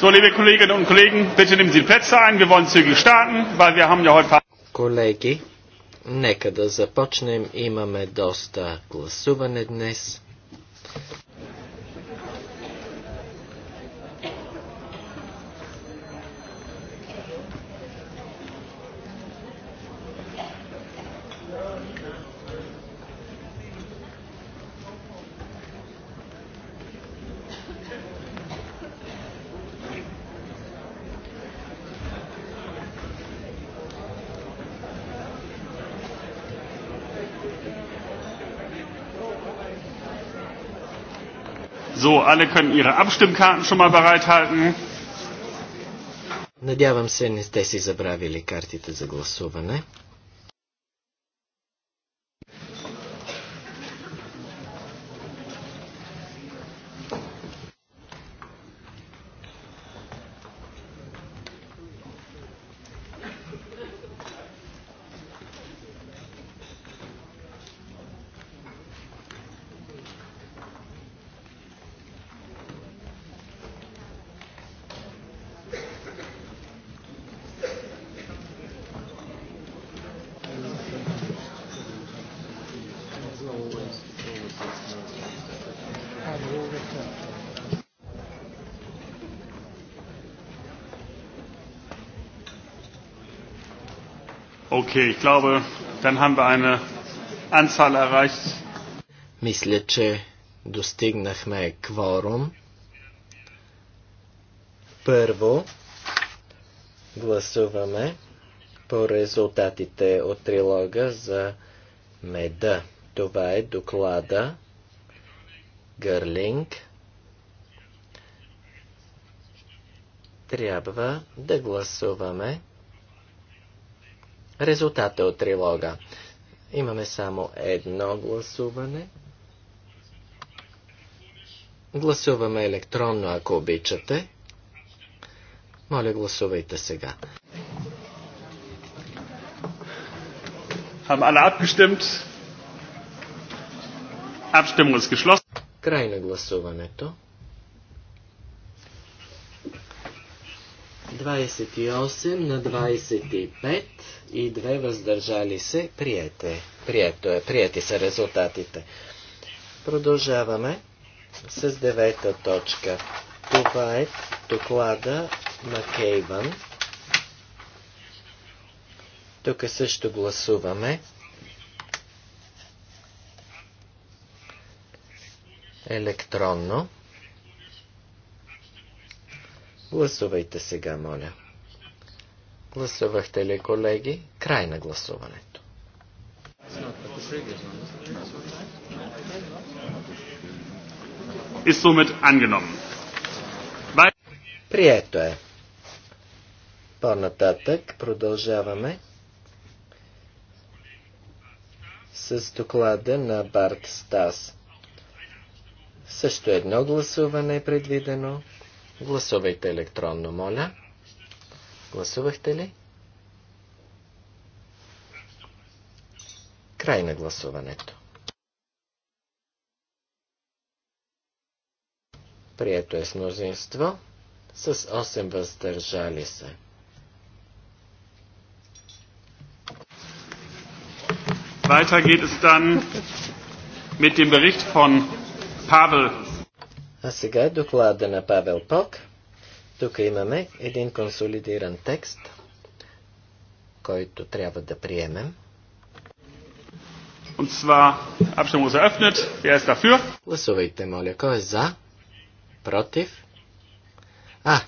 So, liebe Kolleginnen und Kollegen, bitte nehmen Sie Plätze ein. Wir wollen zügig starten, weil wir haben ja heute... Kollegi, nekada započnem. Imame dosta glasuvane dnes. alle können ihre Abstimmkarten schon mal bereithalten. Надявам се, не сте си забравили картите за гласуване. Okay, ich glaube, dann haben wir eine Anzahl erreicht. Мисля, че достигнахме кворум. Първо гласуваме по резултатите от трилога за меда. Това е доклада Гърлинг. Трябва да гласуваме резултата от трилога. Имаме само едно гласуване. Гласуваме електронно, ако обичате. Моля, гласувайте сега. Край на гласуването. 28 на 25 и 2 въздържали се. Приете. Прието е. Приети са резултатите. Продължаваме с девета точка. Това е доклада на Кейван. Тук също гласуваме. Електронно. Гласувайте сега, моля. Гласувахте ли, колеги? Край на гласуването. Прието е. По-нататък продължаваме с доклада на Барт Стас. Също едно гласуване е предвидено. Гласувайте електронно, моля. Гласувахте ли? Край на гласуването. Прието е с мнозинство с 8 въздържали се. Weiter geht es dann mit dem Bericht von Pavel а сега е доклада на Павел Пок. Тук имаме един консолидиран текст, който трябва да приемем. Und zwar, Abstimmung ist eröffnet. Wer ist dafür? Гласувайте, моля. Кой е за? Против? А,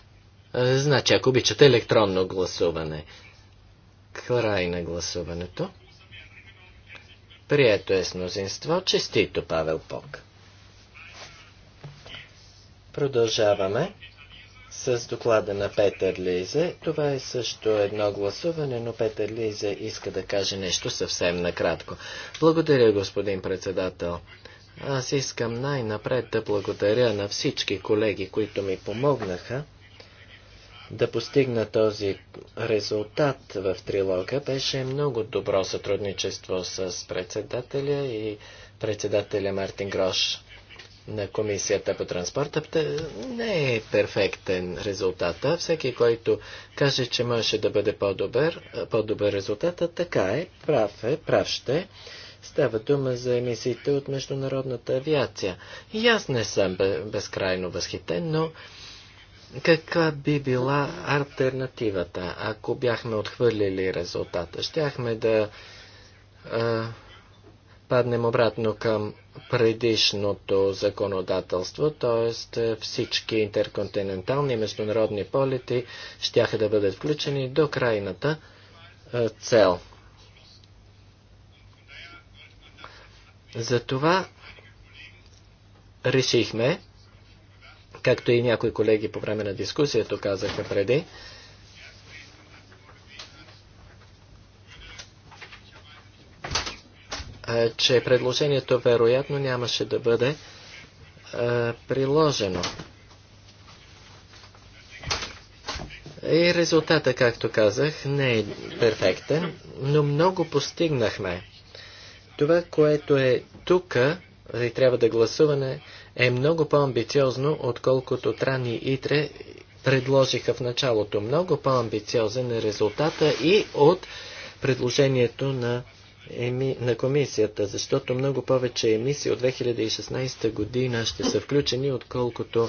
е, значи, ако обичате електронно гласуване. Край на гласуването. Прието е с мнозинство. Честито, Павел Пок. Продължаваме с доклада на Петър Лизе. Това е също едно гласуване, но Петър Лизе иска да каже нещо съвсем накратко. Благодаря, господин председател. Аз искам най-напред да благодаря на всички колеги, които ми помогнаха да постигна този резултат в трилога. Беше много добро сътрудничество с председателя и председателя Мартин Грош на Комисията по транспорта не е перфектен резултата. Всеки, който каже, че може да бъде по-добър, по-добър резултат, така е, прав е, прав ще. Става дума за емисиите от международната авиация. И аз не съм безкрайно възхитен, но каква би била альтернативата, ако бяхме отхвърлили резултата? Щяхме да паднем обратно към предишното законодателство, т.е. всички интерконтинентални международни полети ще да бъдат включени до крайната е, цел. Затова решихме, както и някои колеги по време на дискусията казаха преди, Е, че предложението вероятно нямаше да бъде е, приложено. И резултата, както казах, не е перфектен, но много постигнахме. Това, което е тук и трябва да гласуване, е много по-амбициозно, отколкото Трани и Итре предложиха в началото. Много по-амбициозен е резултата и от предложението на еми, на комисията, защото много повече емисии от 2016 година ще са включени, отколкото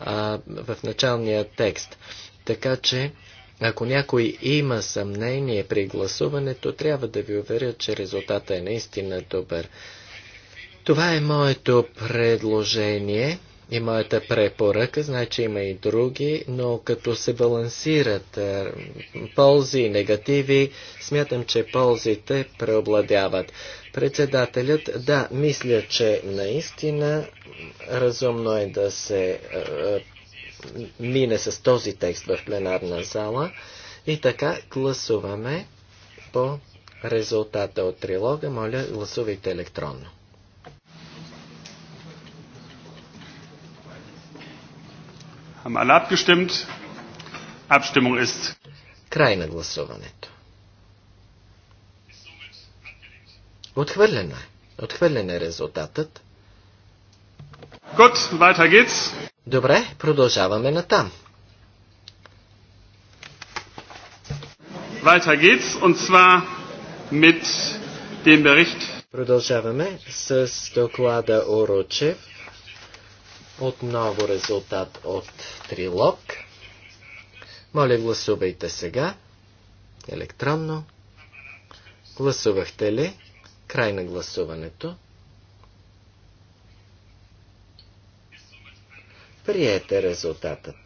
а, в началния текст. Така че, ако някой има съмнение при гласуването, трябва да ви уверя, че резултата е наистина добър. Това е моето предложение и моята препоръка, значи има и други, но като се балансират е, ползи и негативи, смятам, че ползите преобладяват. Председателят, да, мисля, че наистина разумно е да се е, е, мине с този текст в пленарна зала и така гласуваме по резултата от трилога. Моля, гласувайте електронно. Haben alle abgestimmt? Abstimmung ist. Край на гласуването. Отхвърлено е. Отхвърлен е резултатът. weiter geht's. Добре, продължаваме натам. Weiter geht's und zwar mit dem Bericht. Продължаваме с доклада Орочев отново резултат от трилог. Моля, гласувайте сега. Електронно. Гласувахте ли? Край на гласуването. Приете резултатът.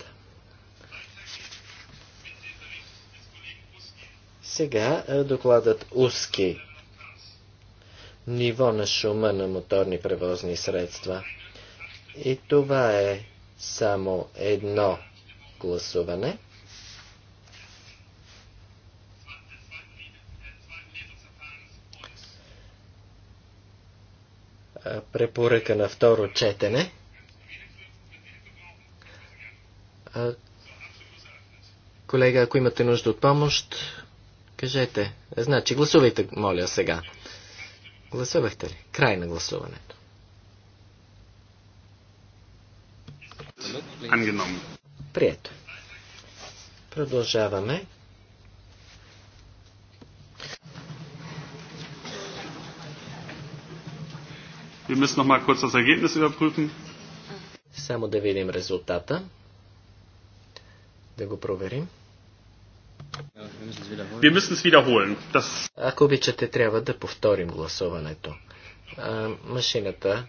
Сега е, докладът УСКИ. Ниво на шума на моторни превозни средства. И това е само едно гласуване. Препоръка на второ четене. Колега, ако имате нужда от помощ, кажете. Значи, гласувайте, моля, сега. Гласувахте ли? Край на гласуването. Angenommen. Прието. Продължаваме. Wir müssen noch mal kurz das Ergebnis überprüfen. Само да видим резултата. Да го проверим. Wir müssen es wiederholen. Das... Ако обичате, трябва да повторим гласуването. А, машината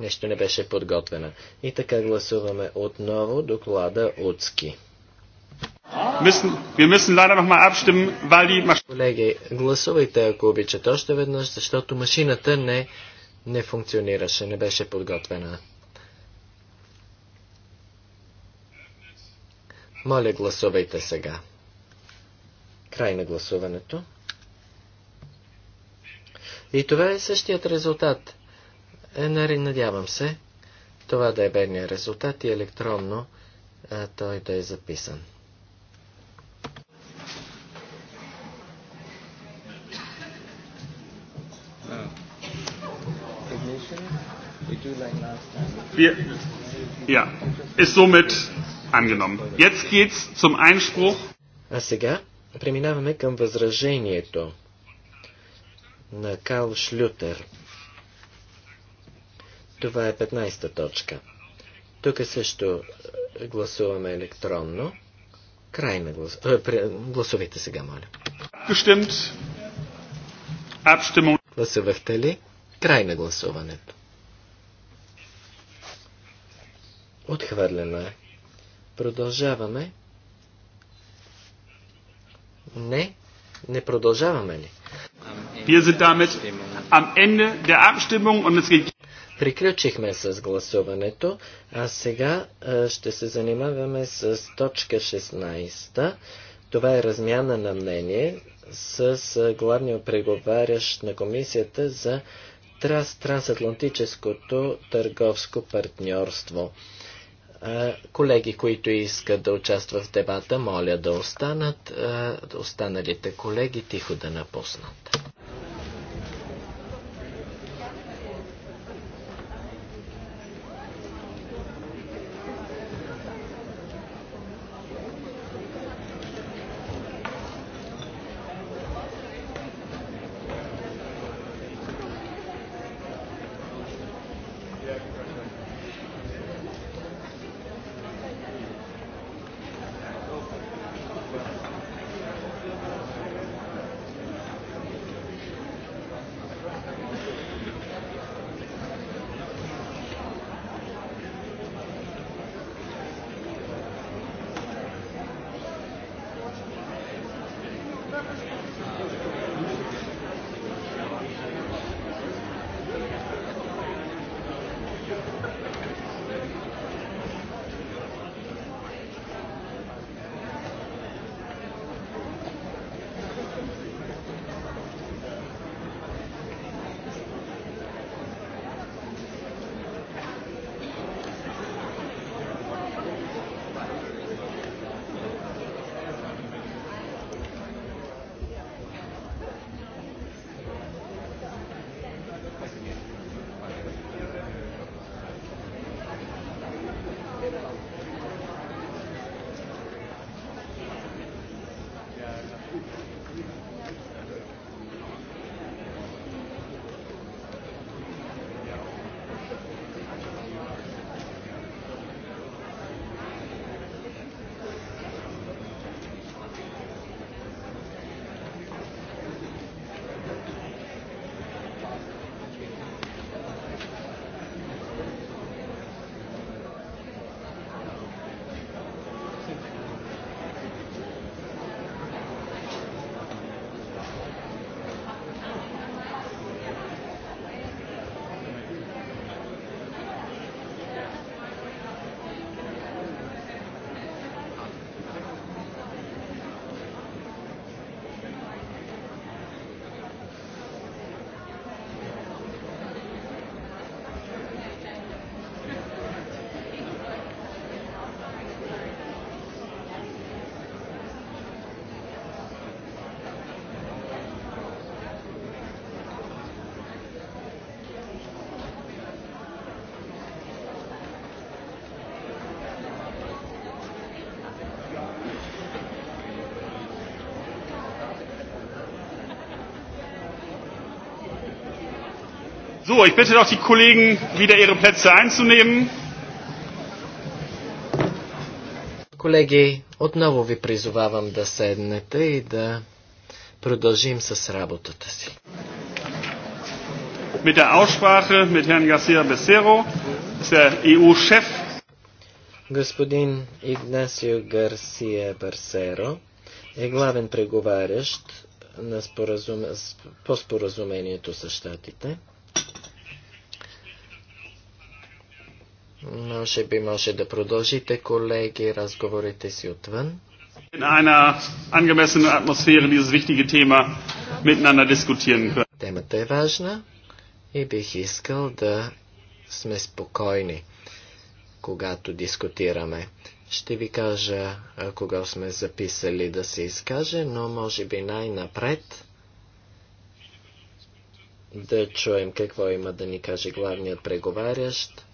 Нещо не беше подготвено. И така гласуваме отново доклада Уцки. Колеги, гласувайте, ако обичате още веднъж, защото машината не, не функционираше, не беше подготвена. Моля, гласувайте сега. Край на гласуването. И това е същият резултат. Надявам се това да е верният резултат и електронно а, той да е записан. А сега преминаваме към възражението на Карл Шлютер. Това е 15-та точка. Тук също е, гласуваме електронно. Край на глас... Е, гласувайте сега, моля. Гласувахте ли? Край на гласуването. Отхвърлено е. Продължаваме. Не, не продължаваме ли? Wir sind damit am Ende der Abstimmung und es geht Приключихме с гласуването, а сега ще се занимаваме с точка 16. Това е размяна на мнение с главния преговарящ на комисията за транс трансатлантическото търговско партньорство. Колеги, които искат да участват в дебата, моля да останат. Останалите колеги тихо да напуснат. So, ich bitte doch die Kollegen, wieder ihre Plätze einzunehmen. Колеги, отново ви призовавам да седнете и да продължим с работата си. Mit der Aussprache mit Herrn Garcia Becerro, der EU-Chef. Господин Игнасио Гарсия Берсеро е главен преговарящ на споразум... по споразумението с щатите. Може би може да продължите, колеги, разговорите си отвън. Темата е важна и бих искал да сме спокойни, когато дискутираме. Ще ви кажа, кога сме записали да се изкаже, но може би най-напред да чуем какво има да ни каже главният преговарящ.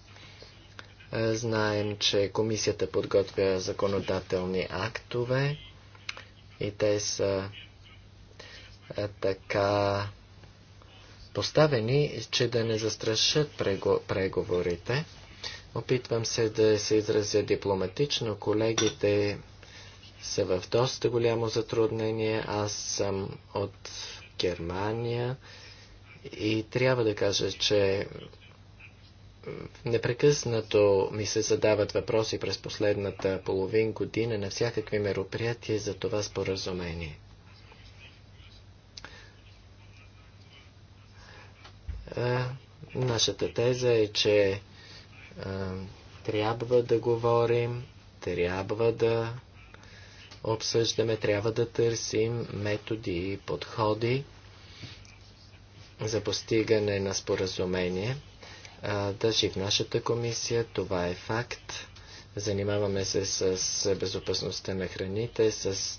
Е, знаем, че комисията подготвя законодателни актове и те са е, така поставени, че да не застрашат преговорите. Опитвам се да се изразя дипломатично. Колегите са в доста голямо затруднение. Аз съм от Германия и трябва да кажа, че непрекъснато ми се задават въпроси през последната половин година на всякакви мероприятия за това споразумение. А, нашата теза е, че а, трябва да говорим, трябва да обсъждаме, трябва да търсим методи и подходи за постигане на споразумение – Даже в нашата комисия това е факт. Занимаваме се с безопасността на храните, с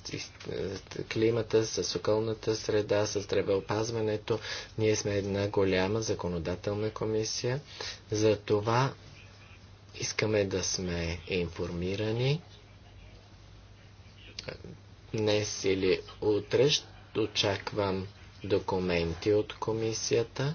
климата, с околната среда, с здравеопазването. Ние сме една голяма законодателна комисия. За това искаме да сме информирани. Днес или утре очаквам документи от комисията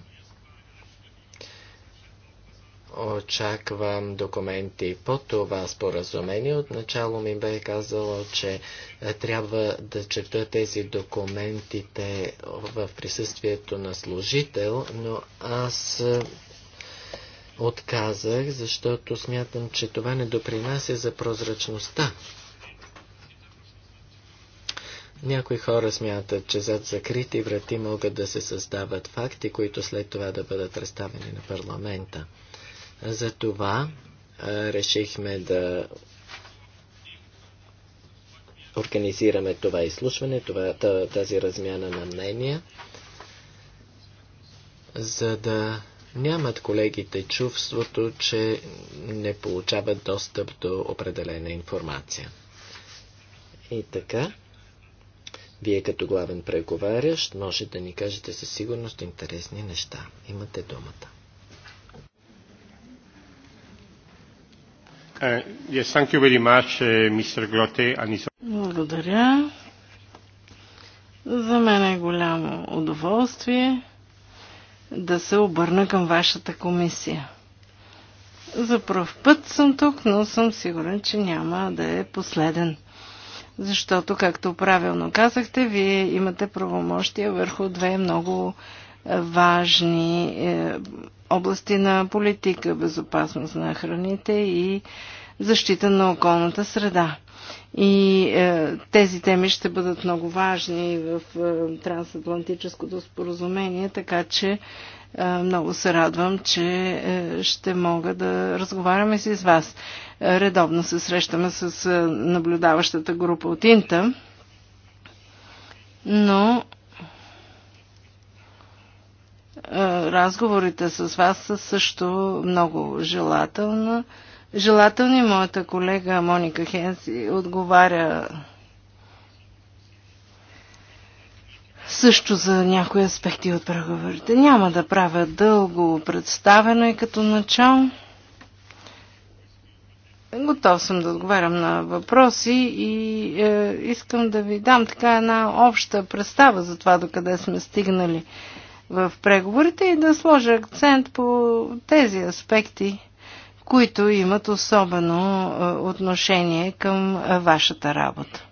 очаквам документи по това споразумение. Отначало ми бе казало, че е, трябва да чета тези документите в присъствието на служител, но аз е, отказах, защото смятам, че това не допринася за прозрачността. Някои хора смятат, че зад закрити врати могат да се създават факти, които след това да бъдат представени на парламента. Затова решихме да организираме това изслушване, това, тази размяна на мнения, за да нямат колегите чувството, че не получават достъп до определена информация. И така, вие като главен преговарящ може да ни кажете със сигурност интересни неща. Имате думата. Uh, uh, Благодаря. За мен е голямо удоволствие да се обърна към вашата комисия. За пръв път съм тук, но съм сигурен, че няма да е последен. Защото, както правилно казахте, вие имате правомощия върху две много важни е, области на политика, безопасност на храните и защита на околната среда. И е, тези теми ще бъдат много важни в е, трансатлантическото споразумение, така че е, много се радвам, че е, ще мога да разговаряме с вас. Редовно се срещаме с е, наблюдаващата група от Инта, но е, разговорите с вас са също много желателна. желателни. Моята колега Моника Хенси отговаря също за някои аспекти от преговорите. Няма да правя дълго представено и като начало. Готов съм да отговарям на въпроси и е, искам да ви дам така една обща представа за това докъде сме стигнали. Е, в преговорите и да сложа акцент по тези аспекти, които имат особено е, отношение към е, вашата работа.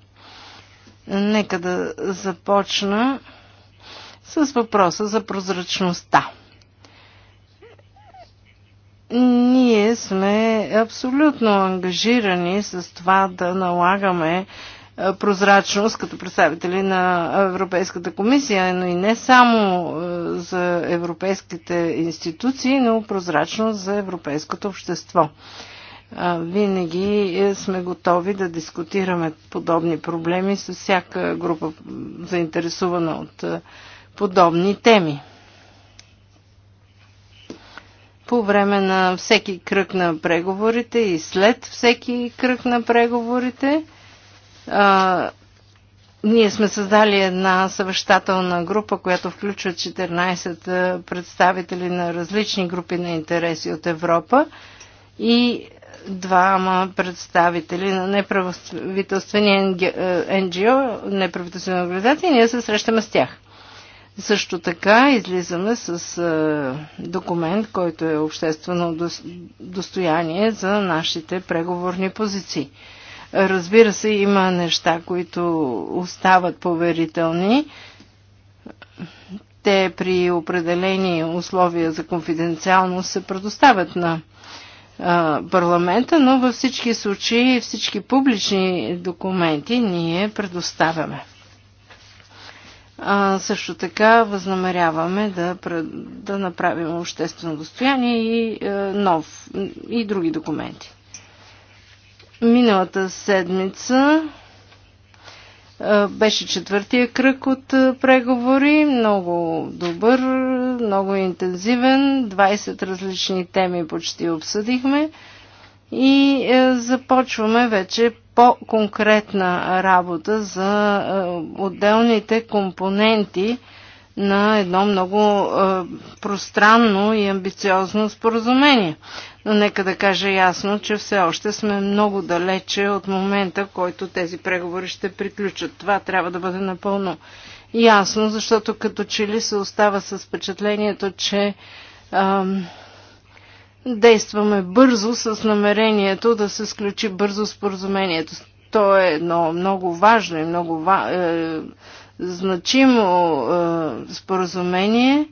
Нека да започна с въпроса за прозрачността. Ние сме абсолютно ангажирани с това да налагаме прозрачност като представители на Европейската комисия, но и не само за европейските институции, но прозрачност за европейското общество. Винаги е, сме готови да дискутираме подобни проблеми с всяка група заинтересувана от подобни теми. По време на всеки кръг на преговорите и след всеки кръг на преговорите ние сме създали една съвещателна група, която включва 14 представители на различни групи на интереси от Европа и двама представители на неправителствени НГО, неправителствени организации, ние се срещаме с тях. Също така излизаме с документ, който е обществено достояние за нашите преговорни позиции. Разбира се, има неща, които остават поверителни. Те при определени условия за конфиденциалност се предоставят на парламента, но във всички случаи всички публични документи ние предоставяме. А, също така възнамеряваме да, да направим обществено достояние и, е, нов, и други документи. Миналата седмица беше четвъртия кръг от преговори, много добър, много интензивен, 20 различни теми почти обсъдихме и започваме вече по-конкретна работа за отделните компоненти на едно много е, пространно и амбициозно споразумение. Но нека да кажа ясно, че все още сме много далече от момента, в който тези преговори ще приключат. Това трябва да бъде напълно ясно, защото като че ли се остава с впечатлението, че ам, действаме бързо с намерението да се сключи бързо споразумението. То е едно много важно и много е, значимо споразумение.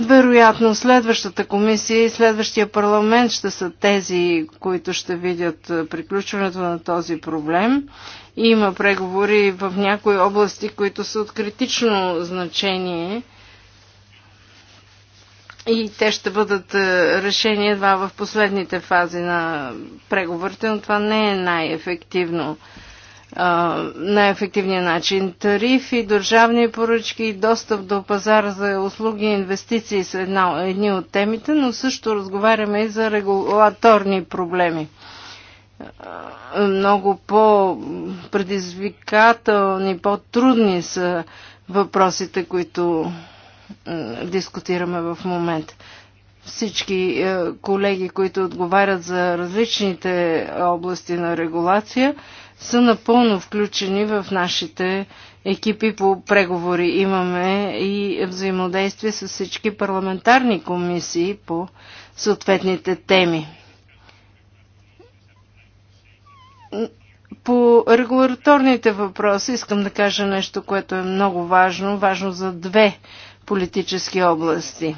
Вероятно следващата комисия и следващия парламент ще са тези, които ще видят приключването на този проблем. и Има преговори в някои области, които са от критично значение и те ще бъдат решени едва в последните фази на преговорите, но това не е най-ефективно най-ефективния начин. Тарифи, държавни поръчки и достъп до пазар за услуги и инвестиции са една, едни от темите, но също разговаряме и за регулаторни проблеми. Много по-предизвикателни, по-трудни са въпросите, които дискутираме в момента всички е, колеги, които отговарят за различните области на регулация, са напълно включени в нашите екипи по преговори. Имаме и взаимодействие с всички парламентарни комисии по съответните теми. По регулаторните въпроси искам да кажа нещо, което е много важно, важно за две политически области,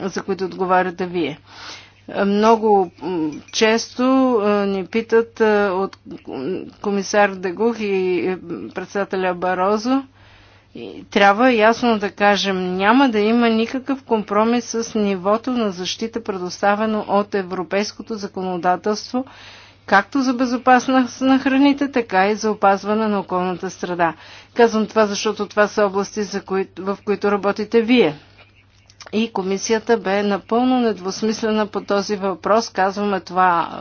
за които отговаряте вие. Много често ни питат от комисар Дегух и председателя Барозо, трябва ясно да кажем, няма да има никакъв компромис с нивото на защита, предоставено от европейското законодателство, както за безопасност на храните, така и за опазване на околната среда. Казвам това, защото това са области, за кои... в които работите вие. И комисията бе напълно недвусмислена по този въпрос. Казваме това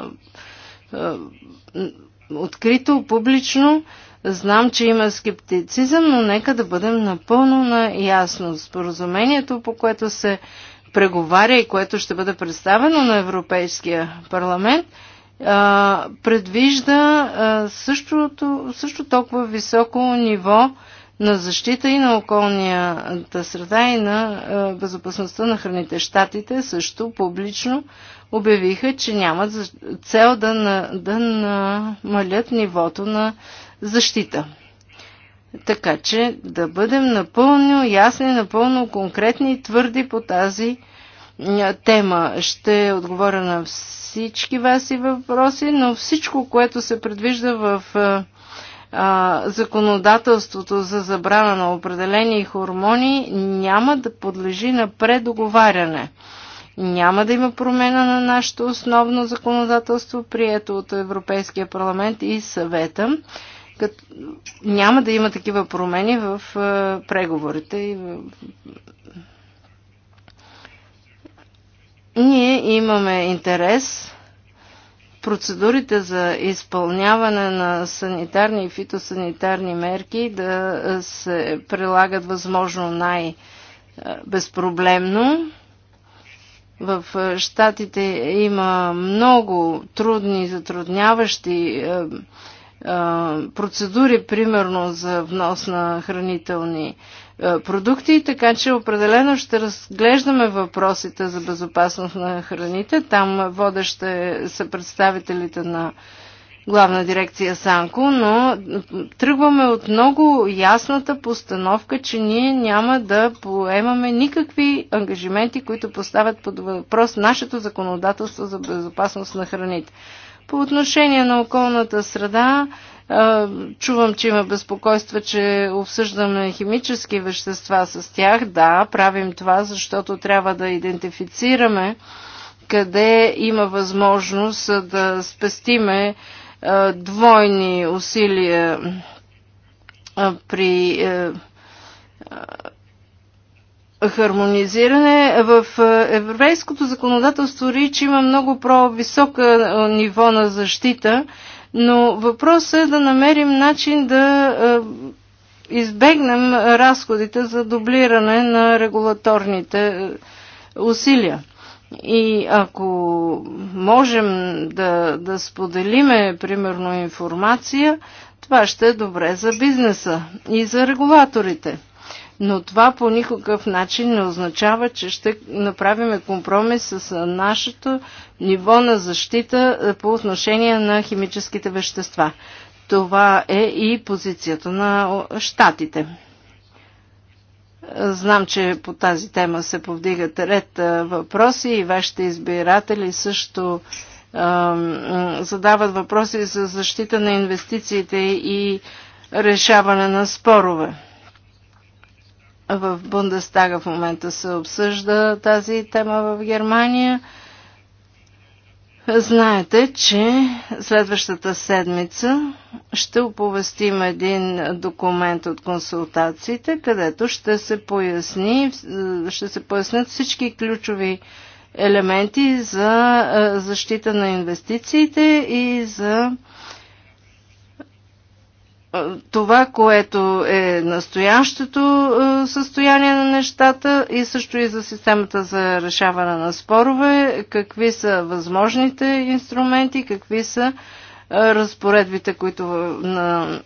е, е, открито, публично. Знам, че има скептицизъм, но нека да бъдем напълно на ясно. Споразумението, по което се преговаря и което ще бъде представено на Европейския парламент, е, предвижда същото, също толкова високо ниво на защита и на околната среда и на е, безопасността на храните. Штатите също публично обявиха, че нямат цел да, на, да намалят нивото на защита. Така че да бъдем напълно ясни, напълно конкретни и твърди по тази е, тема. Ще отговоря на всички и въпроси, но всичко, което се предвижда в е, а, законодателството за забрана на определени хормони няма да подлежи на предоговаряне. Няма да има промена на нашето основно законодателство, прието от Европейския парламент и съвета. Като... Няма да има такива промени в преговорите и в ние имаме интерес процедурите за изпълняване на санитарни и фитосанитарни мерки да се прилагат възможно най-безпроблемно. В щатите е, има много трудни, затрудняващи е, процедури, примерно за внос на хранителни продукти, така че определено ще разглеждаме въпросите за безопасност на храните. Там водеща е- са представителите на главна дирекция Санко, но тръгваме от много ясната постановка, че ние няма да поемаме никакви ангажименти, които поставят под въпрос нашето законодателство за безопасност на храните. По отношение на околната среда, чувам, че има безпокойства, че обсъждаме химически вещества с тях. Да, правим това, защото трябва да идентифицираме къде има възможност да спестиме двойни усилия при хармонизиране. В е, европейското законодателство РИЧ има много по-висока ниво на защита, но въпросът е да намерим начин да е, избегнем разходите за дублиране на регулаторните е, усилия. И ако можем да, да споделиме, примерно, информация, това ще е добре за бизнеса и за регулаторите но това по никакъв начин не означава, че ще направим компромис с нашето ниво на защита е, по отношение на химическите вещества. Това е и позицията на щатите. Знам, че по тази тема се повдигат ред е, въпроси и вашите избиратели също задават въпроси за защита на инвестициите и решаване на спорове. В Бундестага в момента се обсъжда тази тема в Германия. Знаете, че следващата седмица ще оповестим един документ от консултациите, където ще се, поясни, ще се пояснят всички ключови елементи за защита на инвестициите и за това, което е настоящето състояние на нещата и също и за системата за решаване на спорове, какви са възможните инструменти, какви са разпоредбите, които на,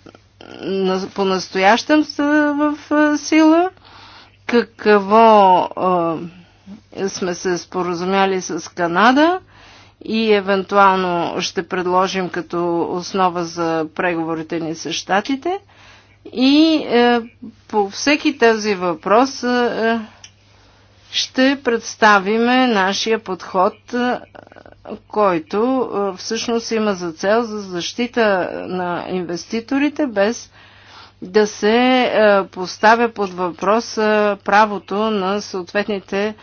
на, по-настоящем са в сила, какво а, сме се споразумяли с Канада и евентуално ще предложим като основа за преговорите ни с щатите. И е, по всеки този въпрос е, ще представиме нашия подход, е, който е, всъщност има за цел за защита на инвеститорите без да се е, поставя под въпрос е, правото на съответните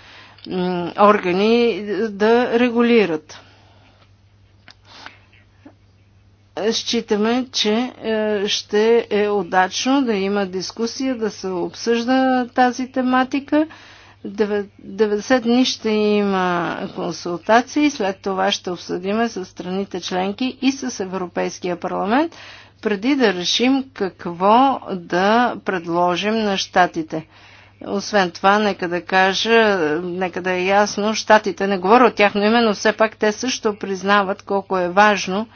органи да регулират. Считаме, че е, ще е удачно да има дискусия, да се обсъжда тази тематика. 90 дни ще има консултации, след това ще обсъдиме с страните членки и с Европейския парламент, преди да решим какво да предложим на щатите. Освен това, нека да кажа, нека да е ясно, щатите не говоря от тяхно име, но все пак те също признават колко е важно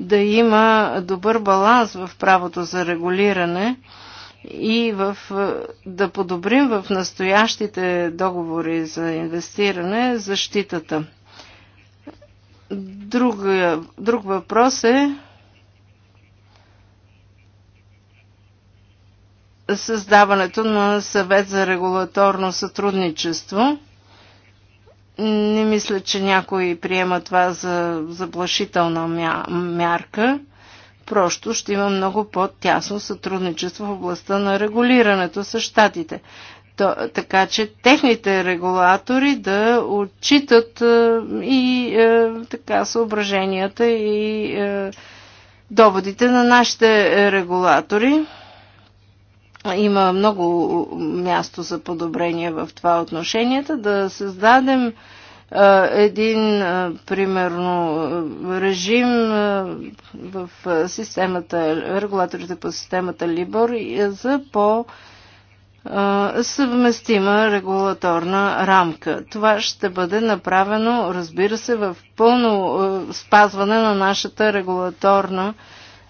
да има добър баланс в правото за регулиране и в, да подобрим в настоящите договори за инвестиране защитата. Друг, друг въпрос е създаването на съвет за регулаторно сътрудничество. Не мисля, че някой приема това за заплашителна мярка. Просто ще има много по-тясно сътрудничество в областта на регулирането с щатите. То, така че техните регулатори да отчитат е, и е, така съображенията и е, доводите на нашите регулатори. Има много място за подобрение в това отношенията. Да създадем един, примерно, режим в системата, регулаторите по системата Либор за по- съвместима регулаторна рамка. Това ще бъде направено, разбира се, в пълно спазване на нашата регулаторна рамка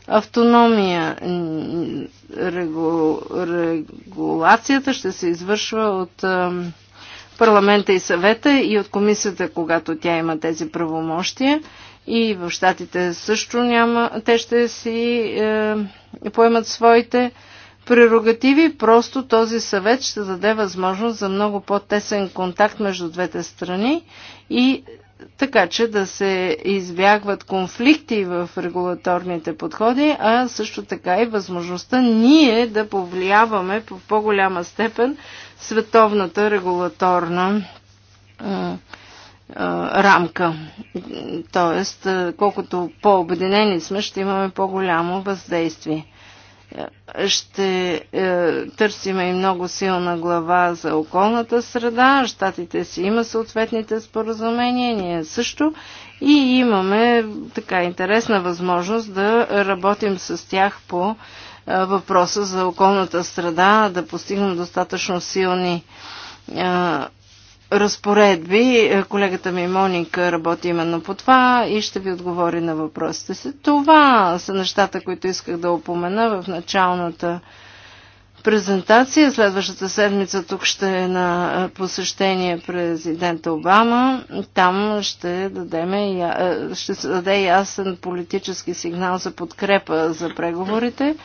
автономия. Регу... Регулацията ще се извършва от парламента и съвета и от комисията, когато тя има тези правомощия. И в щатите също няма, те ще си е, поемат своите прерогативи, просто този съвет ще даде възможност за много по-тесен контакт между двете страни и така че да се избягват конфликти в регулаторните подходи, а също така и възможността ние да повлияваме по по-голяма степен световната регулаторна рамка. Тоест, колкото по-обединени сме, ще имаме по-голямо въздействие ще е, търсиме и много силна глава за околната среда. Штатите си има съответните споразумения, ние също. И имаме така интересна възможност да работим с тях по е, въпроса за околната среда, да постигнем достатъчно силни е, разпоредби. Е, колегата ми Моника работи именно по това и ще ви отговори на въпросите си. Това са нещата, които исках да опомена в началната презентация. Следващата седмица тук ще е на е, посещение президента Обама. Там ще, дадеме, е, ще се даде ясен политически сигнал за подкрепа за преговорите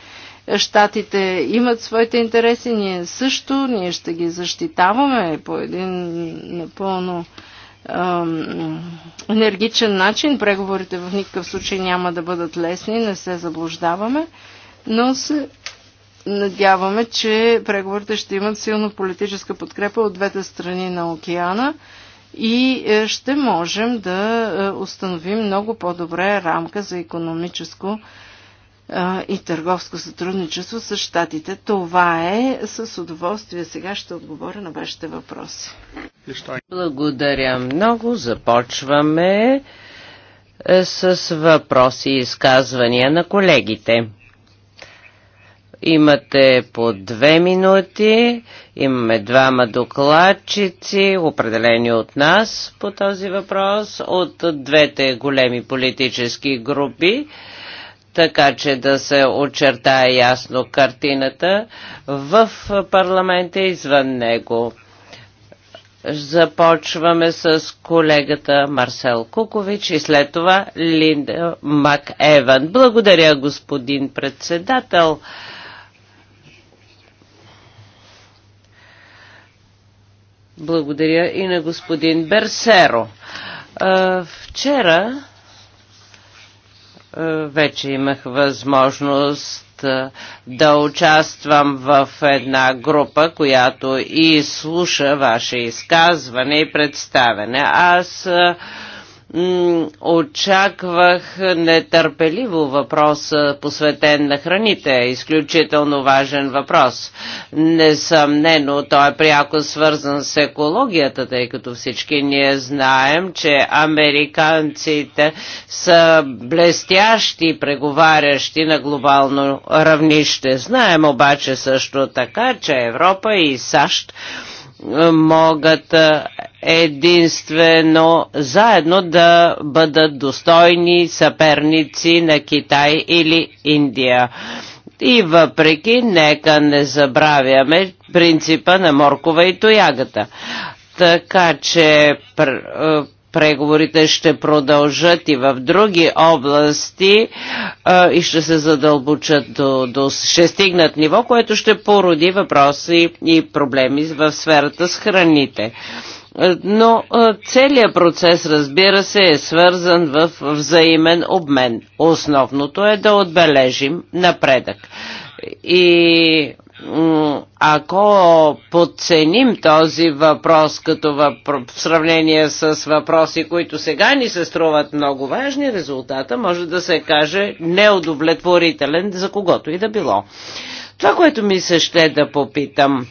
Штатите имат своите интереси, ние също, ние ще ги защитаваме по един напълно енергичен начин. Преговорите в никакъв случай няма да бъдат лесни, не се заблуждаваме, но се надяваме, че преговорите ще имат силно политическа подкрепа от двете страни на океана и е, ще можем да е, установим много по-добре рамка за економическо и търговско сътрудничество с щатите. Това е с удоволствие. Сега ще отговоря на вашите въпроси. Благодаря много. Започваме е, с въпроси и изказвания на колегите. Имате по две минути, имаме двама докладчици, определени от нас по този въпрос, от двете големи политически групи така че да се очертае ясно картината в парламента и извън него. Започваме с колегата Марсел Кукович и след това Линда Макеван. Благодаря, господин председател. Благодаря и на господин Берсеро. Вчера е, вече имах възможност е, да участвам в една група, която и слуша ваше изказване и представене. Аз е, очаквах нетърпеливо въпроса, посветен на храните. Изключително важен въпрос. Несъмнено, той е пряко свързан с екологията, тъй като всички ние знаем, че американците са блестящи преговарящи на глобално равнище. Знаем обаче също така, че Европа и САЩ могат единствено заедно да бъдат достойни съперници на Китай или Индия. И въпреки, нека не забравяме принципа на моркова и тоягата. Така че преговорите ще продължат и в други области а, и ще се задълбочат до, до ще стигнат ниво, което ще породи въпроси и проблеми в сферата с храните. Но целият процес, разбира се, е свързан в взаимен обмен. Основното е да отбележим напредък. И ако подценим този въпрос като въпро... в сравнение с въпроси, които сега ни се струват много важни, резултата може да се каже неудовлетворителен за когото и да било. Това, което ми се ще да попитам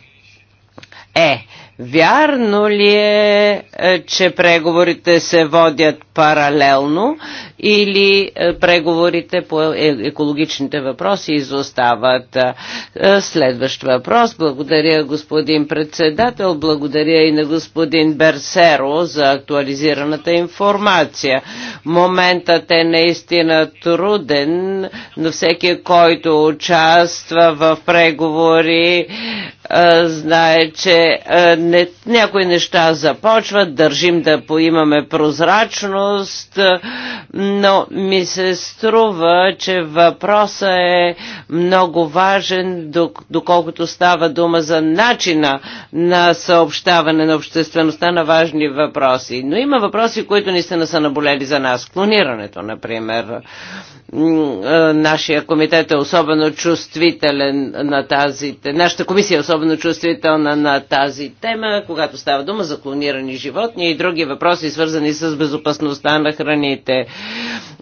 е, Вярно ли е, е, че преговорите се водят паралелно или е, преговорите по е, екологичните въпроси изостават? Следващ въпрос. Благодаря господин председател, благодаря и на господин Берсеро за актуализираната информация. Моментът е наистина труден, но всеки, който участва в преговори, знае, че не, някои неща започват, държим да поимаме прозрачност, но ми се струва, че въпросът е много важен, доколкото става дума за начина на съобщаване на обществеността на важни въпроси. Но има въпроси, които наистина са наболели за нас. Клонирането, например нашия комитет е особено чувствителен на тази, нашата комисия е особено чувствителна на тази тема, когато става дума за клонирани животни и други въпроси, свързани с безопасността на храните,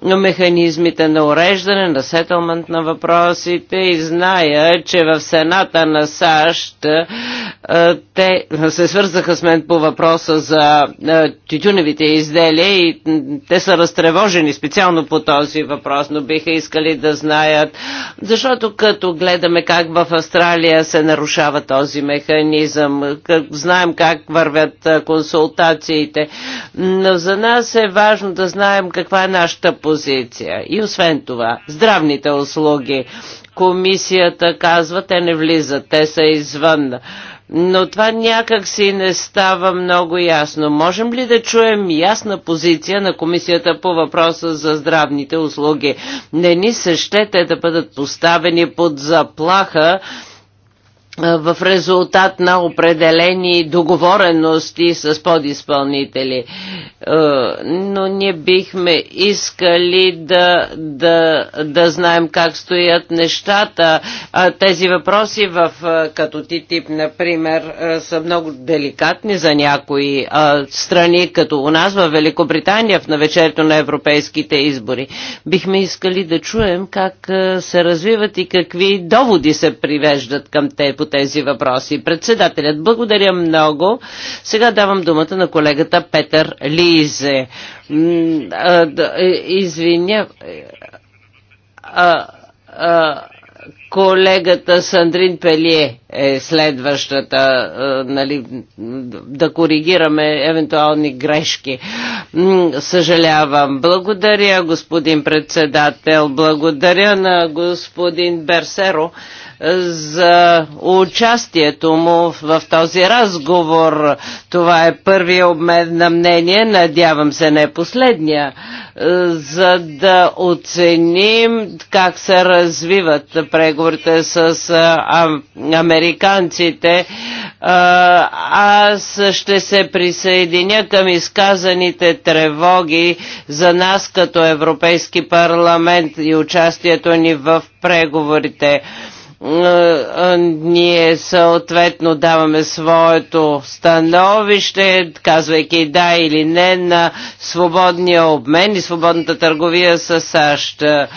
механизмите на уреждане, на сетълмент на въпросите и зная, че в Сената на САЩ те се свързаха с мен по въпроса за тютюневите изделия и те са разтревожени специално по този въпрос вероятно биха искали да знаят, защото като гледаме как в Австралия се нарушава този механизъм, как, знаем как вървят консултациите, но за нас е важно да знаем каква е нашата позиция. И освен това, здравните услуги. Комисията казва, те не влизат, те са извън но това някак си не става много ясно. Можем ли да чуем ясна позиция на комисията по въпроса за здравните услуги? Не ни се ще те да бъдат поставени под заплаха в резултат на определени договорености с подизпълнители. Но ние бихме искали да, да, да знаем как стоят нещата. Тези въпроси в като ти тип, например, са много деликатни за някои страни, като у нас в Великобритания в навечерието на европейските избори. Бихме искали да чуем как се развиват и какви доводи се привеждат към те по тези въпроси. Председателят, благодаря много. Сега давам думата на колегата Петър Лизе. Е, извиня. Колегата Сандрин Пелие е следващата, нали, да коригираме евентуални грешки. Съжалявам. Благодаря, господин председател. Благодаря на господин Берсеро за участието му в този разговор. Това е първия обмен на мнение, надявам се не последния, за да оценим как се развиват преговорите с американците. Аз ще се присъединя към изказаните тревоги за нас като Европейски парламент и участието ни в преговорите. Е, е, ние съответно даваме своето становище, казвайки да или не на свободния обмен и свободната търговия с САЩ. Е,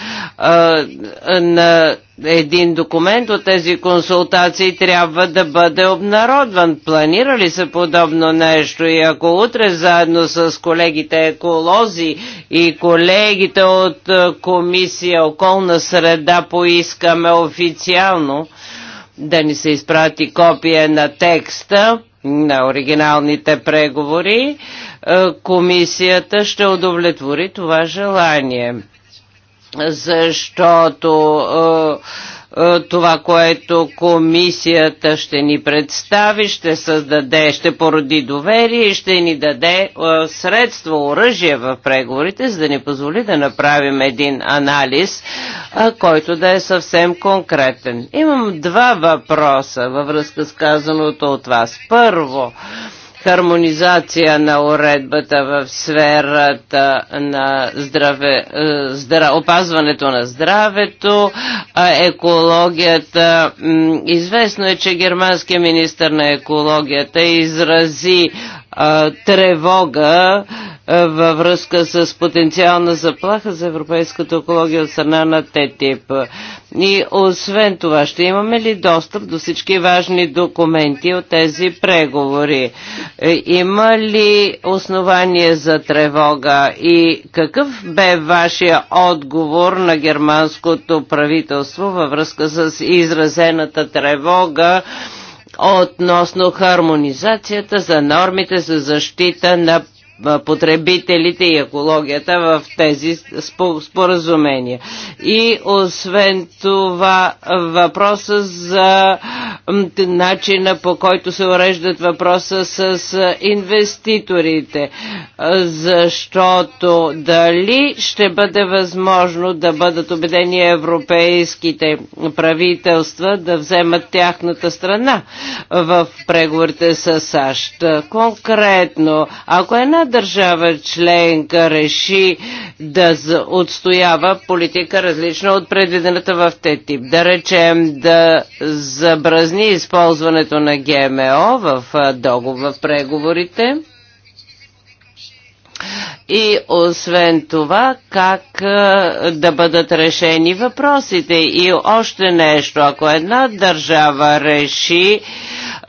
на един документ от тези консултации трябва да бъде обнародван. Планира ли се подобно нещо? И ако утре заедно с колегите еколози и колегите от е, Комисия околна среда поискаме официално да ни се изпрати копия на текста, на оригиналните преговори, е, комисията ще удовлетвори това желание защото е, е, това, което комисията ще ни представи, ще създаде, ще породи доверие и ще ни даде е, средство, оръжие в преговорите, за да ни позволи да направим един анализ, който да е съвсем конкретен. Имам два въпроса във връзка с казаното от вас. Първо, хармонизация на уредбата в сферата на здраве, е, здра, опазването на здравето, екологията. Известно е, че германският министр на екологията изрази тревога във връзка с потенциална заплаха за европейската екология от страна на ТТИП. И освен това, ще имаме ли достъп до всички важни документи от тези преговори? Е, има ли основание за тревога и какъв бе вашия отговор на германското правителство във връзка с изразената тревога? относно хармонизацията за нормите за защита на потребителите и екологията в тези споразумения. И освен това въпроса за начина по който се уреждат въпроса с инвеститорите, защото дали ще бъде възможно да бъдат убедени европейските правителства да вземат тяхната страна в преговорите с САЩ. Конкретно, ако една държава членка реши да отстоява политика различна от предвидената в ТТИП. Да речем да забразни използването на ГМО в, договор, в преговорите. И освен това, как да бъдат решени въпросите. И още нещо, ако една държава реши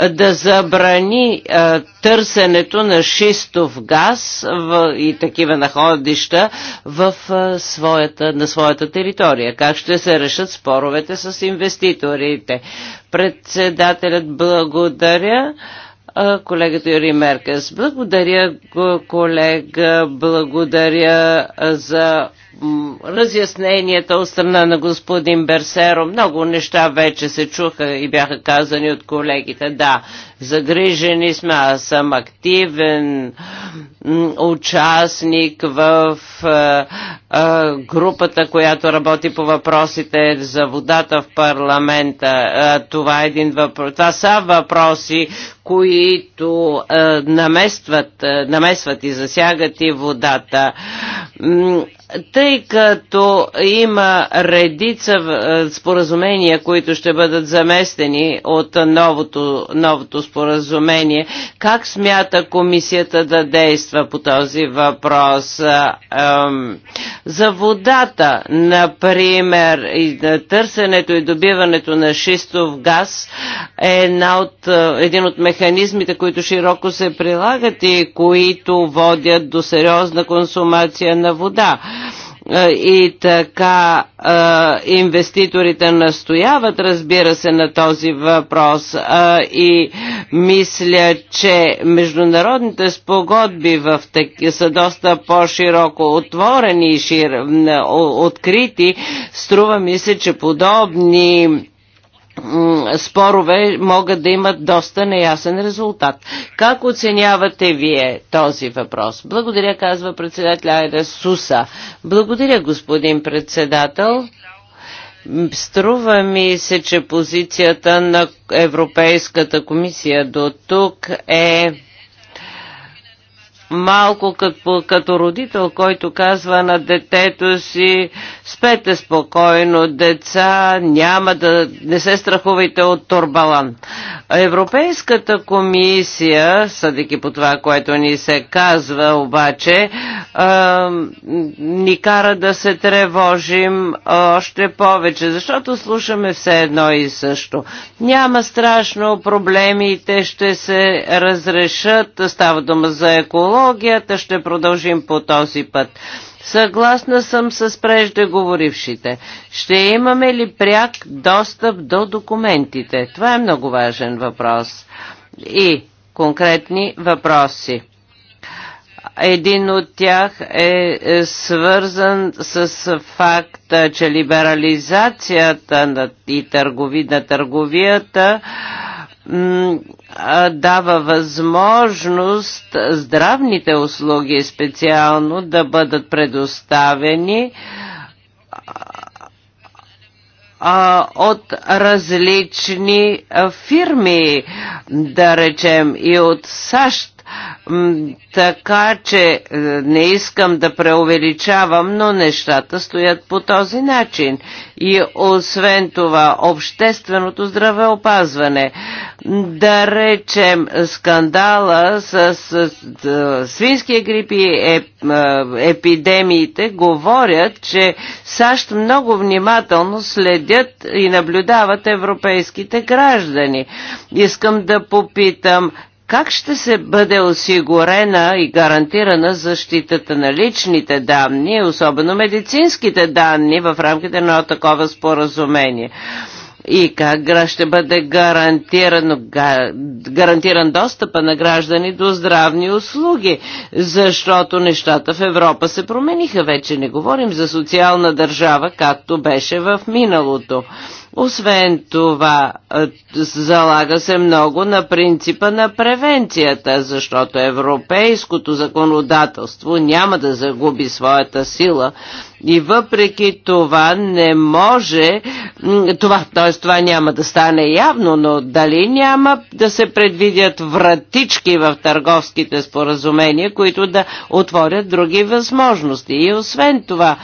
да забрани а, търсенето на шистов газ в, и такива находища в а, своята, на своята територия. Как ще се решат споровете с инвеститорите? Председателят благодаря. Колегата Юрий Меркес. Благодаря, колега, благодаря за разясненията от страна на господин Берсеро. Много неща вече се чуха и бяха казани от колегите. Да, Загрижени сме, аз съм активен участник в е, е, групата, която работи по въпросите за водата в парламента. Е, това, е един въпрос. това са въпроси, които наместват, наместват и засягат и водата. Тъй като има редица споразумения, които ще бъдат заместени от новото, новото споразумение. Как смята комисията да действа по този въпрос? За водата, например, и търсенето и добиването на шистов газ е една от, един от механизмите, които широко се прилагат и които водят до сериозна консумация на вода е, и така е, инвеститорите настояват, разбира се, на този въпрос е, и мисля, че международните спогодби в таки, са доста по-широко отворени и шир, открити. Струва ми се, че подобни спорове могат да имат доста неясен резултат. Как оценявате вие този въпрос? Благодаря, казва председателя Айда Суса. Благодаря, господин председател. Струва ми се, че позицията на Европейската комисия до тук е малко като, като родител, който казва на детето си, Спете спокойно, деца, няма да не се страхувайте от турбалан. Европейската комисия, съдейки по това, което ни се казва, обаче, а, ни кара да се тревожим още повече, защото слушаме все едно и също. Няма страшно, проблеми, те ще се разрешат, става дума за екологията, ще продължим по този път. Съгласна съм с преждеговорившите. Ще имаме ли пряк достъп до документите? Това е много важен въпрос. И конкретни въпроси. Един от тях е, е свързан с факта, че либерализацията и търгови, на търговията дава възможност здравните услуги специално да бъдат предоставени от различни фирми, да речем и от САЩ така че е, не искам да преувеличавам, но нещата стоят по този начин. И освен това, общественото здравеопазване. Да речем, скандала с, с, с е, свинския грип и еп, е, епидемиите говорят, че САЩ много внимателно следят и наблюдават европейските граждани. Искам да попитам, как ще се бъде осигурена и гарантирана защитата на личните данни, особено медицинските данни в рамките на такова споразумение? и как ще бъде гарантиран, гарантиран достъпа на граждани до здравни услуги, защото нещата в Европа се промениха вече. Не говорим за социална държава, както беше в миналото. Освен това, залага се много на принципа на превенцията, защото европейското законодателство няма да загуби своята сила и въпреки това не може, това, т.е. това няма да стане явно, но дали няма да се предвидят вратички в търговските споразумения, които да отворят други възможности. И освен това,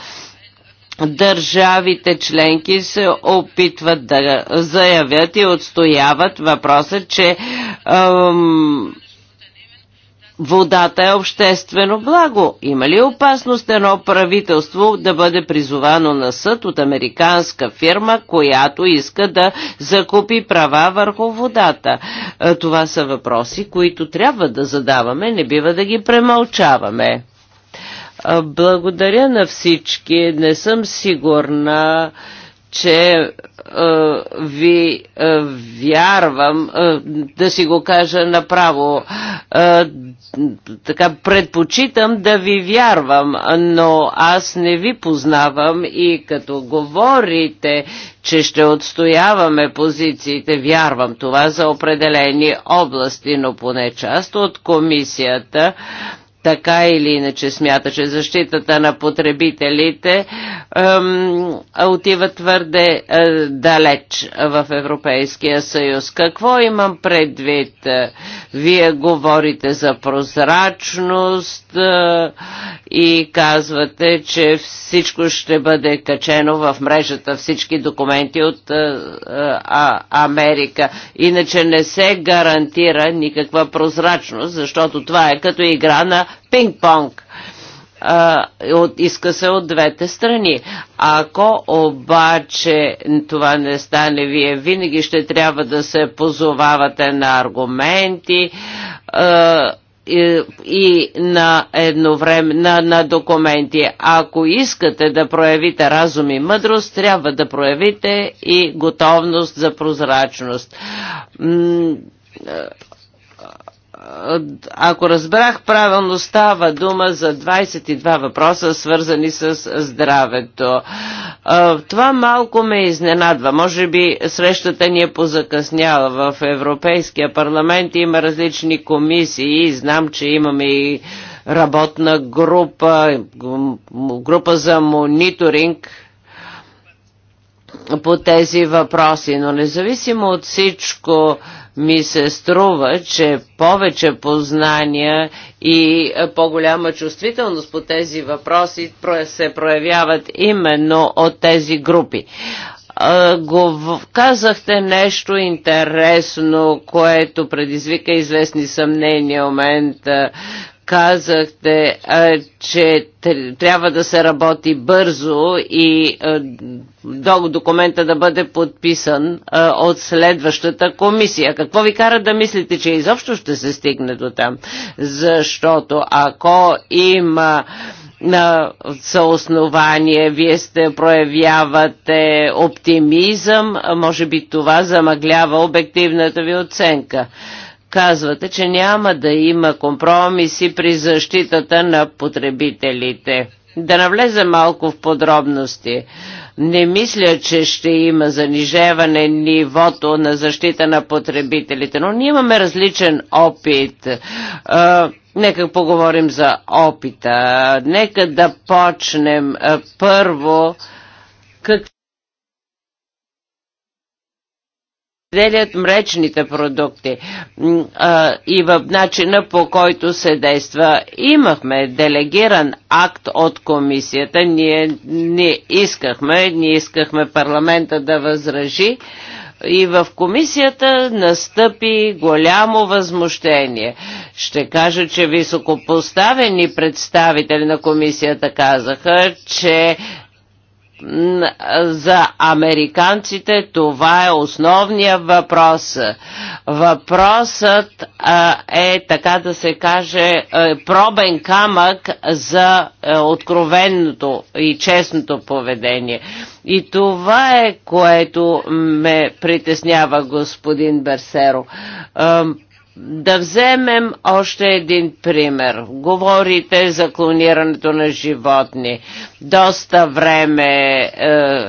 държавите членки се опитват да заявят и отстояват въпроса, че ем, водата е обществено благо. Има ли опасност едно правителство да бъде призовано на съд от американска фирма, която иска да закупи права върху водата? Е, това са въпроси, които трябва да задаваме, не бива да ги премълчаваме. Благодаря на всички. Не съм сигурна, че а, ви а, вярвам, а, да си го кажа направо, А, така предпочитам да ви вярвам, но аз не ви познавам и като говорите, че ще отстояваме позициите, вярвам това за определени области, но поне част от комисията така или иначе смята, че защитата на потребителите ем, отива твърде е, далеч в Европейския съюз. Какво имам предвид? Вие говорите за прозрачност е, и казвате, че всичко ще бъде качено в мрежата, всички документи от е, е, Америка. Иначе не се гарантира никаква прозрачност, защото това е като игра на пинг-понг иска се от двете страни. Ако обаче това не стане, вие винаги ще трябва да се позовавате на аргументи и, на, време, на, на документи. Ако искате да проявите разум и мъдрост, трябва да проявите и готовност за прозрачност ако разбрах правилно, става дума за 22 въпроса, свързани с здравето. Това малко ме изненадва. Може би срещата ни е позакъсняла. В Европейския парламент има различни комисии. Знам, че имаме и работна група, група за мониторинг по тези въпроси. Но независимо от всичко, ми се струва, че повече познания и по-голяма чувствителност по тези въпроси се проявяват именно от тези групи го казахте нещо интересно, което предизвика известни съмнения у мен казахте, че трябва да се работи бързо и документа да бъде подписан от следващата комисия. Какво ви кара да мислите, че изобщо ще се стигне до там? Защото ако има на съоснование, вие сте проявявате оптимизъм, може би това замъглява обективната ви оценка казвате, че няма да има компромиси при защитата на потребителите. Да навлезе малко в подробности. Не мисля, че ще има занижеване нивото на защита на потребителите, но ние имаме различен опит. А, нека поговорим за опита. Нека да почнем а, първо. Как... определят мречните продукти а, и в начина по който се действа. Имахме делегиран акт от комисията, ние не искахме, ние искахме парламента да възражи, и в комисията настъпи голямо възмущение. Ще кажа, че високопоставени представители на комисията казаха, че за американците това е основният въпрос. Въпросът а, е, така да се каже, е, пробен камък за е, откровенното и честното поведение. И това е, което ме притеснява господин Берсеро. Да вземем още един пример. Говорите за клонирането на животни. Доста време е, е,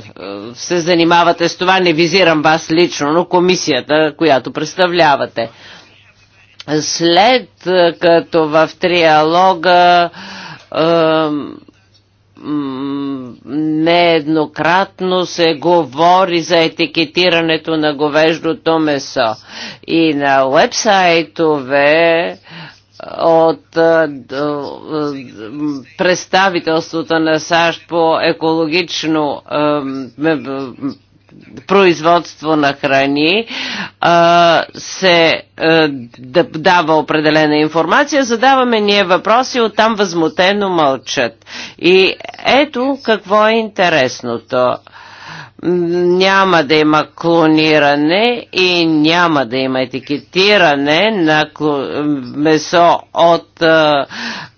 се занимавате с това. Не визирам вас лично, но комисията, която представлявате. След е, като в триалога е, нееднократно се говори за етикетирането на говеждото месо. И на вебсайтове от представителството на САЩ по екологично производство на храни а, се а, да, дава определена информация, задаваме ние въпроси, оттам възмутено мълчат. И ето какво е интересното. Няма да има клониране и няма да има етикетиране на месо от а,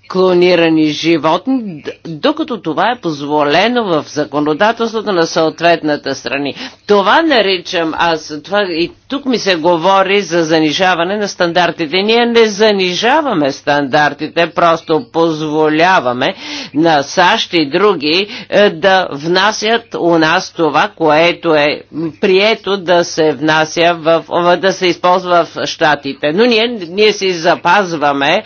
клонирани животни, докато това е позволено в законодателството на съответната страни. Това наричам аз, това и тук ми се говори за занижаване на стандартите. Ние не занижаваме стандартите, просто позволяваме на САЩ и други е, да внасят у нас това, което е прието да се внася в, да се използва в щатите. Но ние, ние си запазваме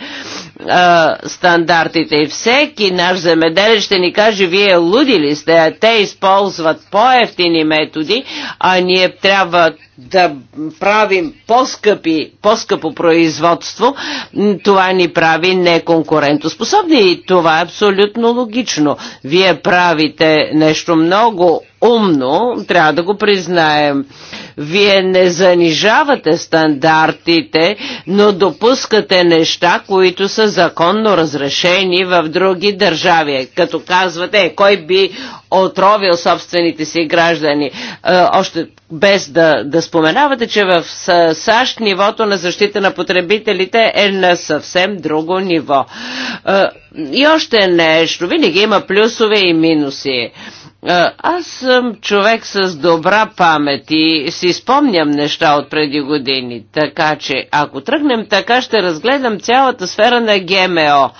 а, стандартите. И всеки наш земеделец ще ни каже, вие луди ли сте, а те използват по-ефтини методи, а ние трябва да правим по-скъпи, по-скъпо производство, това ни прави неконкурентоспособни и това е абсолютно логично. Вие правите нещо много умно, трябва да го признаем. Вие не занижавате стандартите, но допускате неща, които са законно разрешени в други държави. Като казвате, е, кой би отровил собствените си граждани. Е, още без да, да споменавате, че в САЩ нивото на защита на потребителите е на съвсем друго ниво. Е, и още нещо. Винаги има плюсове и минуси. Аз съм човек с добра памет и си спомням неща от преди години, така че ако тръгнем така, ще разгледам цялата сфера на ГМО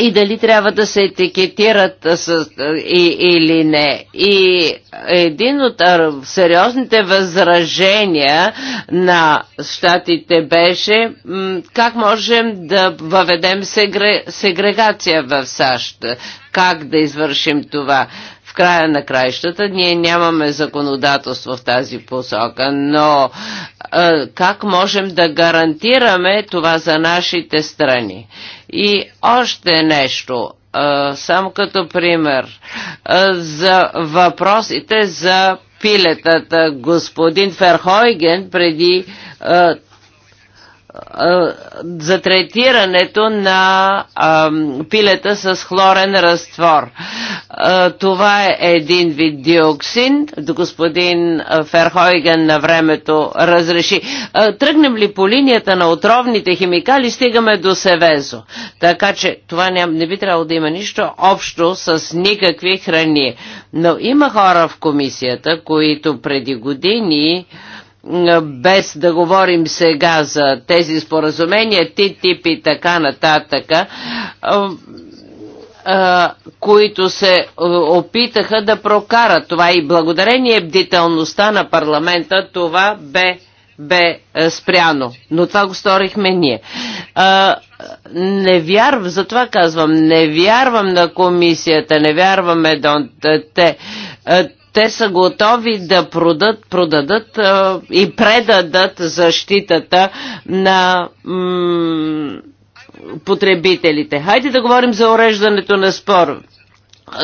и дали трябва да се етикетират с, и, или не. И един от сериозните възражения на щатите беше как можем да въведем сегре, сегрегация в САЩ, как да извършим това. В края на краищата ние нямаме законодателство в тази посока, но как можем да гарантираме това за нашите страни? И още нещо, само като пример, за въпросите за пилетата. Господин Ферхойген преди за третирането на пилета с хлорен разтвор. това е един вид диоксин. Господин Ферхойген на времето разреши. тръгнем ли по линията на отровните химикали, стигаме до Севезо. Така че това не, би трябвало да има нищо общо с никакви храни. Но има хора в комисията, които преди години без да говорим сега за тези споразумения, ТИТИП и така нататък, които се опитаха да прокарат това и благодарение бдителността на парламента това бе, бе спряно. Но това го сторихме ние. Не вярвам, затова казвам, не вярвам на комисията, не вярваме до те те са готови да продадат, продадат а, и предадат защитата на потребителите. Хайде да говорим за уреждането на спор.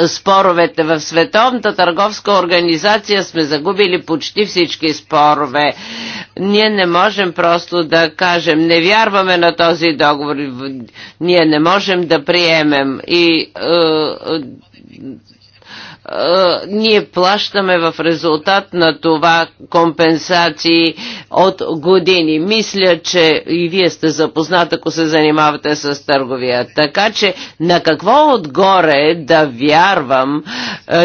споровете в Световната търговска организация сме загубили почти всички спорове. Ние не можем просто да кажем, не вярваме на този договор, ние не можем да приемем и ние плащаме в резултат на това компенсации от години. Мисля, че и вие сте запознат, ако се занимавате с търговия. Така че на какво отгоре да вярвам,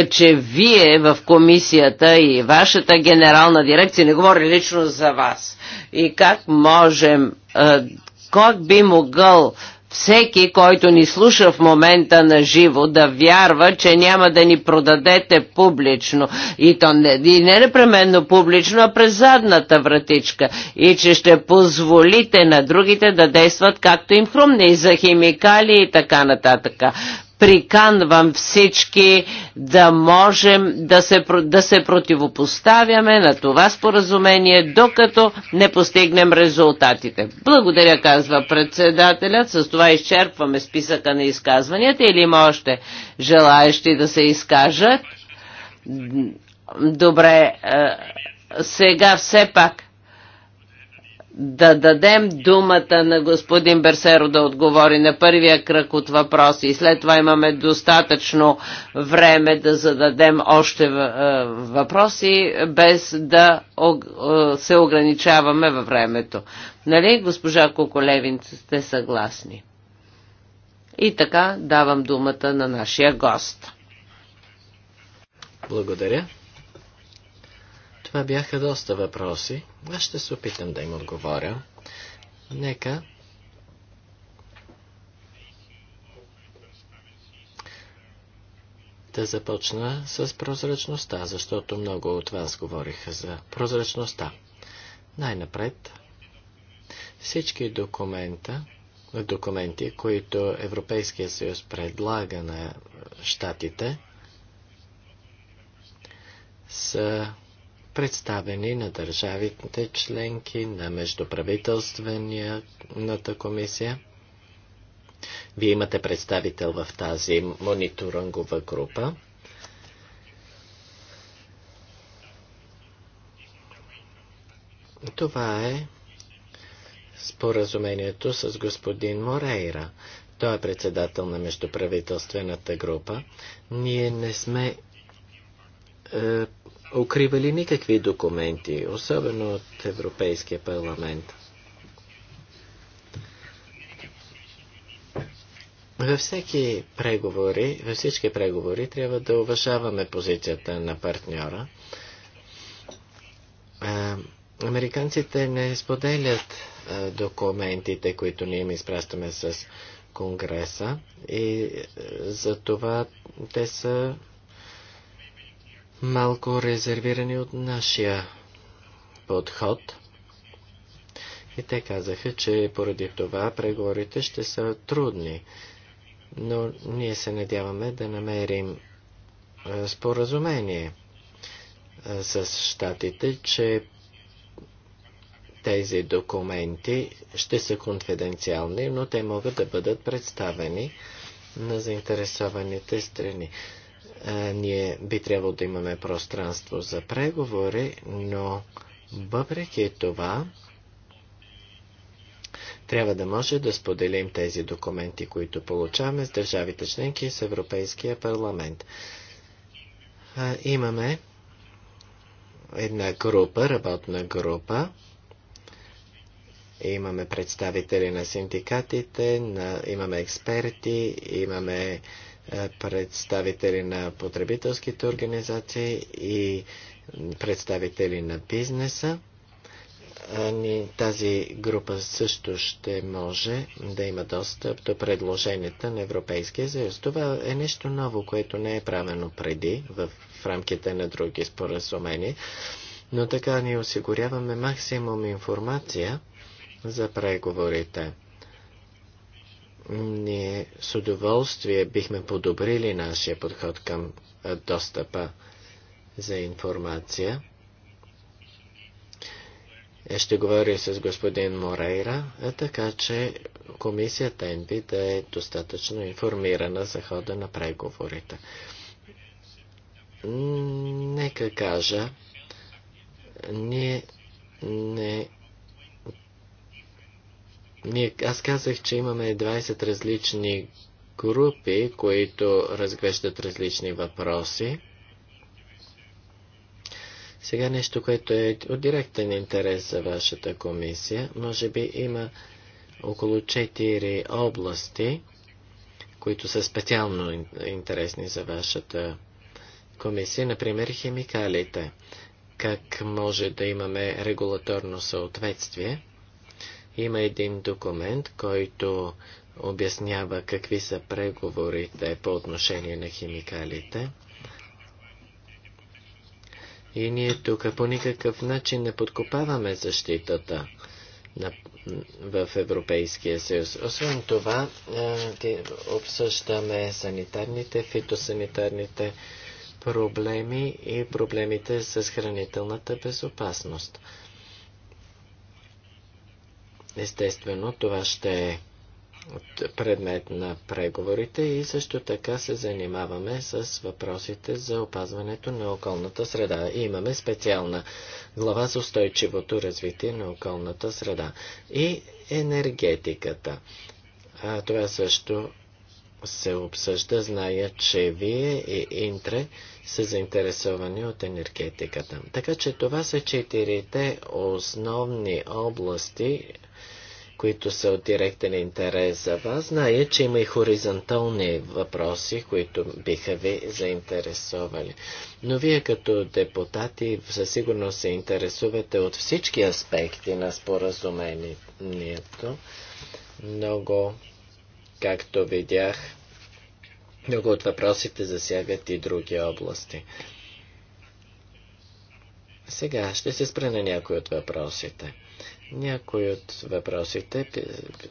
че вие в комисията и вашата генерална дирекция, не говори лично за вас, и как можем, как би могъл всеки, който ни слуша в момента на живо, да вярва, че няма да ни продадете публично. И то не, и не непременно публично, а през задната вратичка. И че ще позволите на другите да действат както им хрумне и за химикали и така нататък приканвам всички да можем да се, да се противопоставяме на това споразумение, докато не постигнем резултатите. Благодаря, казва председателят. С това изчерпваме списъка на изказванията или има още желаещи да се изкажат? Добре, е, сега все пак да дадем думата на господин Берсеро да отговори на първия кръг от въпроси и след това имаме достатъчно време да зададем още е, въпроси, без да е, се ограничаваме във времето. Нали, госпожа Коколевин, сте съгласни? И така давам думата на нашия гост. Благодаря. Това бяха доста въпроси. Аз ще се опитам да им отговоря. Нека да започна с прозрачността, защото много от вас говориха за прозрачността. Най-напред всички документа, документи, които Европейския съюз предлага на щатите, са представени на държавите членки, на Междуправителствената комисия. Вие имате представител в тази мониторингова група. Това е споразумението с господин Морейра. Той е председател на Междуправителствената група. Ние не сме е, укривали никакви документи, особено от Европейския парламент. Във всеки преговори, във всички преговори трябва да уважаваме позицията на партньора. американците не споделят документите, които ние им изпращаме с Конгреса и за това те са малко резервирани от нашия подход. И те казаха, че поради това преговорите ще са трудни. Но ние се надяваме да намерим споразумение с щатите, че тези документи ще са конфиденциални, но те могат да бъдат представени на заинтересованите страни ние би трябвало да имаме пространство за преговори, но въпреки това трябва да може да споделим тези документи, които получаваме с държавите членки и с Европейския парламент. А, имаме една група, работна група. Имаме представители на синдикатите, на, имаме експерти, имаме а, е, представители на потребителските организации и представители на бизнеса. Тази група също ще може да има достъп до предложенията на Европейския съюз. Това е нещо ново, което не е правено преди в рамките на други споразумения, но така ни осигуряваме максимум информация за преговорите. Ние с удоволствие бихме подобрили нашия подход към достъпа за информация. Е, ще говоря с господин Морейра, така че комисията НБ да е достатъчно информирана за хода на преговорите. Нека кажа, ние не ние, аз казах, че имаме 20 различни групи, които разглеждат различни въпроси. Сега нещо, което е от директен интерес за вашата комисия. Може би има около 4 области, които са специално интересни за вашата комисия, например химикалите. Как може да имаме регулаторно съответствие? Има един документ, който обяснява какви са преговорите по отношение на химикалите. И ние тук по никакъв начин не подкопаваме защитата на, в Европейския съюз. Освен това, е, обсъждаме санитарните, фитосанитарните проблеми и проблемите с хранителната безопасност. Естествено, това ще е предмет на преговорите и също така се занимаваме с въпросите за опазването на околната среда. И имаме специална глава за устойчивото развитие на околната среда и енергетиката. А, това също се обсъжда, зная, че вие и Интре са заинтересовани от енергетиката. Така че това са четирите основни области, които са от директен интерес за вас. Зная, че има и хоризонтални въпроси, които биха ви заинтересовали. Но вие като депутати със сигурност се интересувате от всички аспекти на споразумението. Много Както видях, много от въпросите засягат и други области. Сега ще се спра на някои от въпросите. Някои от въпросите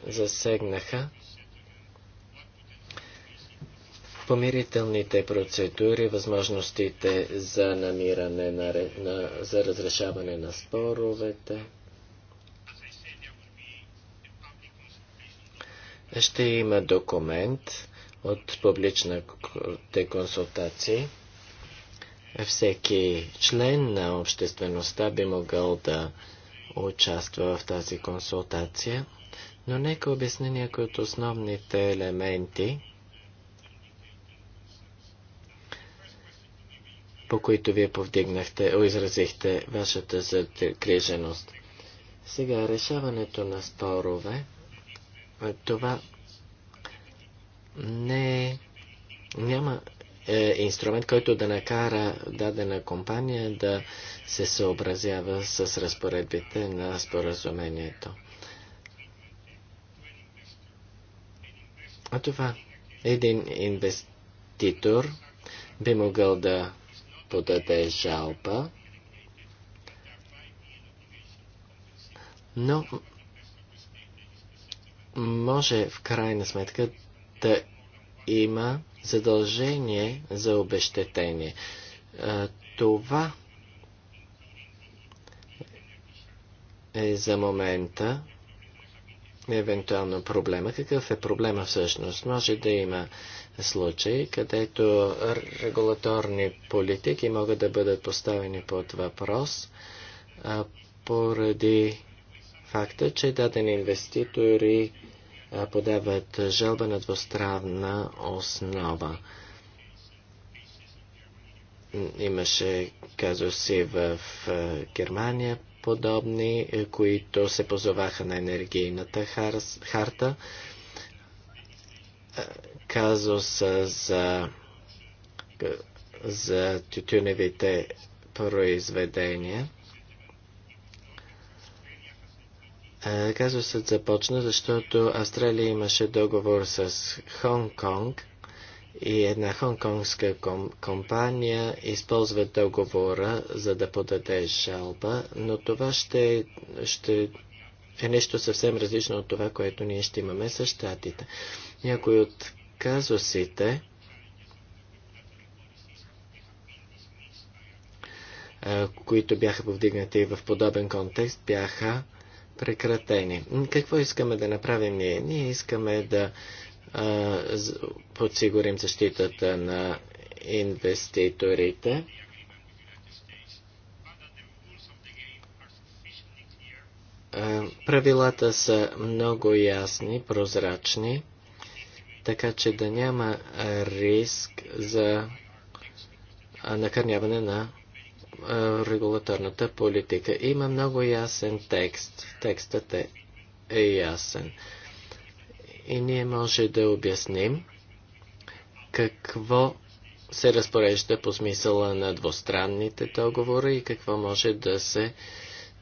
засегнаха помирителните процедури, възможностите за намиране на, на за разрешаване на споровете. ще има документ от публичните консултации. Всеки член на обществеността би могъл да участва в тази консултация, но нека обясня някои от основните елементи, по които вие повдигнахте, изразихте вашата загриженост. Сега решаването на спорове – това не е- няма е, инструмент, който да накара дадена компания да се съобразява с разпоредбите на споразумението. А това един инвеститор би могъл да подаде жалба, но може в крайна сметка да има задължение за обещетение. Това е за момента евентуално проблема. Какъв е проблема всъщност? Може да има случаи, където регулаторни политики могат да бъдат поставени под въпрос поради факта, че дадени инвеститори подават жалба на двустранна основа. Имаше казуси в Германия подобни, е, които се позоваха на енергийната харта. Казус за, за тютюневите произведения – Казусът започна, защото Австралия имаше договор с Хонг-Конг и една хонконгска компания използва договора, за да подаде жалба, но това ще, ще е нещо съвсем различно от това, което ние ще имаме с щатите. Някои от казусите, които бяха повдигнати в подобен контекст, бяха прекратени. Какво искаме да направим ние? Ние искаме да а, подсигурим защитата на инвеститорите. А, правилата са много ясни, прозрачни, така че да няма риск за накърняване на е, регулаторната политика. Има много ясен текст. Текстът е, е ясен. И ние може да обясним какво се разпорежда по смисъла на двустранните договори и какво може да се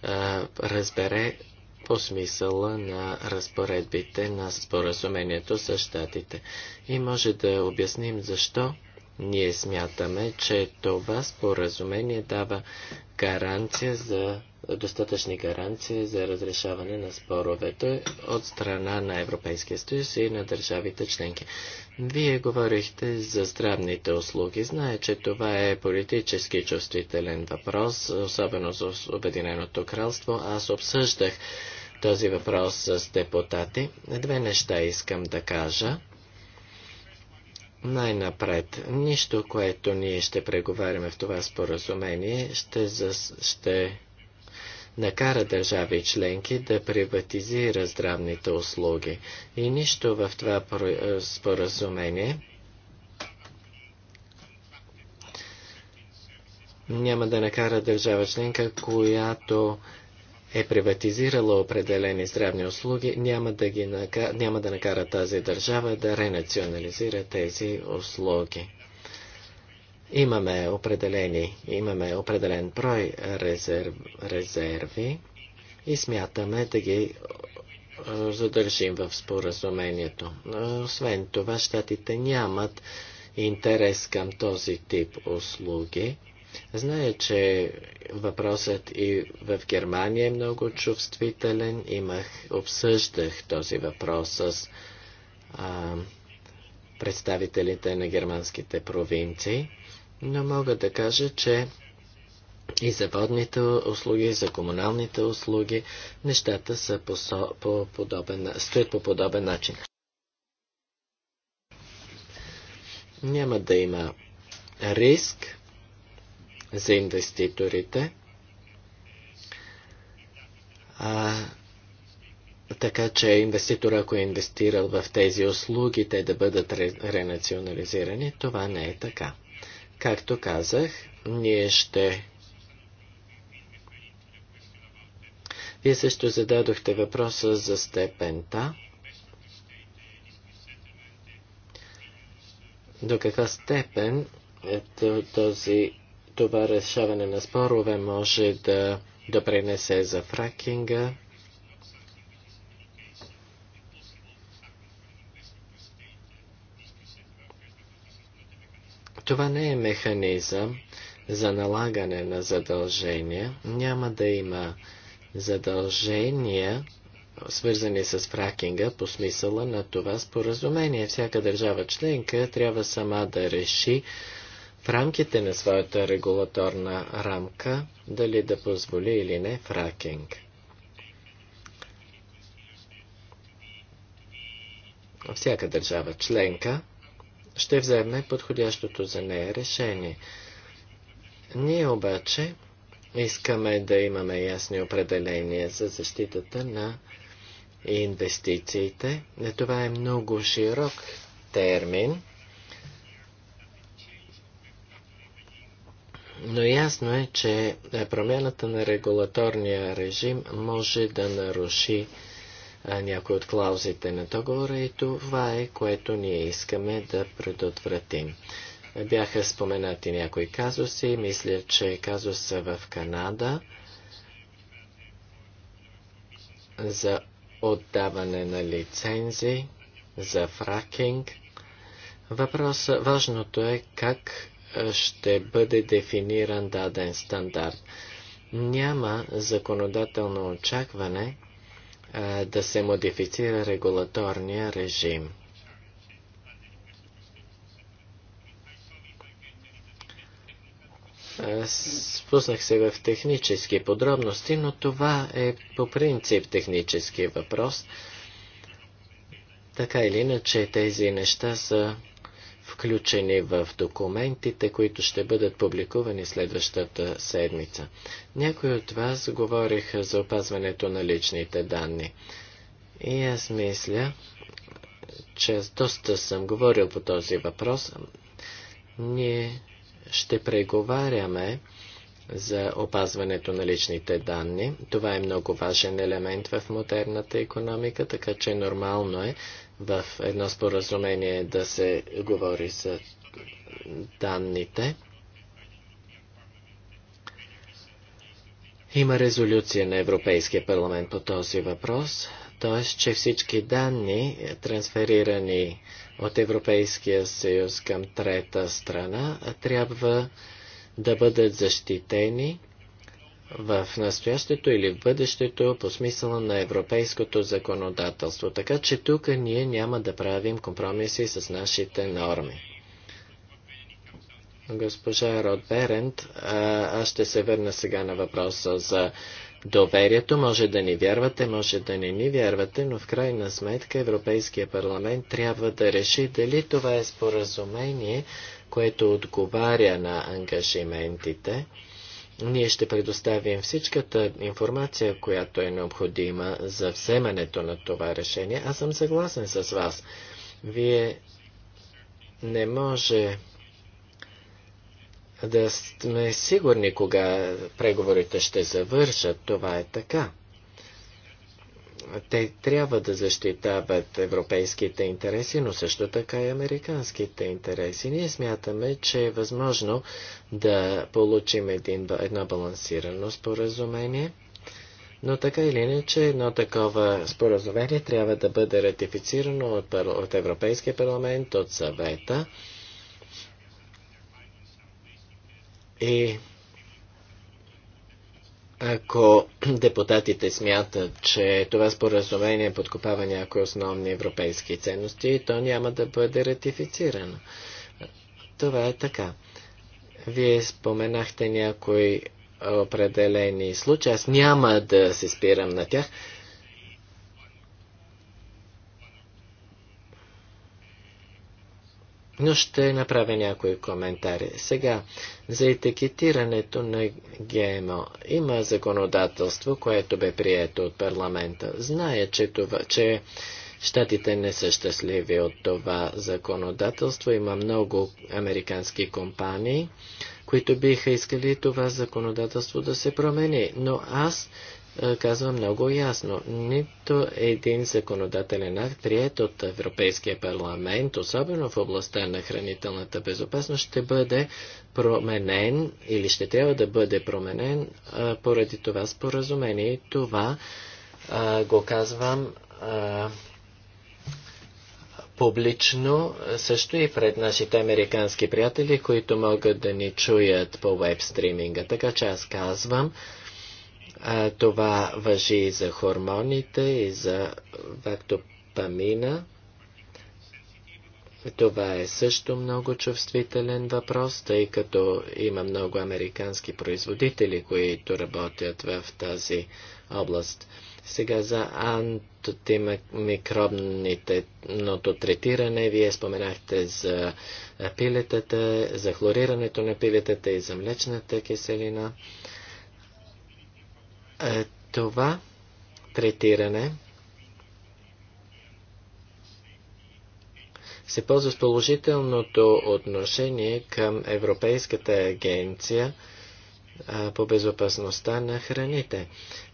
а, е, разбере по смисъла на разпоредбите на споразумението с щатите. И може да обясним защо ние смятаме, че това споразумение дава гаранция за достатъчни гаранции за разрешаване на споровете от страна на Европейския съюз и на държавите членки. Вие говорихте за здравните услуги. Знае, че това е политически чувствителен въпрос, особено за Обединеното кралство. Аз обсъждах този въпрос с депутати. Две неща искам да кажа. Най-напред, нищо, което ние ще преговаряме в това споразумение, ще, за... ще накара държави членки да приватизира здравните услуги. И нищо в това е, споразумение няма да накара държава членка, която е приватизирала определени здравни услуги, няма да, ги накара, няма да накара тази държава да ренационализира тези услуги. Имаме определени, имаме определен брой резерв, резерви и смятаме да ги задържим в споразумението. Освен това, щатите нямат интерес към този тип услуги. Знае, че въпросът и в Германия е много чувствителен. Имах, обсъждах този въпрос с а, представителите на германските провинции, но мога да кажа, че и за водните услуги, и за комуналните услуги, нещата са по, по подобен, стоят по подобен начин. Няма да има риск за инвеститорите. А, така че инвеститор, ако е инвестирал в тези услуги, те да бъдат ренационализирани, това не е така. Както казах, ние ще. Вие също зададохте въпроса за степента. До каква степен е този това решаване на спорове може да допринесе за фракинга. Това не е механизъм за налагане на задължения. Няма да има задължения, свързани с фракинга по смисъла на това споразумение. Всяка държава членка трябва сама да реши в рамките на своята регулаторна рамка дали да позволи или не фракинг. Всяка държава членка ще вземе подходящото за нея решение. Ние обаче искаме да имаме ясни определения за защитата на инвестициите. Това е много широк термин. Но ясно е, че е, промяната на регулаторния режим може да наруши е, някои от клаузите на договора и това е, което ние искаме да предотвратим. Бяха споменати някои казуси. Мисля, че казуса в Канада за отдаване на лицензи, за фракинг. Въпрос, важното е как ще бъде дефиниран даден стандарт. Няма законодателно очакване а, да се модифицира регулаторния режим. Спуснах се в технически подробности, но това е по принцип технически въпрос. Така или иначе, тези неща са включени в документите, които ще бъдат публикувани следващата седмица. Някои от вас говориха за опазването на личните данни. И аз мисля, че доста съм говорил по този въпрос. Ние ще преговаряме за опазването на личните данни. Това е много важен елемент в модерната економика, така че нормално е в едно споразумение да се говори за данните. Има резолюция на Европейския парламент по този въпрос, т.е. че всички данни, трансферирани от Европейския съюз към трета страна, трябва да бъдат защитени в настоящето или в бъдещето по смисъла на европейското законодателство. Така че тук ние няма да правим компромиси с нашите норми. Госпожа Род Берент, аз ще се върна сега на въпроса за доверието. Може да ни вярвате, може да не ни вярвате, но в крайна сметка Европейския парламент трябва да реши дали това е споразумение, което отговаря на ангажиментите ние ще предоставим всичката информация, която е необходима за вземането на това решение. Аз съм съгласен с вас. Вие не може да сме сигурни кога преговорите ще завършат. Това е така те трябва да защитават европейските интереси, но също така и американските интереси. Ние смятаме, че е възможно да получим един, едно балансирано споразумение, но така или иначе едно такова споразумение трябва да бъде ратифицирано от, от Европейския парламент, от съвета. И ако депутатите смятат, че това споразумение подкопава някои основни европейски ценности, то няма да бъде ратифицирано. Това е така. Вие споменахте някои определени случаи. Аз няма да се спирам на тях. но ще направя някои коментари. Сега, за етикетирането на ГМО има законодателство, което бе прието от парламента. Зная, че, това, че щатите не са щастливи от това законодателство. Има много американски компании, които биха искали това законодателство да се промени. Но аз е, казва много ясно. Нито един законодателен акт, прият от Европейския парламент, особено в областта на хранителната безопасност, ще бъде променен или ще трябва да бъде променен а, поради това споразумение. И това а, го казвам а, публично, също и пред нашите американски приятели, които могат да ни чуят по веб стриминга. Така че аз казвам, това въжи и за хормоните, и за вактопамина. Това е също много чувствителен въпрос, тъй като има много американски производители, които работят в тази област. Сега за антимикробното третиране, вие споменахте за пилетата, за хлорирането на пилетата и за млечната киселина. Е, това третиране се ползва с положителното отношение към Европейската агенция по безопасността на храните.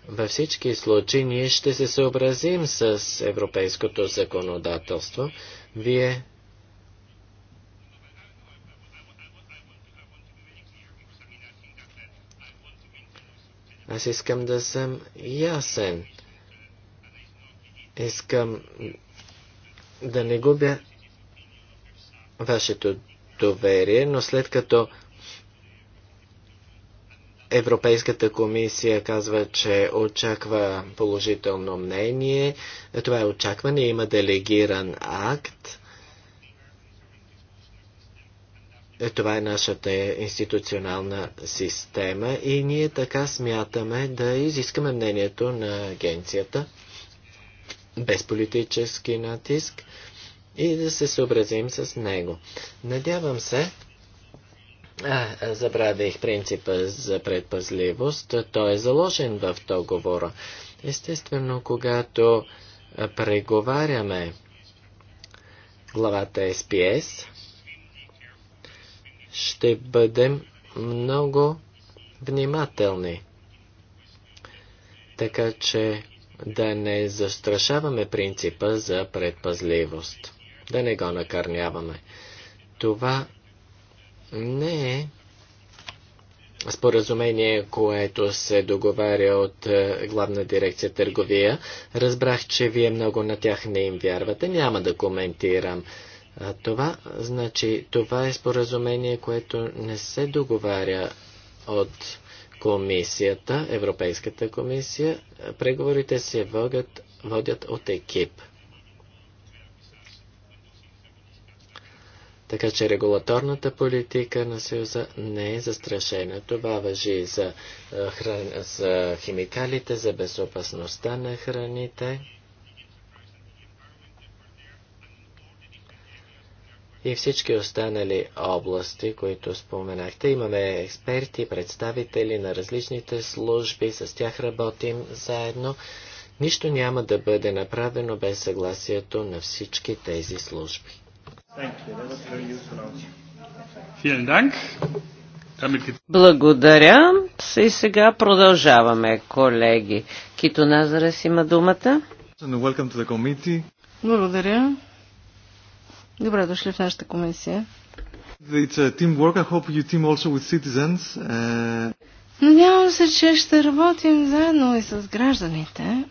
Във всички случаи ние ще се съобразим с европейското законодателство. Вие Аз искам да съм ясен. Искам да не губя вашето доверие, но след като Европейската комисия казва, че очаква положително мнение, това е очакване, има делегиран акт, Е, това е нашата институционална система и ние така смятаме да изискаме мнението на агенцията без политически натиск и да се съобразим с него. Надявам се, а, забравих принципа за предпазливост. Той е заложен в договора. Естествено, когато преговаряме главата SPS, ще бъдем много внимателни, така че да не застрашаваме принципа за предпазливост, да не го накърняваме. Това не е споразумение, което се договаря от е, главна дирекция търговия. Разбрах, че вие много на тях не им вярвате. Няма да коментирам а това, значи, това е споразумение, което не се договаря от комисията, Европейската комисия. Преговорите се водят, водят от екип. Така че регулаторната политика на Съюза не е застрашена. Това въжи за, за химикалите, за безопасността на храните. и всички останали области, които споменахте. Имаме експерти, представители на различните служби, с тях работим заедно. Нищо няма да бъде направено без съгласието на всички тези служби. Благодаря. И сега продължаваме, колеги. Кито Назарес има думата. Благодаря. Добре дошли в нашата комисия. It's a uh, teamwork. I hope you team also with citizens. Uh, Надявам се, че ще работим заедно и с гражданите.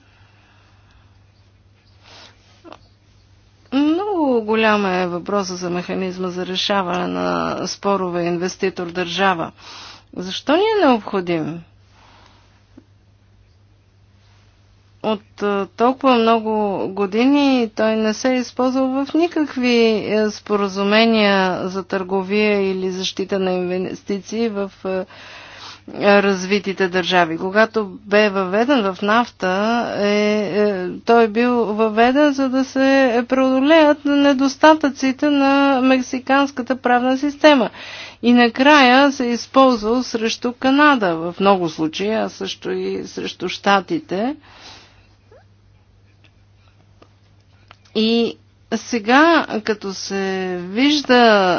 Много голям е въпроса за механизма за решаване на спорове инвеститор-държава. Защо ни е необходим? от е, толкова много години той не се е използвал в никакви е, споразумения за търговия или защита на инвестиции в е, развитите държави. Когато бе въведен в нафта, е, е, той е бил въведен за да се преодолеят недостатъците на мексиканската правна система. И накрая се е използвал срещу Канада в много случаи, а също и срещу Штатите. Е, И сега, като се вижда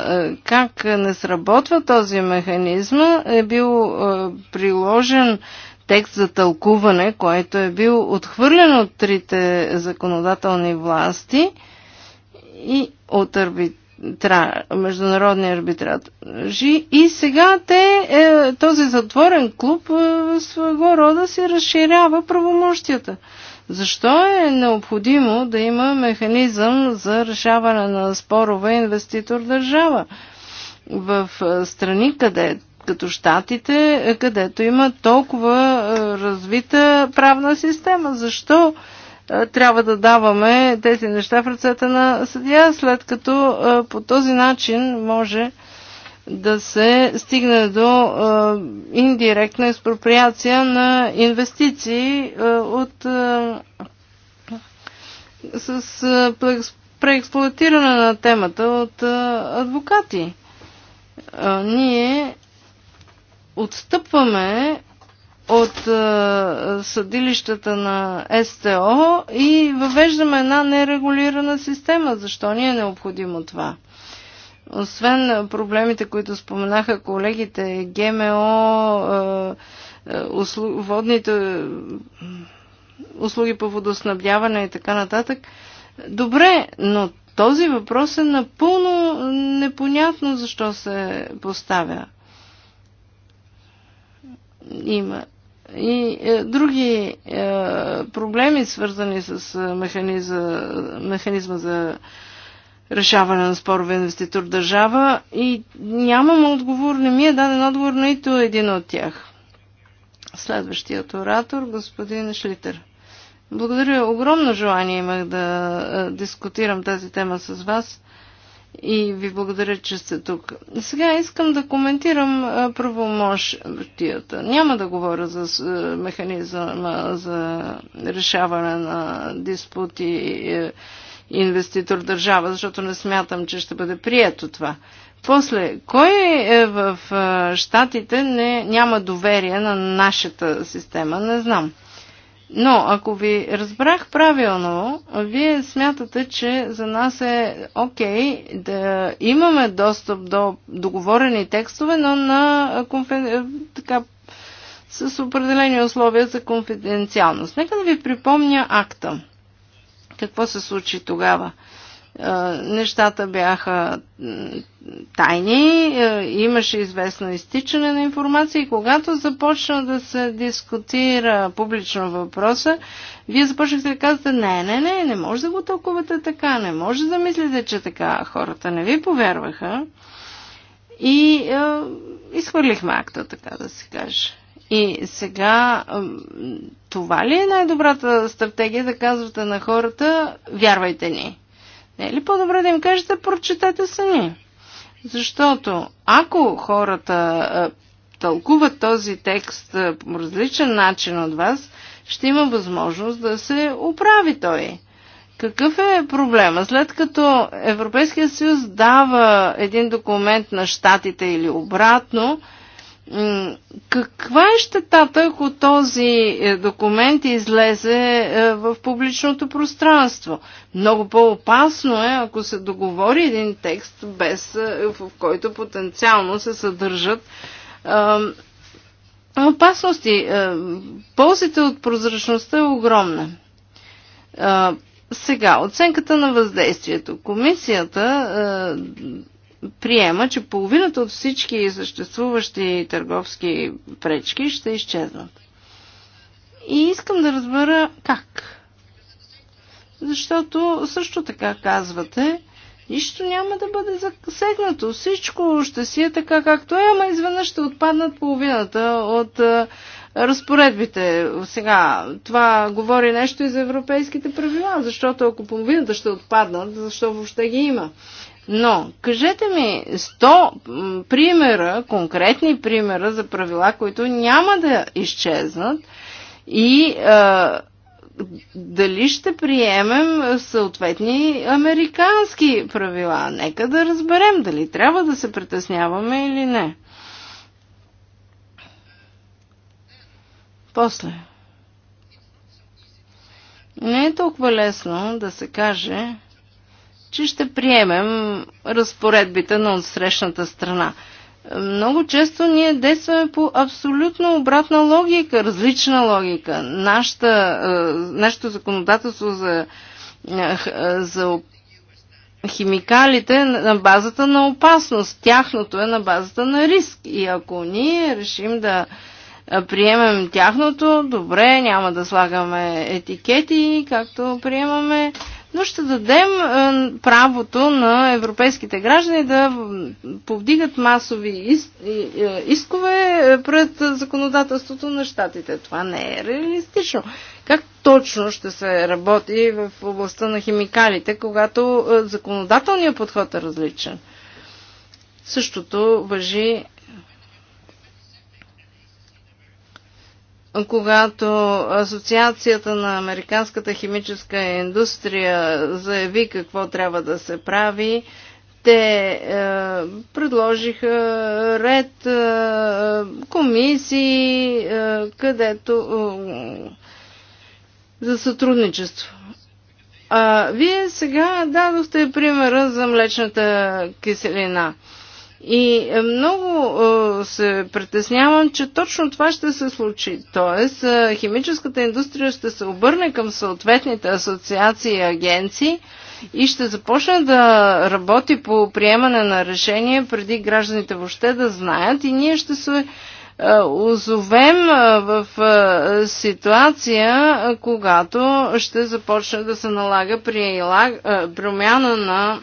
е, как не сработва този механизъм, е бил е, приложен текст за тълкуване, който е бил отхвърлен от трите законодателни власти и от арбитра, международни арбитражи. И сега те, е, този затворен клуб е, своего рода си разширява правомощията. Защо е необходимо да има механизъм за решаване на спорове инвеститор-държава в страни, къде, като щатите, е, където има толкова развита правна система? Защо трябва да даваме тези неща в ръцете на съдия, след като по този начин може да се стигне до а, индиректна експроприация на инвестиции а, от, а, с а, преексплуатиране на темата от а, адвокати. А, ние отстъпваме от а, съдилищата на СТО и въвеждаме една нерегулирана система. Защо ни е необходимо това? Освен проблемите, които споменаха колегите, ГМО, услу, водните услуги по водоснабдяване и така нататък, добре, но този въпрос е напълно непонятно защо се поставя. Има и е, други е, проблеми, свързани с е, механизма, механизма за решаване на спорове инвеститор-държава и нямам отговор, не ми е даден отговор на нито един от тях. Следващият оратор, господин Шлитер. Благодаря. Огромно желание имах да дискутирам тази тема с вас и ви благодаря, че сте тук. Сега искам да коментирам правомощията. Няма да говоря за механизма за решаване на диспути инвеститор държава, защото не смятам, че ще бъде прието това. После, кой е в щатите, не, няма доверие на нашата система, не знам. Но, ако ви разбрах правилно, вие смятате, че за нас е окей okay да имаме достъп до договорени текстове, но на конфе... така, с определени условия за конфиденциалност. Нека да ви припомня акта. Какво се случи тогава? нещата бяха тайни, имаше известно изтичане на информация и когато започна да се дискутира публично въпроса, вие започнахте да казвате, не, не, не, не може да го тълкувате така, не може да мислите, че така. Хората не ви повярваха и е, изхвърлихме акта, така да се каже. И сега, това ли е най-добрата стратегия да казвате на хората, вярвайте ни? Не е ли по-добре да им кажете, прочетете сами? Защото ако хората тълкуват този текст по различен начин от вас, ще има възможност да се оправи той. Какъв е проблема? След като Европейския съюз дава един документ на щатите или обратно, каква е щетата, ако този е, документ излезе е, в публичното пространство? Много по-опасно е, ако се договори един текст, без, е, в който потенциално се съдържат опасности. Ползите от прозрачността е огромна. Сега, оценката на въздействието. Комисията приема, че половината от всички съществуващи търговски пречки ще изчезнат. И искам да разбера как. Защото също така казвате, нищо няма да бъде засегнато. Всичко ще си е така както е, ама изведнъж ще отпаднат половината от а, разпоредбите. Сега, това говори нещо и за европейските правила, защото ако половината ще отпаднат, защо въобще ги има? Но, кажете ми 100 примера, конкретни примера за правила, които няма да изчезнат и а, дали ще приемем съответни американски правила. Нека да разберем дали трябва да се притесняваме или не. После. Не е толкова лесно да се каже, че ще приемем разпоредбите на отсрещната страна. Много често ние действаме по абсолютно обратна логика, различна логика. Нашата, е, нашето законодателство за, е, е, за химикалите е на базата на опасност, тяхното е на базата на риск. И ако ние решим да приемем тяхното, добре, няма да слагаме етикети, както приемаме но ще дадем е, правото на европейските граждани да повдигат масови е, искове пред законодателството на щатите. Това не е реалистично. Как точно ще се работи в областта на химикалите, когато е, законодателният подход е различен? Същото въжи когато Асоциацията на Американската химическа индустрия заяви какво трябва да се прави, те е, предложиха ред е, комисии, е, където е, за сътрудничество. А, вие сега дадохте примера за млечната киселина. Е, и е, много е, се притеснявам, че точно това ще се случи. Тоест, е, химическата индустрия ще се обърне към съответните асоциации и агенции и ще започне да работи по приемане на решения преди гражданите въобще да знаят и ние ще се озовем в ситуация, когато ще започне да се налага промяна на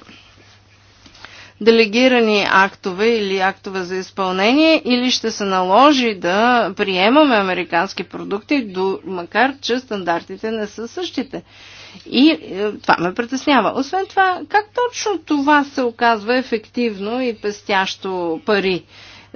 делегирани актове или актове за изпълнение, или ще се наложи да приемаме американски продукти, макар че стандартите не са същите. И е, това ме притеснява. Освен това, как точно това се оказва ефективно и пестящо пари?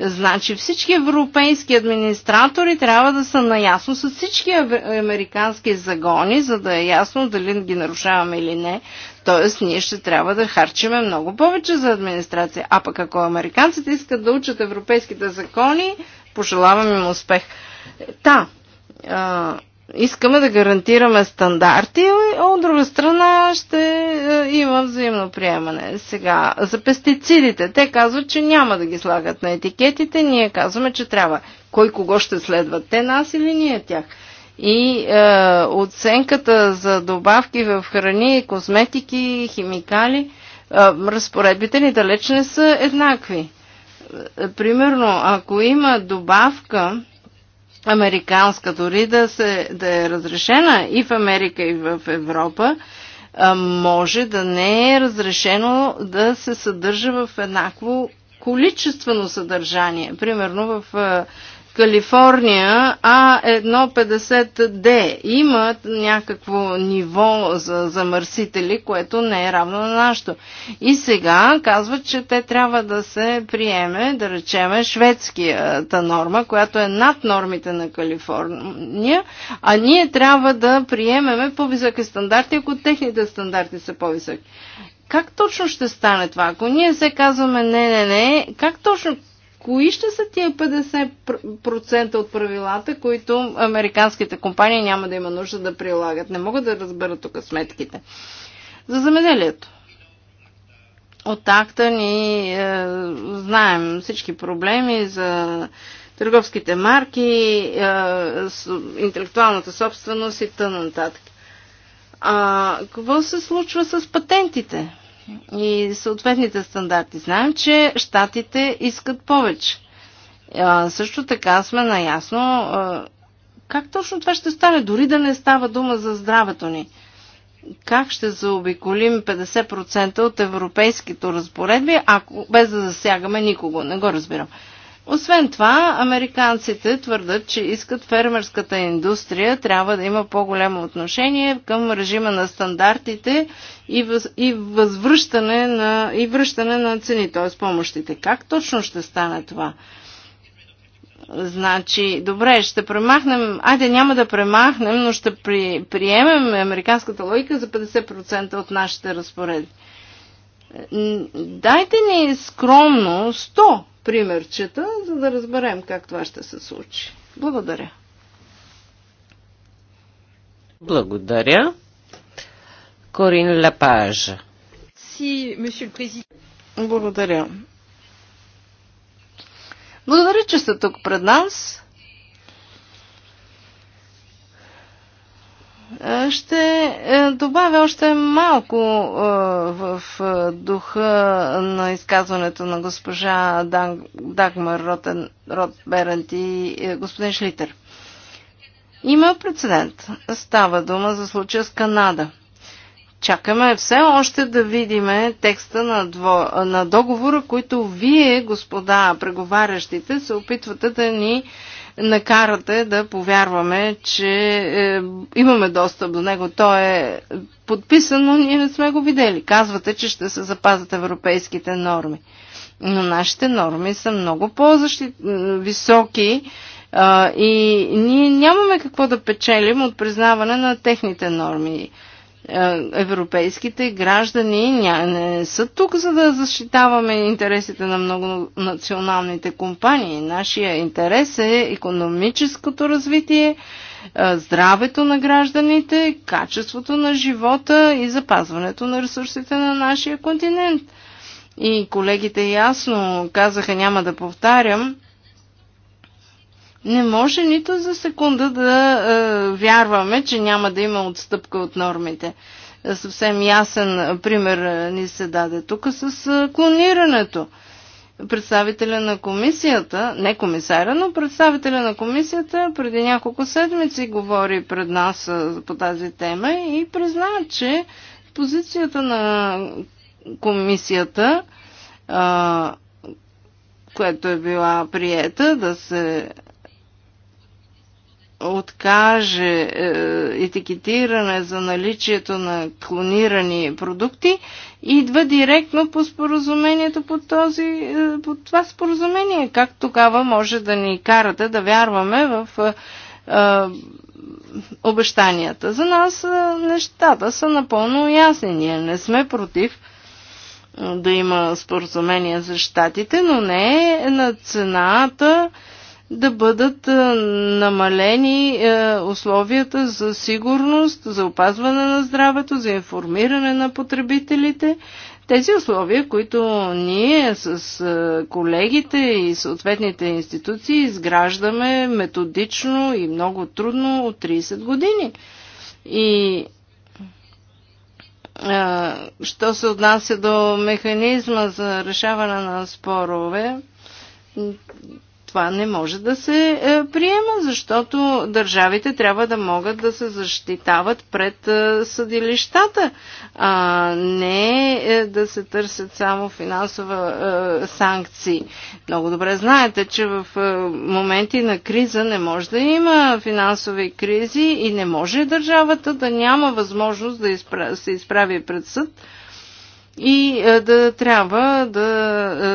Значи всички европейски администратори трябва да са наясно с всички американски загони, за да е ясно дали ги нарушаваме или не. Тоест, ние ще трябва да харчиме много повече за администрация. А пък ако американците искат да учат европейските закони, пожелавам им успех. Та, искаме да гарантираме стандарти, а от друга страна ще е, има взаимно приемане. Сега, за пестицидите, те казват, че няма да ги слагат на етикетите, ние казваме, че трябва. Кой кого ще следва, те нас или ние тях. И е, оценката за добавки в храни, козметики, химикали, е, разпоредбите ни далеч не са еднакви. Е, примерно, ако има добавка, американска, дори да, се, да е разрешена и в Америка, и в Европа, може да не е разрешено да се съдържа в еднакво количествено съдържание. Примерно в Калифорния А150D. Имат някакво ниво за замърсители, което не е равно на нашото. И сега казват, че те трябва да се приеме, да речеме, шведската норма, която е над нормите на Калифорния, а ние трябва да приемеме по-високи стандарти, ако техните стандарти са по-високи. Как точно ще стане това? Ако ние се казваме не, не, не, как точно кои ще са тия 50% от правилата, които американските компании няма да има нужда да прилагат? Не мога да разбера тук сметките. За замеделието. От акта ни е, знаем всички проблеми за търговските марки, е, с, интелектуалната собственост и т.н. А какво се случва с патентите? и съответните стандарти. Знаем, че щатите искат повече. А, също така сме наясно а, как точно това ще стане, дори да не става дума за здравето ни. Как ще заобиколим 50% от европейските разпоредби, ако без да засягаме никого? Не го разбирам. Освен това, американците твърдат, че искат фермерската индустрия трябва да има по-голямо отношение към режима на стандартите и, въз, и възвръщане на, и връщане на цени, т.е. помощите. Как точно ще стане това? Значи, добре, ще премахнем, айде няма да премахнем, но ще при, приемем американската логика за 50% от нашите разпореди. Дайте ни скромно 100 примерчета, за да разберем как това ще се случи. Благодаря. Благодаря. Корин Лапаж. Си, президент. Благодаря. Благодаря, че сте тук пред нас. Е, ще е, добавя още малко е, в духа на изказването на госпожа Дагмар Ротен, Рот Берент и господин Шлитер. Има прецедент. Става дума за случая с Канада. Чакаме все още да видиме текста на, дво, на договора, който вие, господа преговарящите, се опитвате да ни накарате да повярваме, че е, имаме достъп до него. Той е подписан, но ние не сме го видели. Казвате, че ще се запазят европейските норми. Но нашите норми са много по-високи е, и ние нямаме какво да печелим от признаване на техните норми. Е, европейските граждани не са тук, за да защитаваме интересите на много националните компании. Нашия интерес е економическото развитие, е, здравето на гражданите, качеството на живота и запазването на ресурсите на нашия континент. И колегите ясно казаха, няма да повтарям, не може нито за секунда да е, вярваме, че няма да има отстъпка от нормите. Е, съвсем ясен е, пример е, ни се даде тук с клонирането. Представителя на комисията, не комисаря, но представителя на комисията преди няколко седмици говори пред нас по тази тема и призна, че позицията на комисията, а, която е била приета да се откаже е, етикетиране за наличието на клонирани продукти, идва директно по споразумението по, този, е, по това споразумение. Как тогава може да ни карате да вярваме в е, обещанията. За нас нещата са напълно ясни. Ние не сме против да има споразумение за щатите, но не на цената да бъдат е, намалени е, условията за сигурност, за опазване на здравето, за информиране на потребителите. Тези условия, които ние с е, колегите и съответните институции изграждаме методично и много трудно от 30 години. И що се отнася до механизма за решаване на спорове, това не може да се е, приема, защото държавите трябва да могат да се защитават пред е, съдилищата, а не е, да се търсят само финансова санкции. Много добре знаете, че в моменти на криза не може да има финансови кризи и не може държавата да няма възможност да се изправи пред съд и е, да трябва да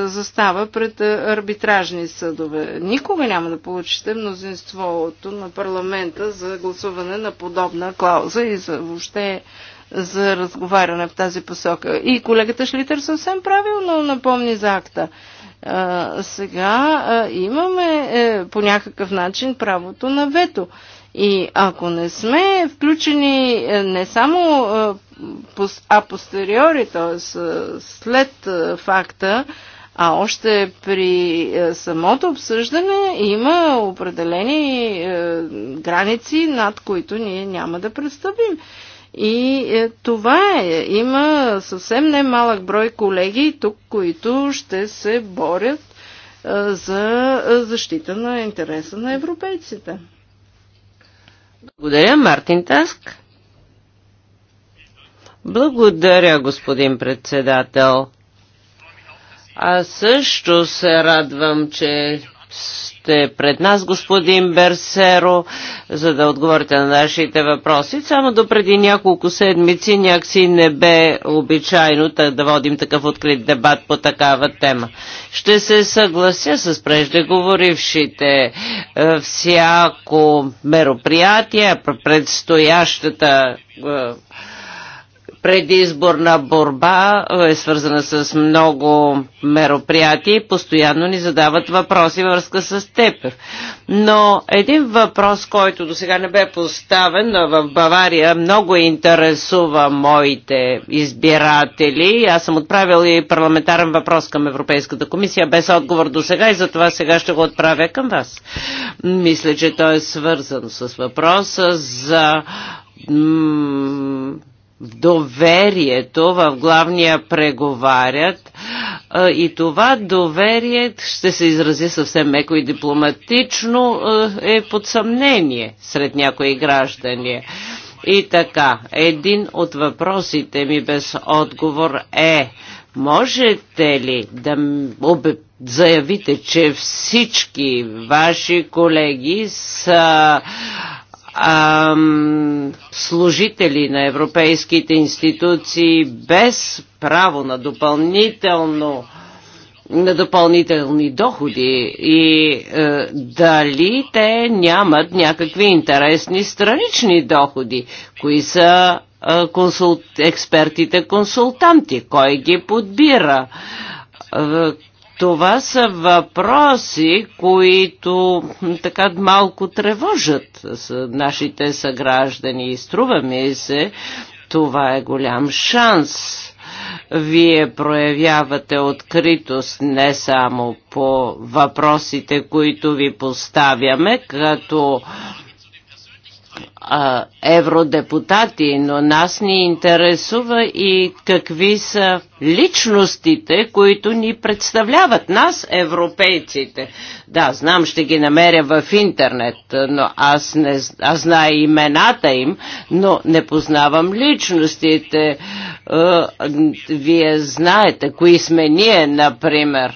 е, застава пред е, арбитражни съдове. Никога няма да получите мнозинството на парламента за гласуване на подобна клауза и за, въобще за разговаряне в тази посока. И колегата Шлитър съвсем правилно напомни за акта. А, сега а, имаме е, по някакъв начин правото на вето. И ако не сме включени е, не само е, апостериори, т.е. Е, след факта, а още при самото обсъждане има определени граници, над които ние няма да представим. И това е. Има съвсем немалък брой колеги тук, които ще се борят за защита на интереса на европейците. Благодаря, Мартин Таск. Благодаря, господин председател. Аз също се радвам, че сте пред нас, господин Берсеро, за да отговорите на нашите въпроси. Само до преди няколко седмици някакси не бе обичайно да водим такъв открит дебат по такава тема. Ще се съглася с преждеговорившите. Е, всяко мероприятие, предстоящата е, предизборна борба е свързана с много мероприятия и постоянно ни задават въпроси във връзка с Тепев. Но един въпрос, който до сега не бе поставен в Бавария, много интересува моите избиратели. Аз съм отправил и парламентарен въпрос към Европейската комисия без отговор до сега и затова сега ще го отправя към вас. Мисля, че той е свързан с въпроса за доверието в главния преговарят и това доверие, ще се изрази съвсем меко и дипломатично, е под съмнение сред някои граждани. И така, един от въпросите ми без отговор е, можете ли да заявите, че всички ваши колеги са ам, служители на европейските институции без право на допълнително на допълнителни доходи и е, дали те нямат някакви интересни странични доходи, кои са е, консулт, експертите-консултанти, кой ги подбира, е, това са въпроси, които така малко тревожат нашите съграждани и струва ми се, това е голям шанс. Вие проявявате откритост не само по въпросите, които ви поставяме, като а, евродепутати, но нас ни интересува и какви са личностите, които ни представляват нас, европейците. Да, знам, ще ги намеря в интернет, но аз, не, аз знае имената им, но не познавам личностите. Е, вие знаете кои сме ние, например,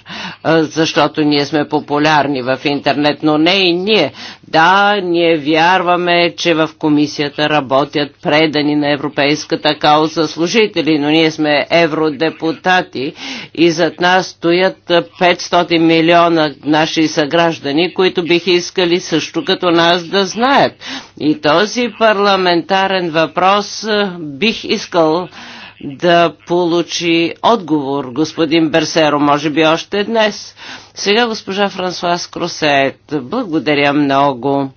е, защото ние сме популярни в интернет, но не и ние. Да, ние вярваме, че в комисията работят предани на европейската кауза служители, но ние сме евродепутати и зад нас стоят 500 милиона наши съграждани, които бих искали също като нас да знаят. И този парламентарен въпрос е, бих искал да получи отговор господин Берсеро, може би още днес. Сега госпожа Франсуас Кросет, благодаря много.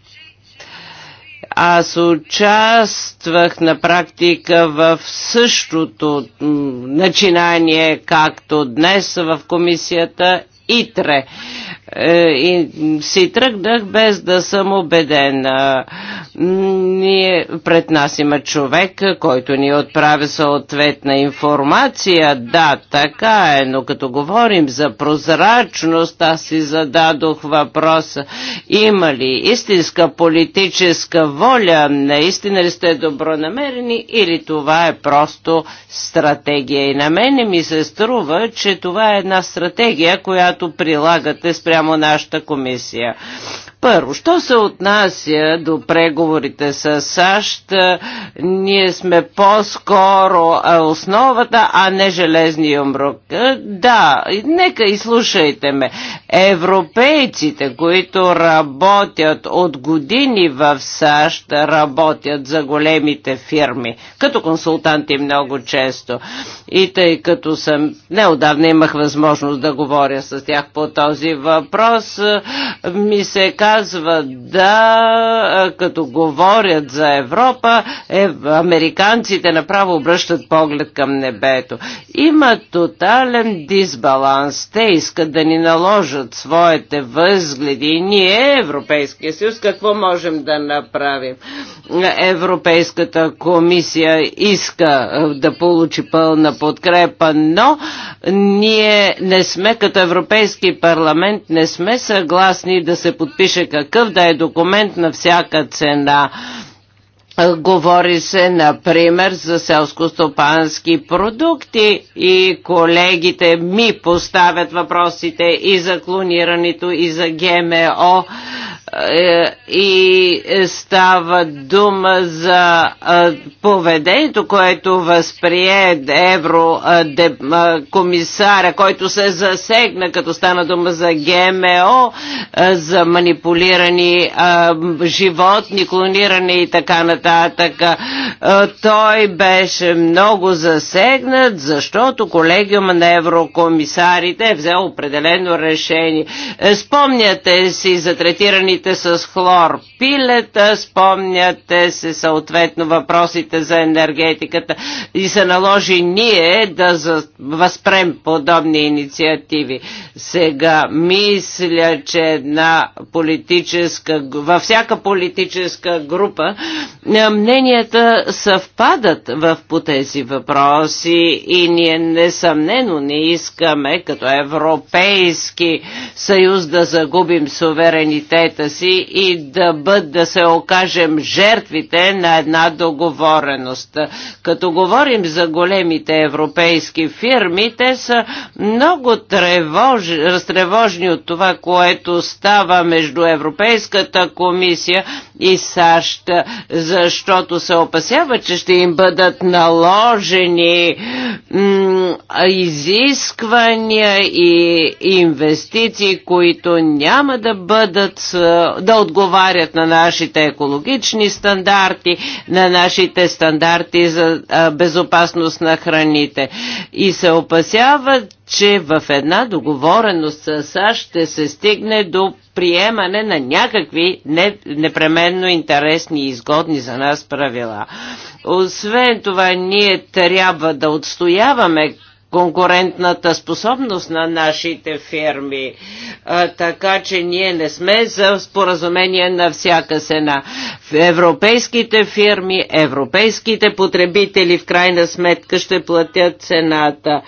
Аз участвах на практика в същото начинание, както днес в комисията ИТРЕ. Е, и си тръгнах без да съм убеден. Ние пред нас има човек, който ни отправя съответна информация. Да, така е, но като говорим за прозрачност, аз си зададох въпроса. Има ли истинска политическа воля? Наистина ли сте добронамерени или това е просто стратегия? И на мене ми се струва, че това е една стратегия, която прилагате спрямо спрямо нашата комисия. Първо, що се отнася до преговорите с САЩ, ние сме по-скоро основата, а не железния умрук. Да, нека и слушайте ме. Европейците, които работят от години в САЩ, работят за големите фирми, като консултанти много често. И тъй като съм, неодавна имах възможност да говоря с тях по този въпрос, ми се казва, казва да, като говорят за Европа, е, американците направо обръщат поглед към небето. Има тотален дисбаланс. Те искат да ни наложат своите възгледи. И ние, Европейския съюз, какво можем да направим? Европейската комисия иска да получи пълна подкрепа, но ние не сме като Европейски парламент, не сме съгласни да се подпише че какъв да е документ на всяка цена Говори се, например, за селско-стопански продукти и колегите ми поставят въпросите и за клонирането, и за ГМО е, и става дума за е, поведението, което възприе еврокомисаря, е, който се засегна, като стана дума за ГМО, за манипулирани животни, клониране и така нататък нататък. Той беше много засегнат, защото колегиума на еврокомисарите е взел определено решение. Е, спомняте си за третираните с хлор пилета, спомняте се съответно въпросите за енергетиката и се наложи ние да възпрем подобни инициативи. Сега мисля, че една политическа, във всяка политическа група е, мненията съвпадат в, по тези въпроси и ние несъмнено не искаме като Европейски съюз да загубим суверенитета си и да, бъд, да се окажем жертвите на една договореност. Като говорим за големите европейски фирми, те са много тревож, разтревожни от това, което става между Европейската комисия и САЩ, за защото се опасява, че ще им бъдат наложени изисквания и инвестиции, които няма да бъдат, да отговарят на нашите екологични стандарти, на нашите стандарти за безопасност на храните. И се опасяват, че в една договореност с САЩ ще се стигне до приемане на някакви не, непременно интересни и изгодни за нас правила. Освен това, ние трябва да отстояваме конкурентната способност на нашите фирми. А, така че ние не сме за споразумение на всяка сена. В европейските фирми, европейските потребители в крайна сметка ще платят цената.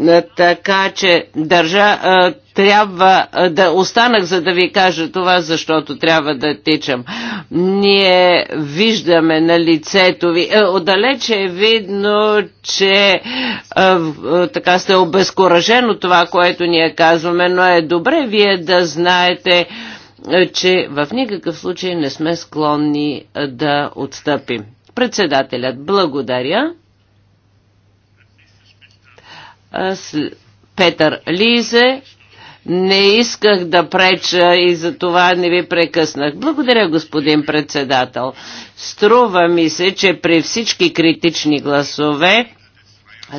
Е, така че държа, е, трябва е, да останах, за да ви кажа това, защото трябва да тичам. Ние виждаме на лицето ви, отдалече е видно, че така сте обезкуражено това, което ние казваме, но е добре вие да знаете, че в никакъв случай не сме склонни да отстъпим. Председателят, благодаря. Петър Лизе. Не исках да преча и за това не ви прекъснах. Благодаря, господин председател. Струва ми се, че при всички критични гласове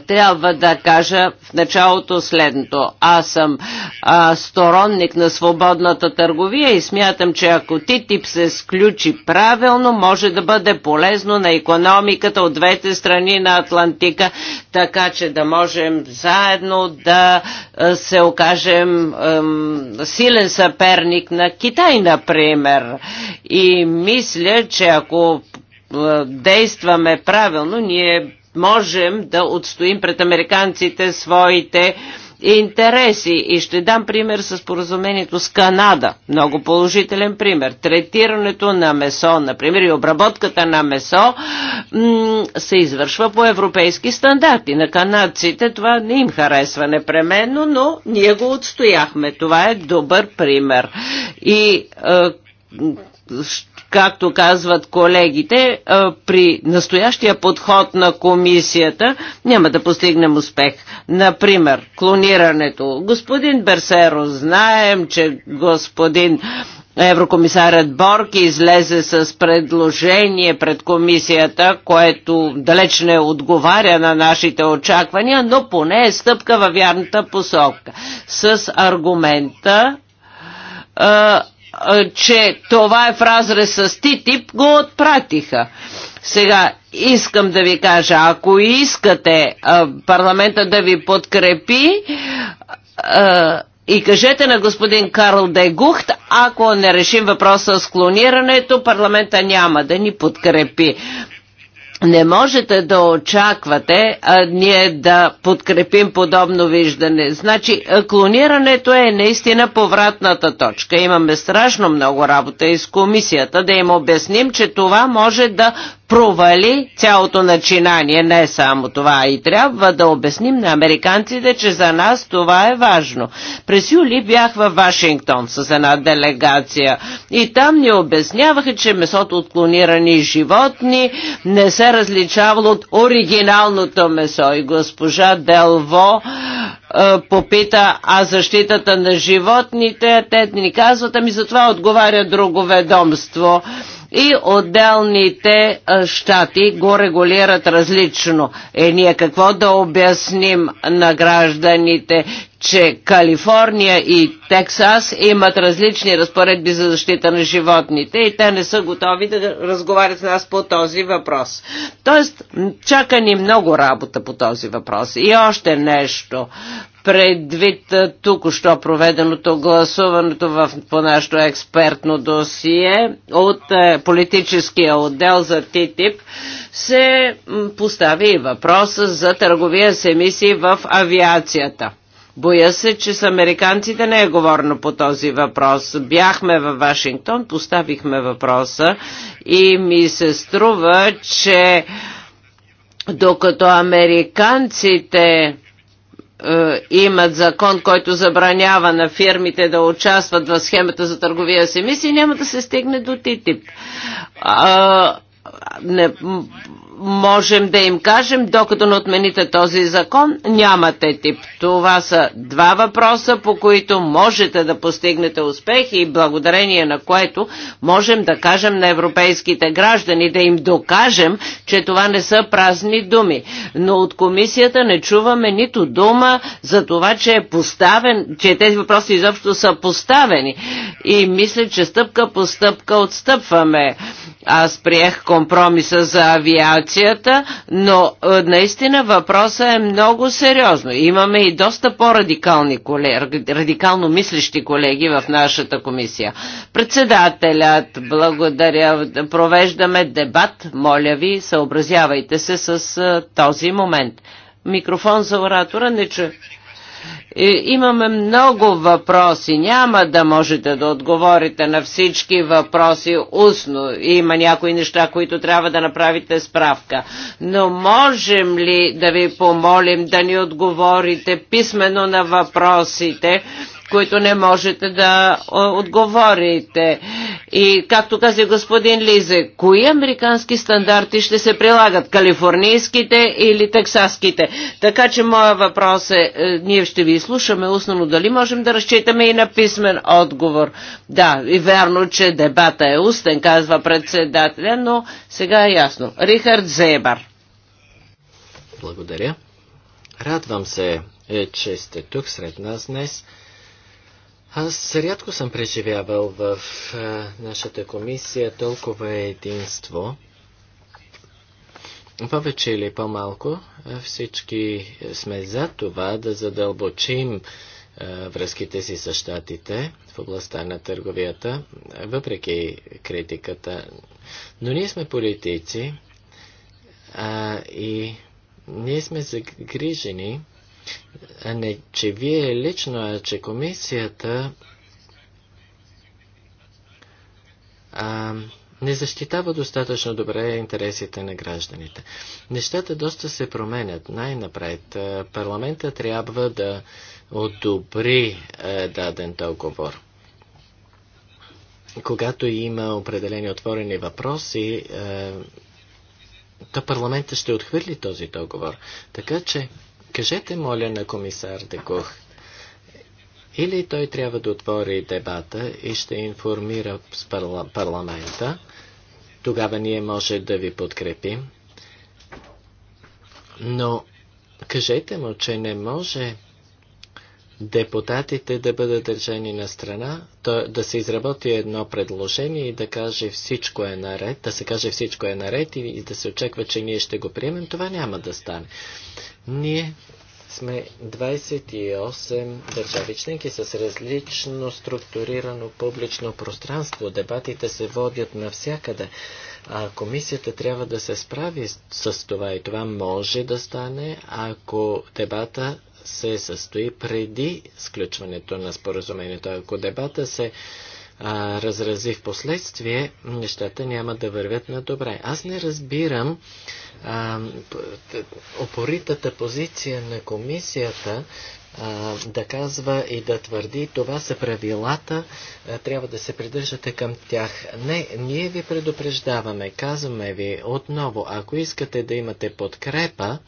трябва да кажа в началото следното. Аз съм а, сторонник на свободната търговия и смятам, че ако ТИТИП се сключи правилно, може да бъде полезно на економиката от двете страни на Атлантика, така че да можем заедно да се окажем ем, силен съперник на Китай, например. И мисля, че ако действаме правилно, ние можем да отстоим пред американците своите интереси. И ще дам пример с поразумението с Канада. Много положителен пример. Третирането на месо, например, и обработката на месо се извършва по европейски стандарти. На канадците това не им харесва непременно, но ние го отстояхме. Това е добър пример. И е, Както казват колегите, при настоящия подход на комисията няма да постигнем успех. Например, клонирането. Господин Берсеро, знаем, че господин Еврокомисарят Борки излезе с предложение пред комисията, което далеч не отговаря на нашите очаквания, но поне е стъпка във вярната посока. С аргумента че това е в разрез с ТИТИП, го отпратиха. Сега искам да ви кажа, ако искате парламента да ви подкрепи, и кажете на господин Карл Дегухт, ако не решим въпроса с клонирането, парламента няма да ни подкрепи не можете да очаквате а, ние да подкрепим подобно виждане. Значи, клонирането е наистина повратната точка. Имаме страшно много работа и с комисията да им обясним, че това може да провали цялото начинание, не само това. И трябва да обясним на американците, че за нас това е важно. През юли бях във Вашингтон с една делегация и там ни обясняваха, че месото от клонирани животни не се различавало от оригиналното месо. И госпожа Делво е, попита, а защитата на животните, те ни казват, ами за това отговаря друго ведомство и отделните щати го регулират различно. Е, ние какво да обясним на гражданите, че Калифорния и Тексас имат различни разпоредби за защита на животните и те не са готови да разговарят с нас по този въпрос. Тоест, чака ни много работа по този въпрос. И още нещо предвид тук що проведеното гласуването в, по нашето експертно досие от политическия отдел за ТИТИП, се постави и въпроса за търговия с емисии в авиацията. Боя се, че с американците не е говорно по този въпрос. Бяхме във Вашингтон, поставихме въпроса и ми се струва, че докато американците е, имат закон, който забранява на фирмите да участват в схемата за търговия с емисии, няма да се стигне до ТИТИП. А, не можем да им кажем, докато не отмените този закон, нямате тип. Това са два въпроса, по които можете да постигнете успех и благодарение на което можем да кажем на европейските граждани, да им докажем, че това не са празни думи. Но от комисията не чуваме нито дума за това, че е поставен, че тези въпроси изобщо са поставени. И мисля, че стъпка по стъпка отстъпваме аз приех компромиса за авиацията, но е, наистина въпросът е много сериозно. Имаме и доста по-радикални радикално мислещи колеги в нашата комисия. Председателят, благодаря, провеждаме дебат. Моля ви, съобразявайте се с е, този момент. Микрофон за оратора не чуя. Е, имаме много въпроси. Няма да можете да отговорите на всички въпроси устно. Има някои неща, които трябва да направите справка. Но можем ли да ви помолим да ни отговорите писменно на въпросите, които не можете да отговорите. И както каза господин Лизе, кои американски стандарти ще се прилагат? Калифорнийските или тексаските? Така че моя въпрос е, е ние ще ви слушаме устно, дали можем да разчитаме и на писмен отговор. Да, и вярно, че дебата е устен, казва председателя, но сега е ясно. Рихард Зебар. Благодаря. Радвам се, е, че сте тук сред нас днес. Аз рядко съм преживявал в а, е, нашата комисия толкова единство. Повече или по-малко е, всички сме за това да задълбочим а, е, връзките си с щатите в областта на търговията, въпреки критиката. Но ние сме политици а, и ние сме загрижени не че вие лично, а че комисията а, не защитава достатъчно добре интересите на гражданите. Нещата доста се променят. Най-напред парламента трябва да одобри е, даден договор. Когато има определени отворени въпроси, е, то парламента ще отхвърли този договор. Така че Кажете, моля, на комисар Декух, или той трябва да отвори дебата и ще информира парла парламента, тогава ние може да ви подкрепим. Но кажете му, че не може депутатите да бъдат държани на страна, то, да се изработи едно предложение и да каже всичко е наред, да се каже всичко е наред и, и да се очаква, че ние ще го приемем, това няма да стане. Ние сме 28 държави членки с различно структурирано публично пространство. Дебатите се водят навсякъде. А комисията трябва да се справи с това и това може да стане, ако дебата се състои преди сключването на споразумението. Ако дебата се а, разрази в последствие, нещата няма да вървят на добре. Аз не разбирам а, опоритата позиция на комисията а, да казва и да твърди, това са правилата, а, трябва да се придържате към тях. Не, ние ви предупреждаваме, казваме ви отново, ако искате да имате подкрепа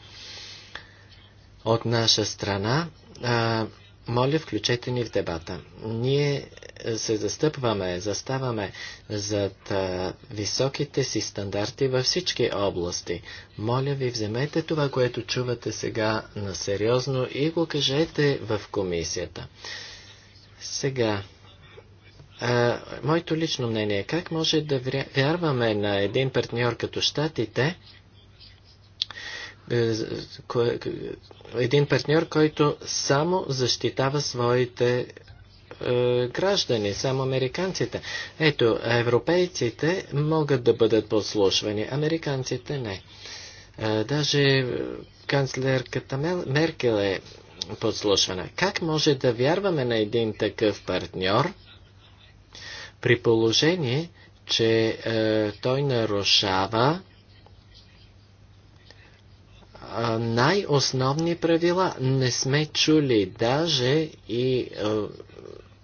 от наша страна, а, моля, включете ни в дебата. Ние е, се застъпваме, заставаме зад а, високите си стандарти във всички области. Моля ви, вземете това, което чувате сега на сериозно и го кажете в комисията. Сега, а, моето лично мнение, е, как може да вярваме на един партньор като щатите, е, един партньор, който само защитава своите е, граждани, само американците. Ето, европейците могат да бъдат послушвани, американците не. Е, даже канцлерката Меркел е подслушвана. Как може да вярваме на един такъв партньор при положение, че е, той нарушава е, най-основни правила. Не сме чули даже и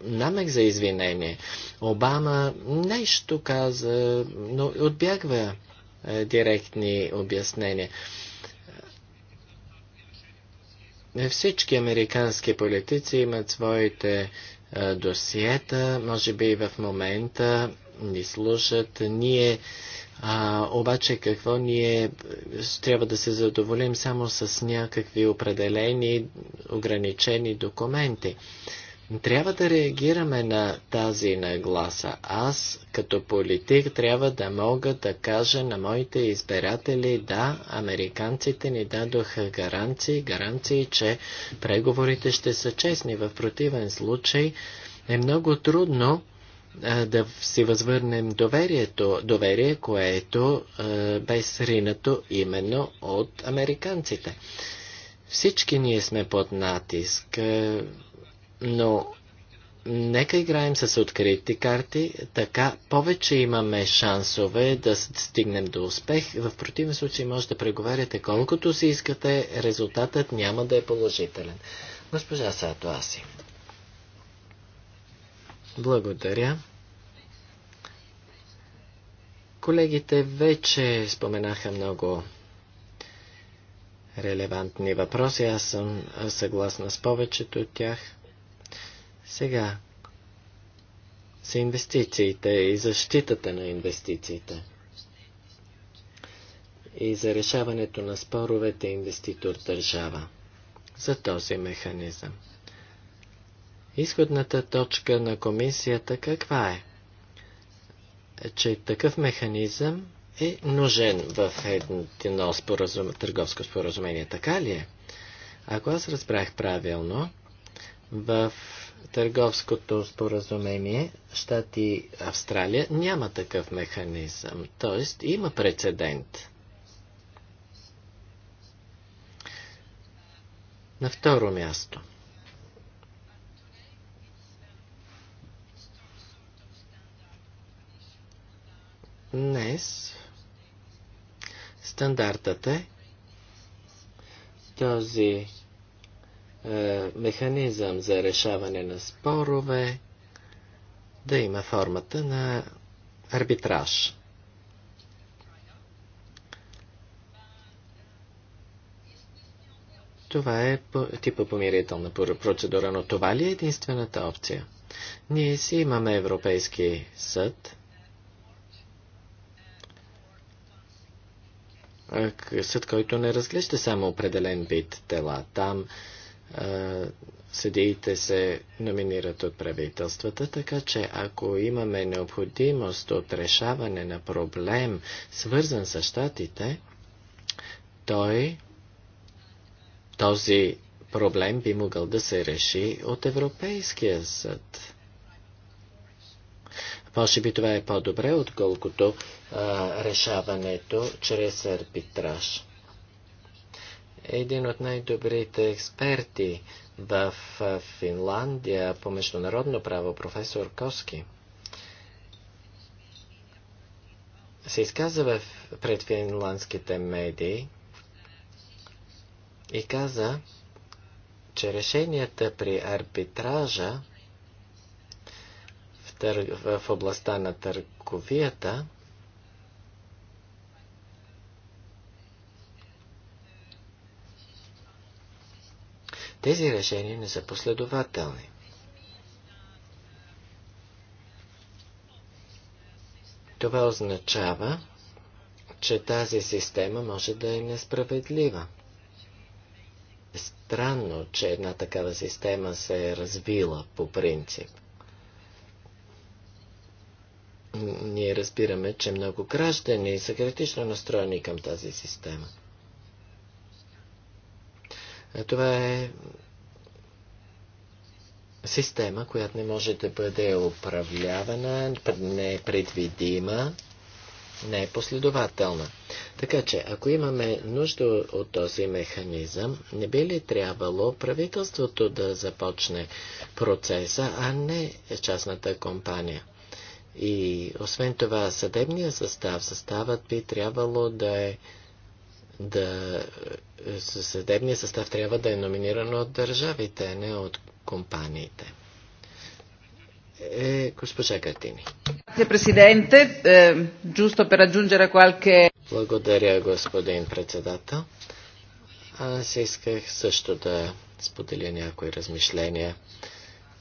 намек за извинение. Обама нещо каза, но отбягва е, директни обяснения. Всички американски политици имат своите е, досиета, може би и в момента ни слушат. Ние а, обаче какво ние е, трябва да се задоволим само с някакви определени ограничени документи. Трябва да реагираме на тази нагласа. Аз, като политик, трябва да мога да кажа на моите избиратели, да, американците ни дадоха гаранции, гаранции, че преговорите ще са честни. В противен случай е много трудно да си възвърнем доверието, доверие, което е, бе сринато именно от американците. Всички ние сме под натиск но нека играем с открити карти, така повече имаме шансове да стигнем до успех. В противен случай може да преговаряте колкото си искате, резултатът няма да е положителен. Госпожа Сато Аси. Благодаря. Колегите вече споменаха много релевантни въпроси. Аз съм съгласна с повечето от тях. Сега, са инвестициите и защитата на инвестициите. И за решаването на споровете инвеститор-държава. За този механизъм. Изходната точка на комисията каква е? Че такъв механизъм е нужен в едно споразум... търговско споразумение. Така ли е? Ако аз разбрах правилно, в търговското споразумение Штати Австралия няма такъв механизъм, т.е. има прецедент. На второ място. Днес стандартът е този е, механизъм за решаване на спорове да има формата на арбитраж. Това е типа помирителна процедура, но това ли е единствената опция? Ние си имаме Европейски съд, е, съд, който не разглежда само определен вид тела. Там съдиите се номинират от правителствата, така че ако имаме необходимост от решаване на проблем, свързан с щатите, той, този проблем би могъл да се реши от Европейския съд. Може би това е по-добре, отколкото а, решаването чрез арбитраж един от най-добрите експерти в Финландия по международно право, професор Коски, се изказа в, пред финландските медии и каза, че решенията при арбитража в, в областта на търговията Тези решения не са последователни. Това означава, че тази система може да е несправедлива. Е странно, че една такава система се е развила по принцип. Ние разбираме, че много граждани са критично настроени към тази система. Е, това е система, която не може да бъде управлявана, не е предвидима, не е последователна. Така че, ако имаме нужда от този механизъм, не би ли трябвало правителството да започне процеса, а не частната компания? И освен това, съдебния състав, съставът би трябвало да е да съдебният състав трябва да е номиниран от държавите, не от компаниите. Е, госпожа Гатини. Е, Благодаря, господин председател. Аз исках също да споделя някои размишления.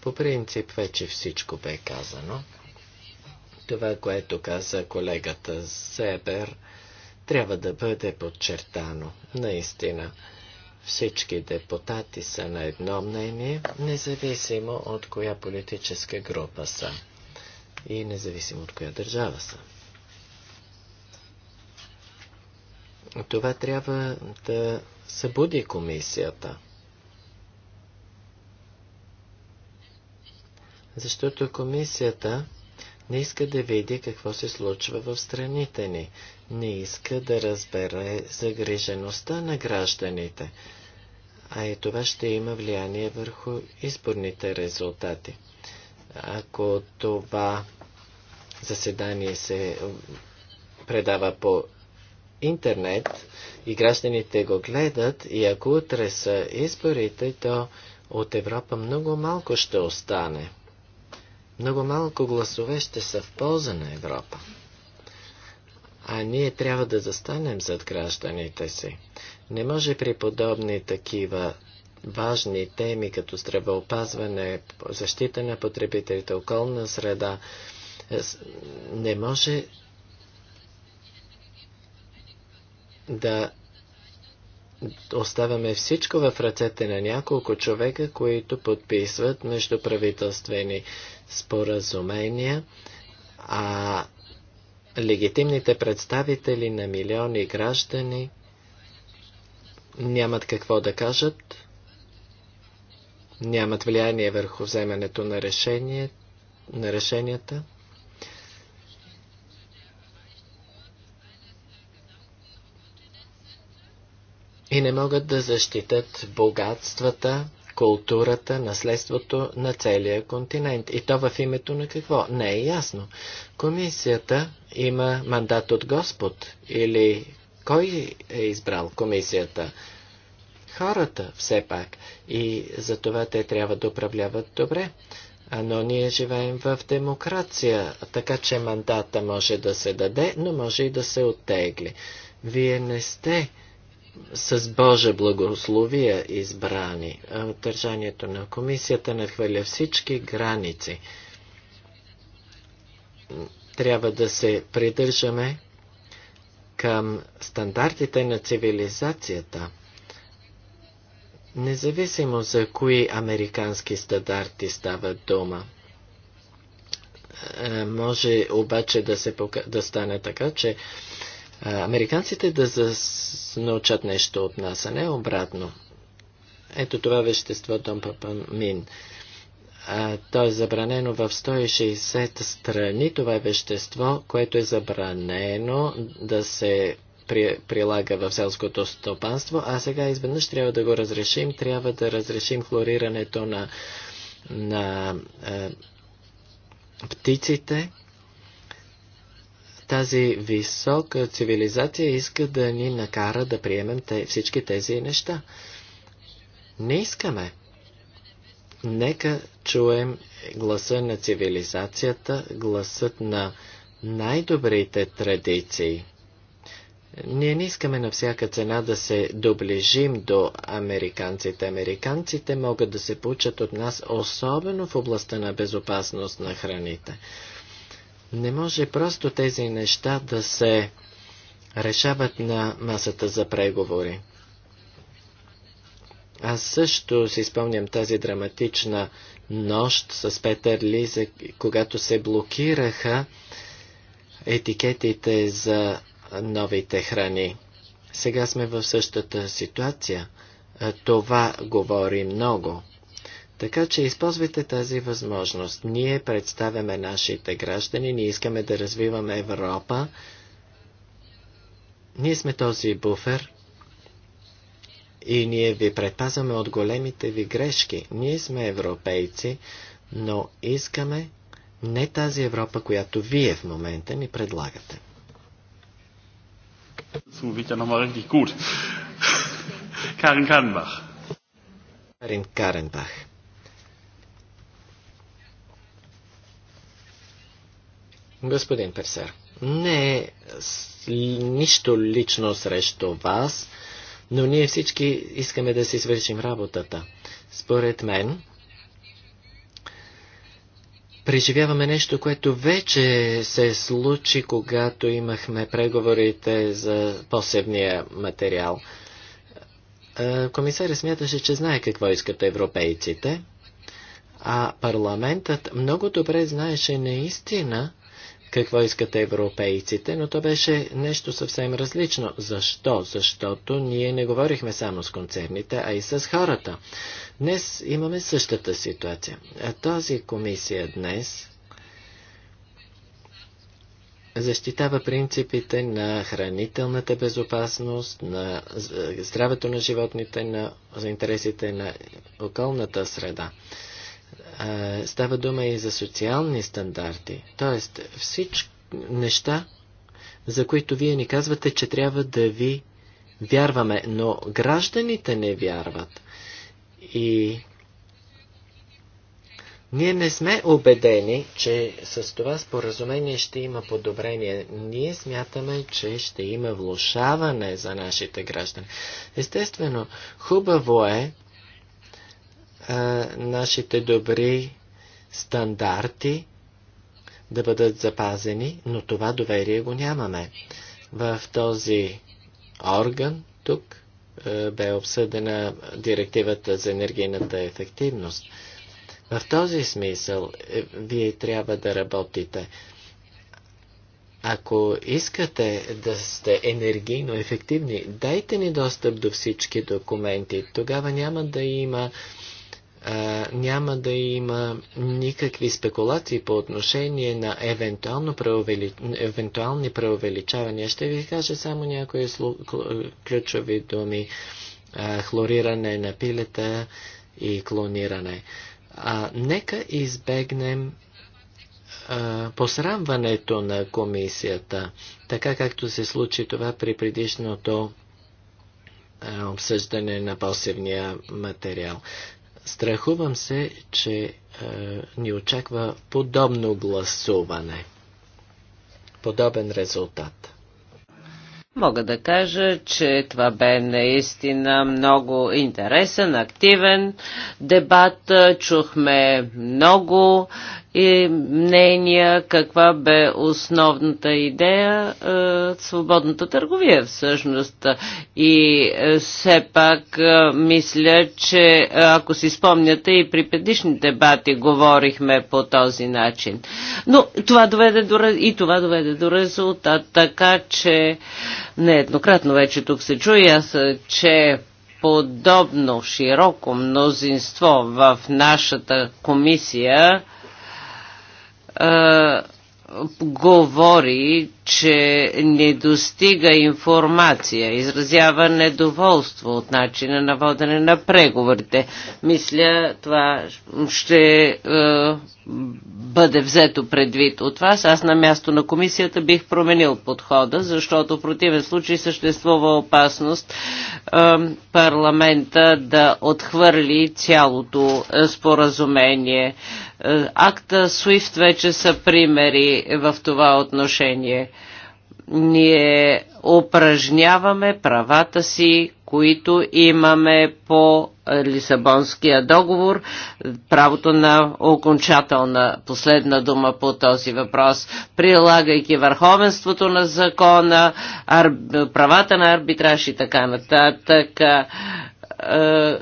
По принцип вече всичко бе казано. Това, което каза колегата Себер, трябва да бъде подчертано. Наистина, всички депутати са на едно мнение, независимо от коя политическа група са и независимо от коя държава са. Това трябва да събуди комисията. Защото комисията не иска да види какво се случва в страните ни, не иска да разбере загрижеността на гражданите, а и това ще има влияние върху изборните резултати. Ако това заседание се предава по интернет и гражданите го гледат и ако утре са изборите, то от Европа много малко ще остане. Много малко гласове ще са в полза на Европа. А ние трябва да застанем зад гражданите си. Не може при подобни такива важни теми, като здравеопазване, защита на потребителите, околна среда, е, не може да оставяме всичко в ръцете на няколко човека, които подписват междуправителствени. правителствени споразумения, а легитимните представители на милиони граждани нямат какво да кажат, нямат влияние върху вземането на, решение, на решенията. И не могат да защитят богатствата културата, наследството на целия континент. И то в името на какво? Не е ясно. Комисията има мандат от Господ или кой е избрал комисията? Хората все пак. И за това те трябва да управляват добре. но ние живеем в демокрация, така че мандата може да се даде, но може и да се оттегли. Вие не сте с Божа благословие, избрани. Държанието на комисията надхвърля всички граници. Трябва да се придържаме към стандартите на цивилизацията. Независимо за кои американски стандарти става дома, може обаче да, се, да стане така, че американците да научат нещо от нас, а не обратно. Ето това вещество домпамин. то е забранено в 160 страни. Това е вещество, което е забранено да се при, прилага в селското стопанство, а сега изведнъж трябва да го разрешим, трябва да разрешим хлорирането на, на е, птиците тази висока цивилизация иска да ни накара да приемем те, всички тези неща. Не искаме. Нека чуем гласа на цивилизацията, гласът на най-добрите традиции. Ние не искаме на всяка цена да се доближим до американците. Американците могат да се получат от нас, особено в областта на безопасност на храните. Не може просто тези неща да се решават на масата за преговори. Аз също си спомням тази драматична нощ с Петър Лизе, когато се блокираха етикетите за новите храни. Сега сме в същата ситуация. Това говори много. Така че използвайте тази възможност. Ние представяме нашите граждани, ние искаме да развиваме Европа. Ние сме този буфер и ние ви предпазваме от големите ви грешки. Ние сме европейци, но искаме не тази Европа, която вие в момента ни предлагате. Карен Каренбах. Карен Каренбах. Господин Персер, не е нищо лично срещу вас, но ние всички искаме да си свършим работата. Според мен, преживяваме нещо, което вече се случи, когато имахме преговорите за посебния материал. Е, Комисарът смяташе, че знае какво искат европейците, а парламентът много добре знаеше наистина какво искат европейците, но то беше нещо съвсем различно. Защо? Защото ние не говорихме само с концерните, а и с хората. Днес имаме същата ситуация. А тази комисия днес защитава принципите на хранителната безопасност, на здравето на животните, на интересите на околната среда става дума и за социални стандарти. Тоест, всички неща, за които вие ни казвате, че трябва да ви вярваме, но гражданите не вярват. И ние не сме убедени, че с това споразумение ще има подобрение. Ние смятаме, че ще има влушаване за нашите граждани. Естествено, хубаво е а, нашите добри стандарти да бъдат запазени, но това доверие го нямаме. В този орган тук а, бе обсъдена директивата за енергийната ефективност. В този смисъл е, вие трябва да работите. Ако искате да сте енергийно ефективни, дайте ни достъп до всички документи. Тогава няма да има а, няма да има никакви спекулации по отношение на евентуално преувели... евентуални преувеличавания. Ще ви кажа само някои слу... ключови думи. А, хлориране на пилета и клониране. А, нека избегнем посрамването на комисията, така както се случи това при предишното обсъждане на посевния материал. Страхувам се, че е, ни очаква подобно гласуване, подобен резултат. Мога да кажа, че това бе наистина много интересен, активен дебат. Чухме много и мнения, каква бе основната идея, е, свободната търговия всъщност. И е, все пак е, мисля, че ако си спомняте и при предишни дебати говорихме по този начин. Но това доведе до, и това доведе до резултат, така че нееднократно вече тук се чуя, че подобно широко мнозинство в нашата комисия е, говори че не достига информация, изразява недоволство от начина на водене на преговорите. Мисля, това ще е, бъде взето предвид от вас. Аз на място на комисията бих променил подхода, защото в противен случай съществува опасност е, парламента да отхвърли цялото е, споразумение. Е, акта Swift вече са примери в това отношение ние упражняваме правата си, които имаме по Лисабонския договор, правото на окончателна последна дума по този въпрос, прилагайки върховенството на закона, правата на арбитраж и така нататък. Е,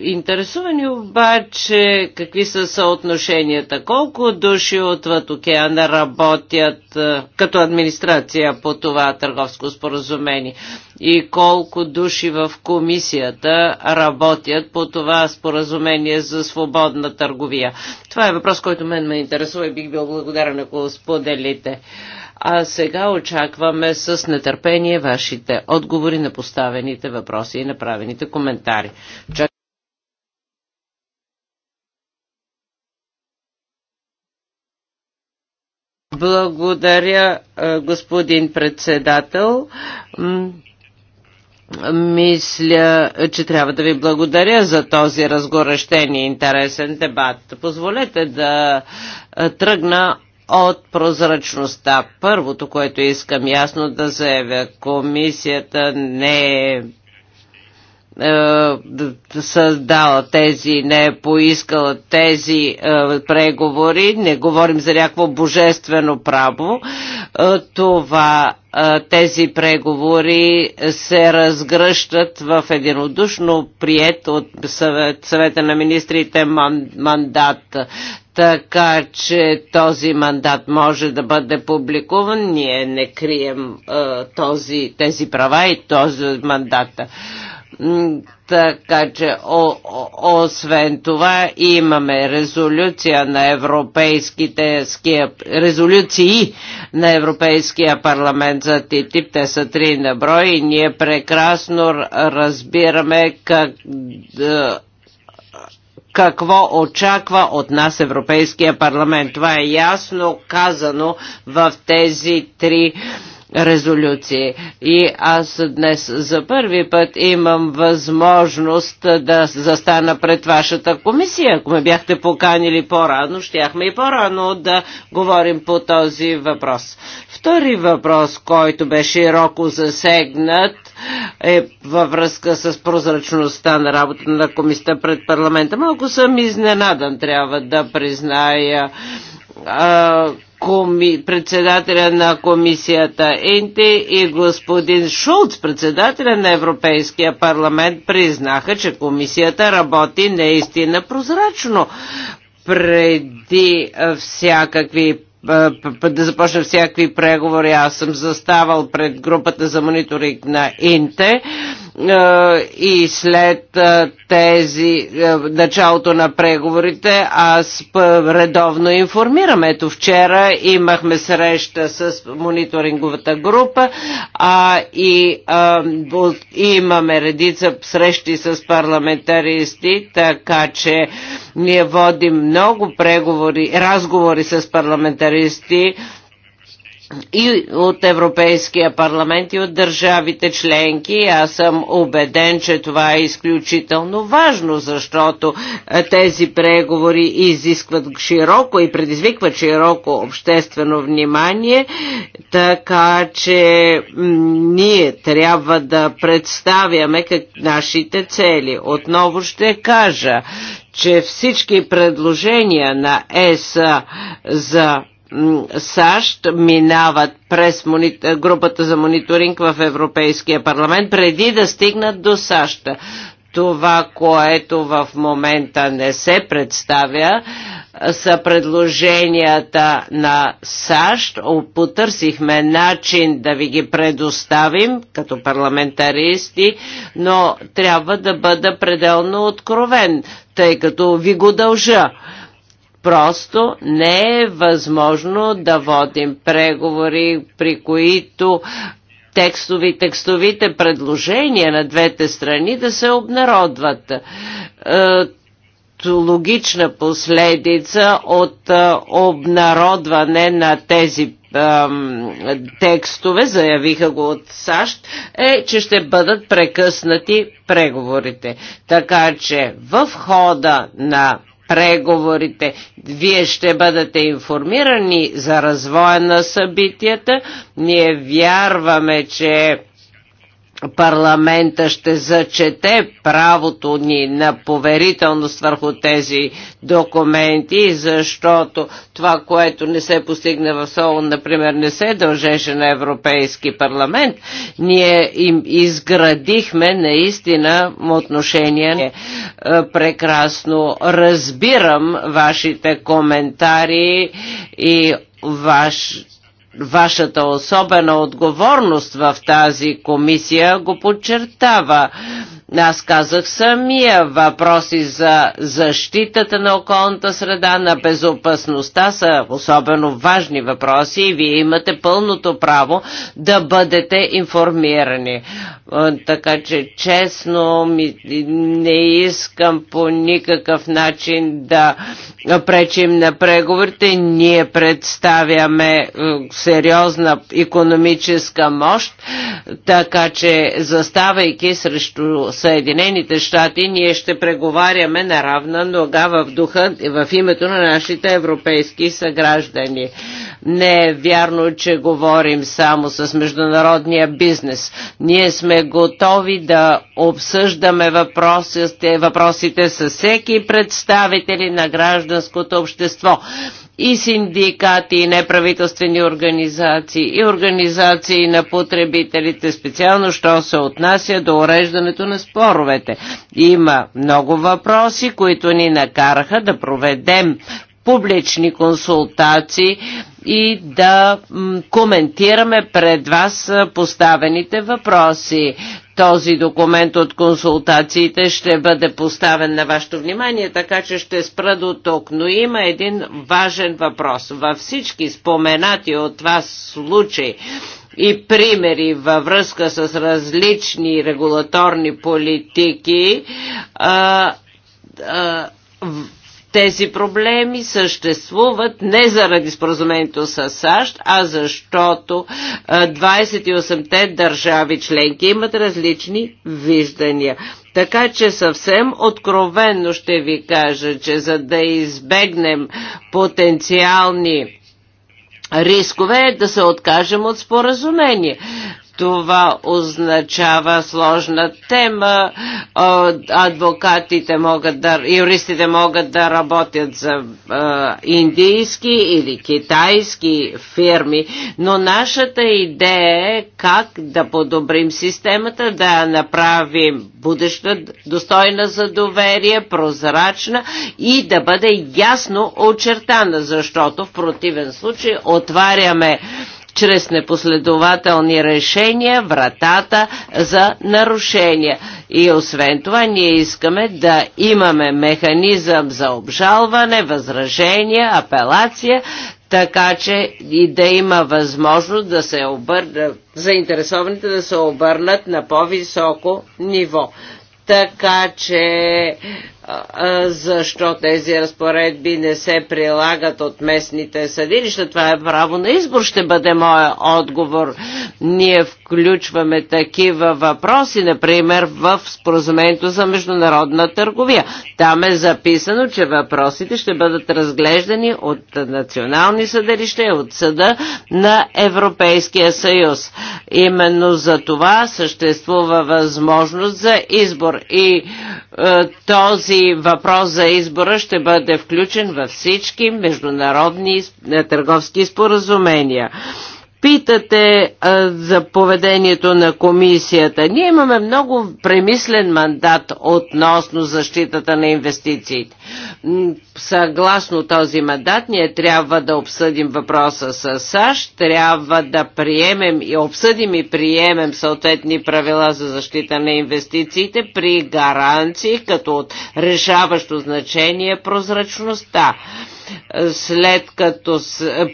интересувани обаче какви са съотношенията, колко души отвъд океана работят е, като администрация по това търговско споразумение и колко души в комисията работят по това споразумение за свободна търговия. Това е въпрос, който мен ме интересува и бих бил благодарен, ако споделите. Uh, а сега очакваме с нетърпение вашите отговори на поставените въпроси и направените коментари. Чак... Благодаря, господин председател. Мисля, че трябва да ви благодаря за този разгорещен и интересен дебат. Позволете да тръгна от прозрачността. Първото, което искам ясно да заявя, комисията не е е, създала тези, не е поискала тези е, преговори, не говорим за някакво божествено право, е, това тези преговори се разгръщат в единодушно прият от съвет, съвета на министрите мандат. Така че този мандат може да бъде публикуван. Ние не крием е, този, тези права и този мандат. Така че, о, о, освен това, имаме резолюция на европейските ския, резолюции на Европейския парламент за ТИТИП. Те са три на брой и ние прекрасно разбираме как е, какво очаква от нас Европейския парламент. Това е ясно казано в тези три резолюции. И аз днес за първи път имам възможност да застана пред вашата комисия. Ако ме бяхте поканили по-рано, щяхме и по-рано да говорим по този въпрос. Втори въпрос, който бе широко засегнат, е във връзка с прозрачността на работа на комисията пред парламента. Малко съм изненадан, трябва да призная коми, председателя на комисията Енте и господин Шулц, председателя на Европейския парламент, признаха, че комисията работи наистина прозрачно преди всякакви да започна всякакви преговори. Аз съм заставал пред групата за мониторинг на Инте и след тези началото на преговорите аз редовно информирам. Ето вчера имахме среща с мониторинговата група а и а, имаме редица срещи с парламентаристи, така че ние водим много преговори, разговори с парламентаристи и от Европейския парламент и от държавите членки. Аз съм убеден, че това е изключително важно, защото е, тези преговори изискват широко и предизвикват широко обществено внимание, така че ние трябва да представяме как нашите цели. Отново ще кажа, че всички предложения на ЕСА за САЩ минават през групата за мониторинг в Европейския парламент преди да стигнат до САЩ. Това, което в момента не се представя, са предложенията на САЩ. Потърсихме начин да ви ги предоставим като парламентаристи, но трябва да бъда пределно откровен, тъй като ви го дължа Просто не е възможно да водим преговори, при които текстови, текстовите предложения на двете страни да се обнародват. Е, логична последица от е, обнародване на тези текстове, заявиха го от САЩ, е, че ще бъдат прекъснати преговорите. Така че в хода на преговорите. Вие ще бъдете информирани за развоя на събитията. Ние вярваме, че парламента ще зачете правото ни на поверителност върху тези документи, защото това, което не се постигне в Соло, например, не се дължеше на Европейски парламент. Ние им изградихме наистина отношения. Е, прекрасно разбирам вашите коментари и ваш вашата особена отговорност в тази комисия го подчертава. Аз казах самия въпроси за защитата на околната среда, на безопасността са особено важни въпроси и вие имате пълното право да бъдете информирани. Така че честно ми, не искам по никакъв начин да пречим на преговорите. Ние представяме сериозна економическа мощ, така че заставайки срещу Съединените щати, ние ще преговаряме на равна нога в духа и в името на нашите европейски съграждани. Не е вярно, че говорим само с международния бизнес. Ние сме готови да обсъждаме въпросите, въпросите с всеки представители на гражданското общество и синдикати, и неправителствени организации, и организации на потребителите, специално, що се отнася до уреждането на споровете. Има много въпроси, които ни накараха да проведем публични консултации и да коментираме пред вас поставените въпроси. Този документ от консултациите ще бъде поставен на вашето внимание, така че ще спра до тук. Но има един важен въпрос. Във всички споменати от вас случаи и примери във връзка с различни регулаторни политики, а, а, тези проблеми съществуват не заради споразумението с САЩ, а защото 28-те държави членки имат различни виждания. Така че съвсем откровенно ще ви кажа, че за да избегнем потенциални рискове е да се откажем от споразумение. Това означава сложна тема. Адвокатите могат да, юристите могат да работят за индийски или китайски фирми, но нашата идея е как да подобрим системата, да я направим бъдеща, достойна за доверие, прозрачна и да бъде ясно очертана, защото в противен случай отваряме чрез непоследователни решения вратата за нарушения. И освен това ние искаме да имаме механизъм за обжалване, възражения, апелация, така че и да има възможност да се обърнат, заинтересованите да се обърнат на по-високо ниво. Така че защо тези разпоредби не се прилагат от местните съдилища. Това е право на избор, ще бъде моя отговор. Ние включваме такива въпроси, например, в споразумението за международна търговия. Там е записано, че въпросите ще бъдат разглеждани от национални съдилища и от съда на Европейския съюз. Именно за това съществува възможност за избор. И е, този въпрос за избора ще бъде включен във всички международни е, търговски споразумения питате а, за поведението на комисията. Ние имаме много премислен мандат относно защитата на инвестициите. Съгласно този мандат ние трябва да обсъдим въпроса с САЩ, трябва да приемем и обсъдим и приемем съответни правила за защита на инвестициите при гаранции, като от решаващо значение прозрачността. Да след като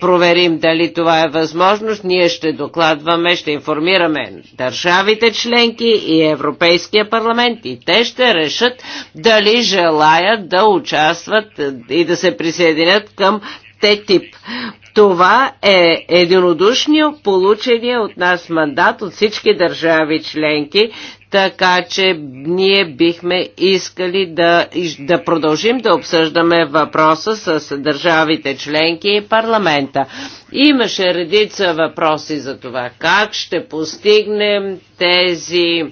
проверим дали това е възможност, ние ще докладваме, ще информираме държавите членки и Европейския парламент и те ще решат дали желаят да участват и да се присъединят към ТТИП. Това е единодушно получение от нас мандат от всички държави членки така че ние бихме искали да, да продължим да обсъждаме въпроса с държавите членки и парламента. Имаше редица въпроси за това как ще постигнем тези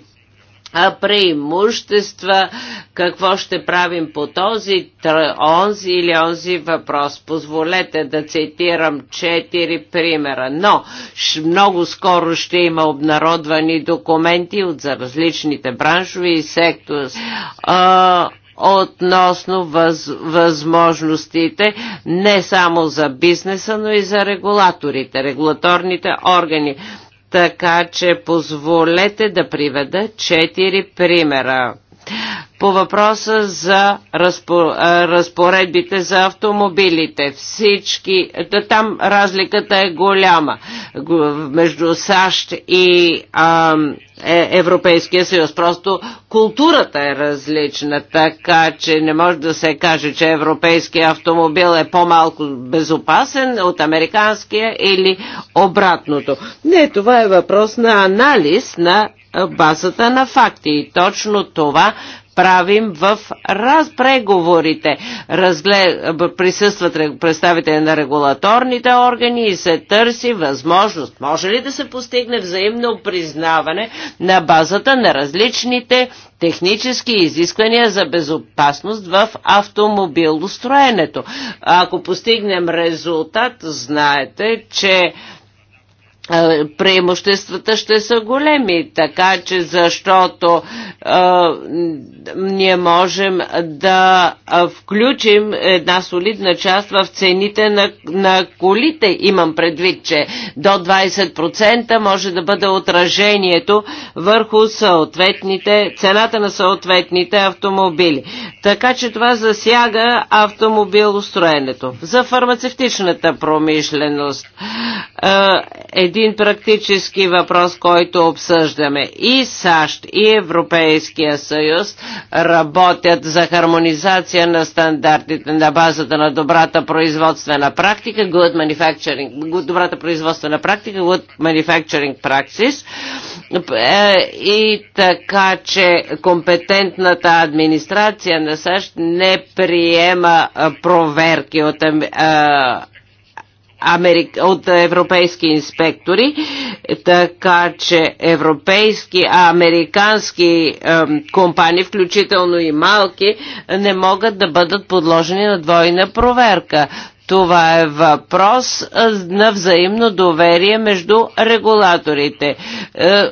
преимущества, какво ще правим по този, онзи или онзи въпрос. Позволете да цитирам четири примера, но много скоро ще има обнародвани документи от за различните браншови и сектори относно въз, възможностите не само за бизнеса, но и за регулаторите, регулаторните органи. Така че позволете да приведа четири примера. По въпроса за разпоредбите за автомобилите, всички, да, там разликата е голяма между САЩ и а, е, Европейския съюз. Просто културата е различна, така че не може да се каже, че европейския автомобил е по-малко безопасен от американския или обратното. Не, това е въпрос на анализ на базата на факти. И точно това правим в разпреговорите. Разгле... Присъстват представители на регулаторните органи и се търси възможност. Може ли да се постигне взаимно признаване на базата на различните технически изисквания за безопасност в автомобилостроенето. Ако постигнем резултат, знаете, че е, преимуществата ще са големи, така че защото а, е, ние можем да е, включим една солидна част в цените на, на колите. Имам предвид, че до 20% може да бъде отражението върху съответните, цената на съответните автомобили. Така че това засяга автомобилостроенето. За фармацевтичната промишленост. А, един един практически въпрос, който обсъждаме. И САЩ, и Европейския съюз работят за хармонизация на стандартите на базата на добрата производствена практика, good manufacturing, добрата производствена практика, good manufacturing practice. Е, и така, че компетентната администрация на САЩ не приема проверки от ами, Америк... от европейски инспектори, така че европейски, а американски компании, включително и малки, не могат да бъдат подложени на двойна проверка. Това е въпрос на взаимно доверие между регулаторите. Е,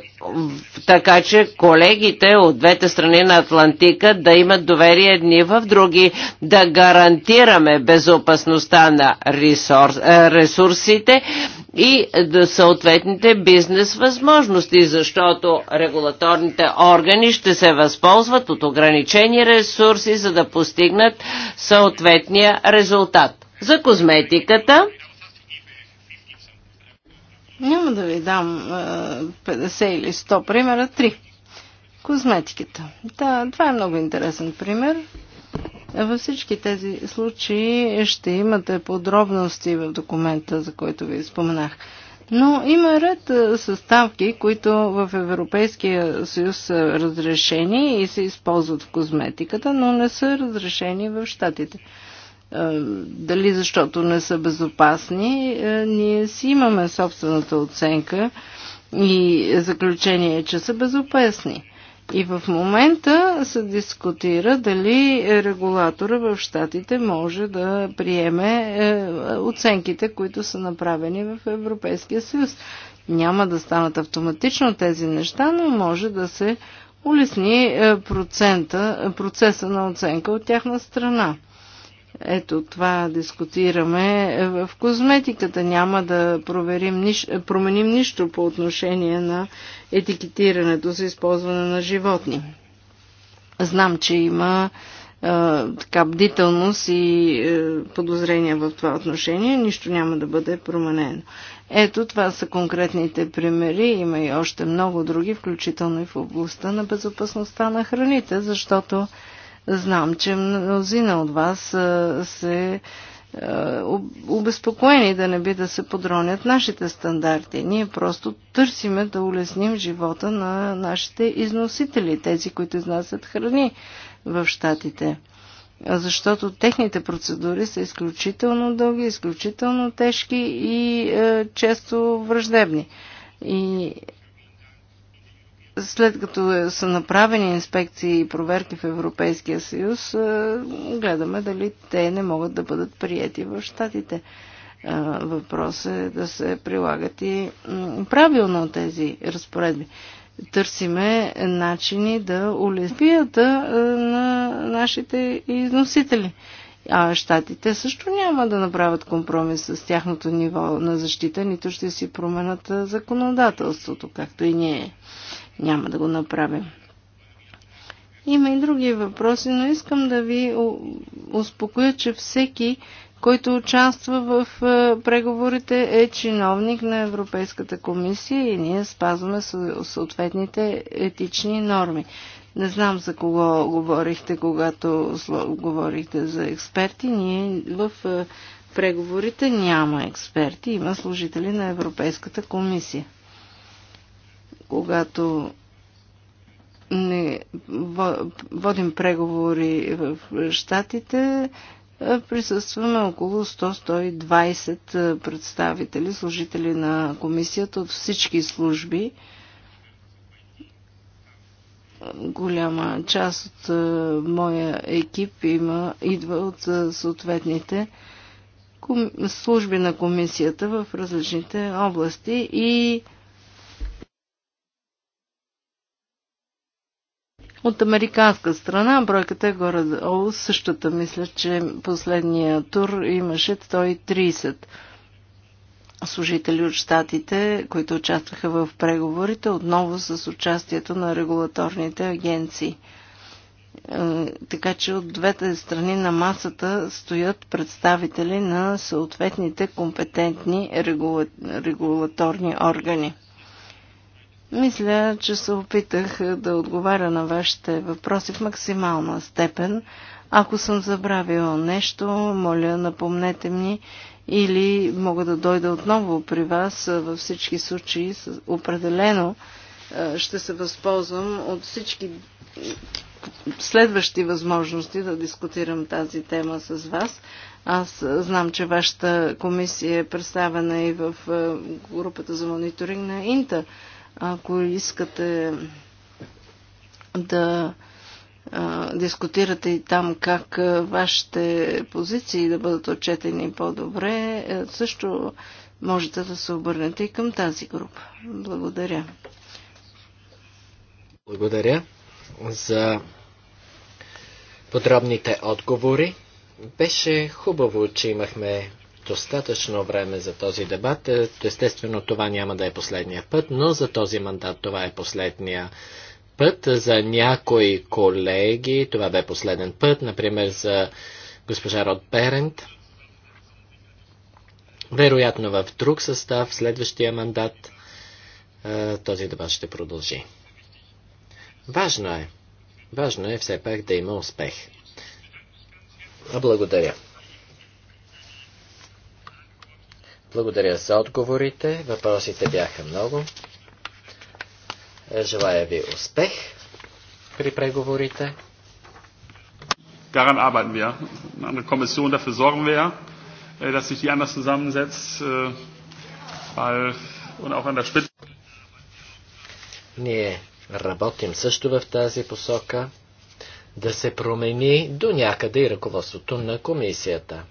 така че колегите от двете страни на Атлантика да имат доверие едни в други, да гарантираме безопасността на ресурс, е, ресурсите и е, до съответните бизнес възможности, защото регулаторните органи ще се възползват от ограничени ресурси, за да постигнат съответния резултат. За козметиката. Няма да ви дам 50 е, или 100 примера, три. Козметиката. Да, това е много интересен пример. Във всички тези случаи ще имате подробности в документа, за който ви споменах. Но има ред е, съставки, които в Европейския съюз са разрешени и се използват в козметиката, но не са разрешени в щатите. Е, дали защото не са безопасни, е, ние си имаме собствената оценка и заключение, е, че са безопасни. И в момента се дискутира дали регулатора в щатите може да приеме оценките, които са направени в Европейския съюз. Няма да станат автоматично тези неща, но може да се улесни процента, процеса на оценка от тяхна страна. Ето това дискутираме. В козметиката няма да проверим, променим нищо по отношение на етикетирането за използване на животни. Знам, че има е, така бдителност и е, подозрения в това отношение. Нищо няма да бъде променено. Ето това са конкретните примери. Има и още много други, включително и в областта на безопасността на храните, защото Знам, че мнозина от вас се обезпокоени да не би да се подронят нашите стандарти. Ние просто търсиме да улесним живота на нашите износители, тези, които изнасят храни в щатите. Защото техните процедури са изключително дълги, изключително тежки и е, често враждебни. И след като е- са направени инспекции и проверки в Европейския съюз, е, гледаме дали те не могат да бъдат прияти в щатите. Е, въпрос е да се прилагат и правилно тези разпоредби. Търсиме начини да улеснят на нашите износители. А щатите също няма да направят компромис с тяхното ниво на защита, нито ще си променят законодателството, както и ние няма да го направим. Има и други въпроси, но искам да ви успокоя, че всеки, който участва в е, преговорите, е чиновник на Европейската комисия и ние спазваме съответните етични норми. Не знам за кого говорихте, когато говорихте за експерти. Ние в е, преговорите няма експерти, има служители на Европейската комисия когато не водим преговори в щатите, присъстваме около 100-120 представители, служители на комисията от всички служби. Голяма част от моя екип има, идва от съответните служби на комисията в различните области и От американска страна бройката е горе-долу същата. Мисля, че последния тур имаше 130 служители от щатите, които участваха в преговорите, отново с участието на регулаторните агенции. Е, така че от двете страни на масата стоят представители на съответните компетентни регула... регулаторни органи. Мисля, че се опитах е, да отговаря на вашите въпроси в максимална степен. Ако съм забравила нещо, моля, напомнете ми или мога да дойда отново при вас. Е, във всички случаи определено е, ще се възползвам от всички следващи възможности да дискутирам тази тема с вас. Аз знам, че вашата комисия е представена и в групата за мониторинг на Инта. Ако искате да дискутирате и там как вашите позиции да бъдат отчетени по-добре, е, също можете да се обърнете и към тази група. Благодаря. Благодаря за подробните отговори. Беше хубаво, че имахме достатъчно време за този дебат. Е, естествено, това няма да е последния път, но за този мандат това е последния път. За някои колеги това бе последен път, например за госпожа Род Перент. Вероятно в друг състав, следващия мандат, е, този дебат ще продължи. Важно е. Важно е все пак да има успех. Благодаря. Благодаря за отговорите. Въпросите бяха много. Желая ви успех при преговорите. Daran arbeiten wir. Eine Kommission, dafür sorgen wir, äh, dass sich die anders zusammensetzt äh, weil, und auch an der Spitze. Ние работим също в тази посока да се промени до някъде и ръководството на комисията.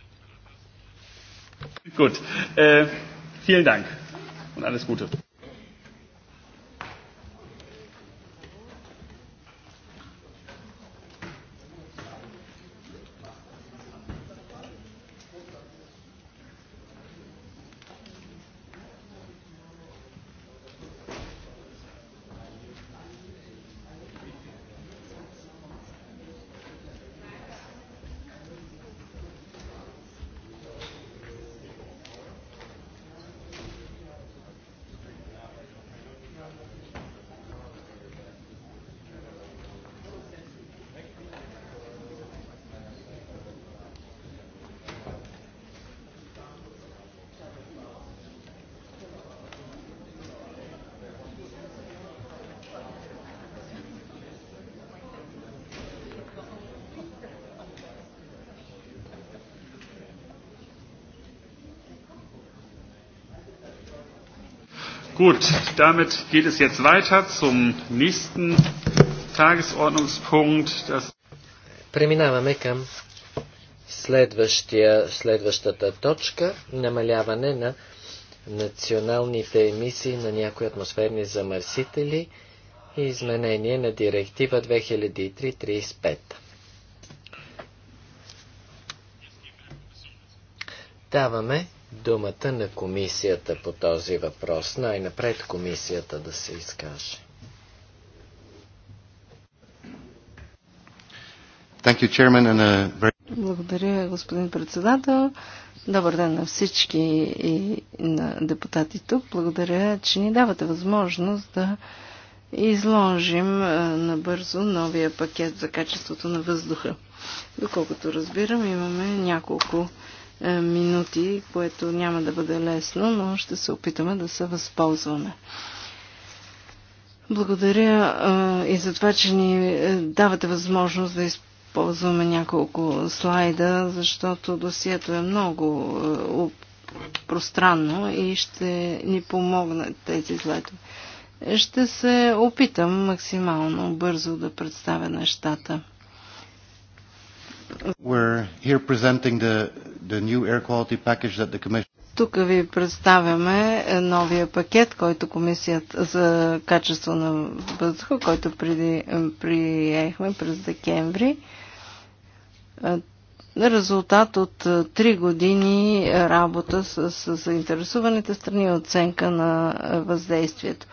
Gut. Vielen Dank und alles Gute. Gut, damit geht es jetzt weiter zum nächsten Tagesordnungspunkt. Das Преминаваме към следващата точка – намаляване на националните емисии на някои атмосферни замърсители и изменение на директива 2003-35. Даваме думата на комисията по този въпрос. Най-напред комисията да се изкаже. Благодаря, господин председател. Добър ден на всички и на депутати тук. Благодаря, че ни давате възможност да изложим е, набързо новия пакет за качеството на въздуха. Доколкото разбирам, имаме няколко е, минути, което няма да бъде лесно, но ще се опитаме да се възползваме. Благодаря е, и за това, че ни е, давате възможност да използваме няколко слайда, защото досието е много пространно и ще ни помогнат тези слайдове. Ще се опитам максимално бързо да представя нещата. We're here presenting the the new air quality package that the commission... Тук ви представяме новия пакет, който комисията за качество на въздуха, който преди, приехме през декември. Резултат от три години работа с, с заинтересуваните страни и оценка на въздействието.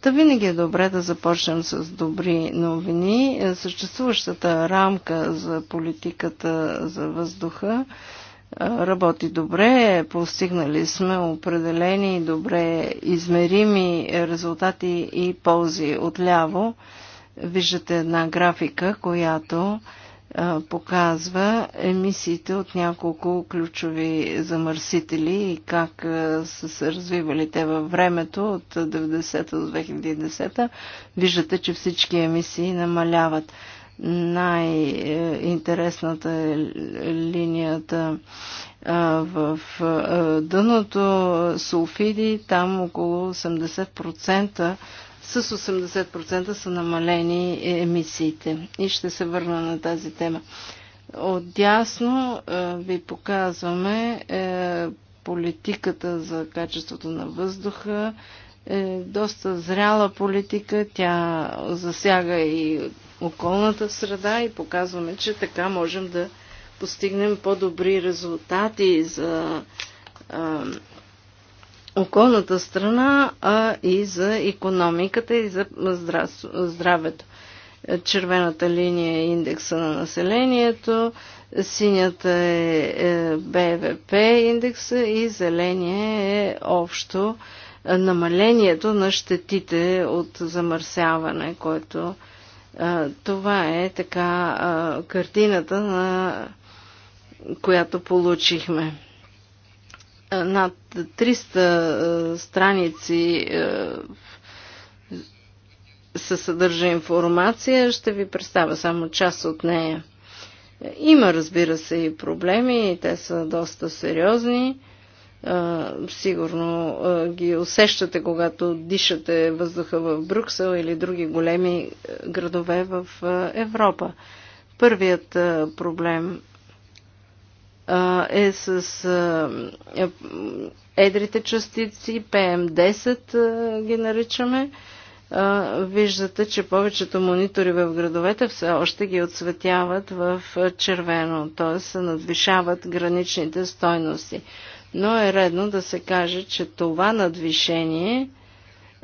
Та винаги е добре да започнем с добри новини. Съществуващата рамка за политиката за въздуха работи добре, постигнали сме определени добре измерими резултати и ползи. Отляво виждате една графика, която показва емисиите от няколко ключови замърсители и как са се развивали те във времето от 90 до 2010. -та. Виждате, че всички емисии намаляват най-интересната е линията в дъното сулфиди, там около 80%, с 80% са намалени емисиите. И ще се върна на тази тема. Отдясно ви показваме е, политиката за качеството на въздуха. Е доста зряла политика, тя засяга и околната среда и показваме, че така можем да постигнем по-добри резултати за а, околната страна, а и за економиката и за здравето. Червената линия е индекса на населението, синята е, е БВП индекса и зеления е общо намалението на щетите от замърсяване, което това е така картината, на която получихме. Над 300 страници се съдържа информация, ще ви представя само част от нея. Има, разбира се, и проблеми, и те са доста сериозни сигурно ги усещате, когато дишате въздуха в Брюксел или други големи градове в Европа. Първият проблем е с е, едрите частици, PM10 ги наричаме. Виждате, че повечето монитори в градовете все още ги отсветяват в червено, т.е. надвишават граничните стойности но е редно да се каже, че това надвишение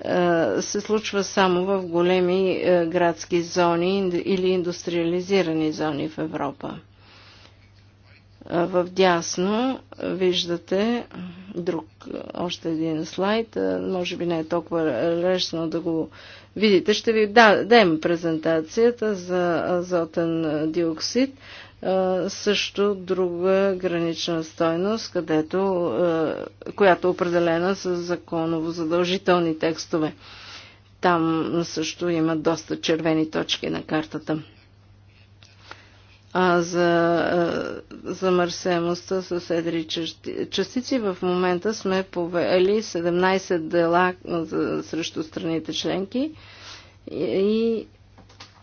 е, се случва само в големи е, градски зони или индустриализирани зони в Европа. Е, в дясно виждате друг, още един слайд. Може би не е толкова лесно да го видите. Ще ви дадем презентацията за азотен диоксид също друга гранична стойност, където, която е определена с законово задължителни текстове. Там също има доста червени точки на картата. А за замърсемостта с едри частици в момента сме повели 17 дела срещу страните членки и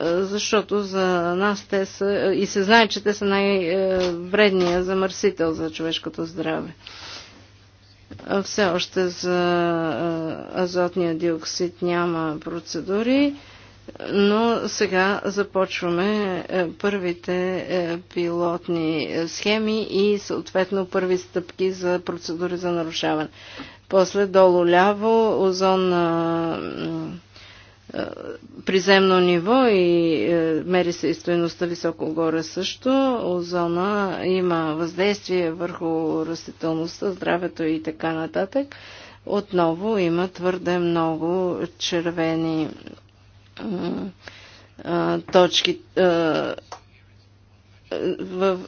е, защото за нас те са и се знае, че те са най-вредния замърсител за човешкото здраве. Все още за е, азотния диоксид няма процедури, но сега започваме е, първите пилотни схеми и съответно първи стъпки за процедури за нарушаване. После долу-ляво озон е, приземно ниво и е, мери се и стоеността високо горе също. Озона има въздействие върху растителността, здравето и така нататък. Отново има твърде много червени точки. Е,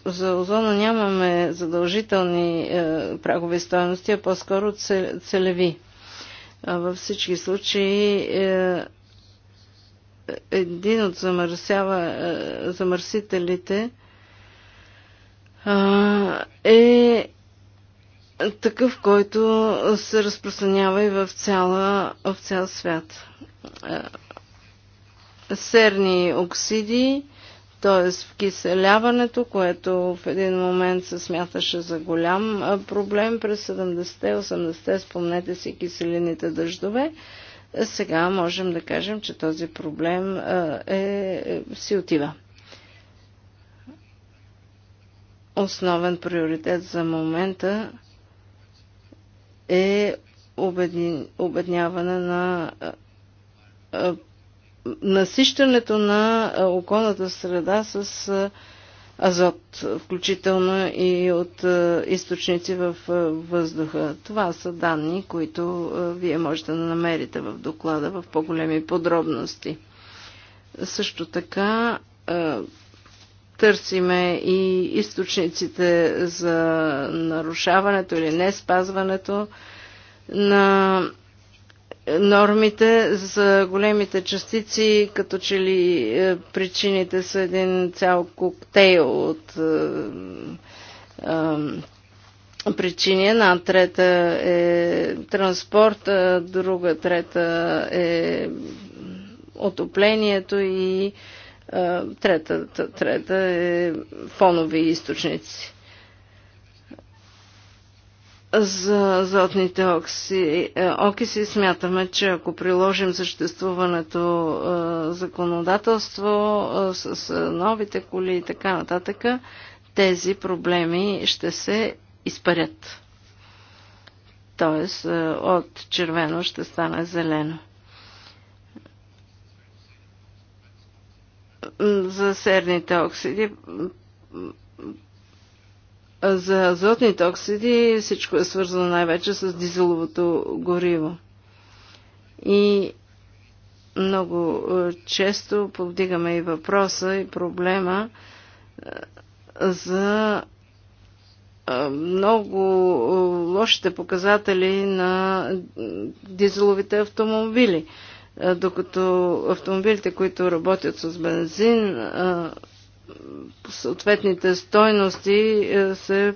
за озона нямаме задължителни прагови стоености, а по-скоро целеви. Във всички случаи един от замърсява, е, замърсителите е такъв, който се разпространява и в, цяла, в цял свят. Е, серни оксиди, т.е. вкиселяването, което в един момент се смяташе за голям проблем през 70-80-те, те спомнете си киселините дъждове, сега можем да кажем, че този проблем е, е, си отива. Основен приоритет за момента е обедняване на насищането на околната среда с азот, включително и от е, източници в е, въздуха. Това са данни, които е, вие можете да намерите в доклада в по-големи подробности. Също така търсиме и източниците за нарушаването или не спазването на нормите за големите частици, като че ли е, причините са един цял коктейл от е, е, причини. Една трета е транспорт, друга трета е отоплението и третата трета е фонови източници за азотните окси, е, окиси смятаме, че ако приложим съществуването е, законодателство е, с, новите коли и така нататък, тези проблеми ще се изпарят. Тоест, от червено ще стане зелено. За серните оксиди за азотните оксиди всичко е свързано най-вече с дизеловото гориво. И много е, често повдигаме и въпроса и проблема е, за е, много лошите показатели на дизеловите автомобили. Докато автомобилите, които работят с бензин, съответните стойности е, се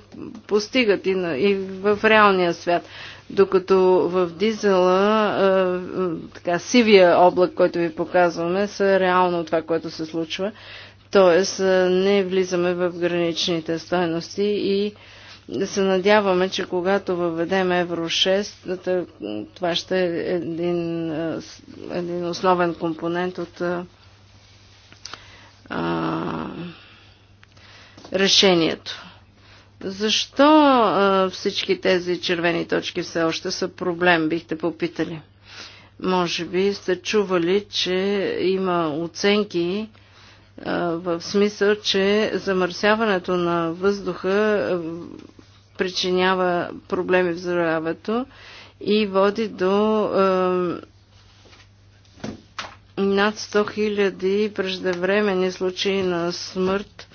постигат и, на, и в реалния свят. Докато в дизела, е, е, така, сивия облак, който ви показваме, са реално това, което се случва. Тоест, не влизаме в граничните стойности и се надяваме, че когато въведем Евро 6, това ще е един, един основен компонент от а, решението. Защо а, всички тези червени точки все още са проблем, бихте попитали? Може би сте чували, че има оценки а, в смисъл, че замърсяването на въздуха причинява проблеми в здравето и води до А, над 100 000 преждевременни случаи на смърт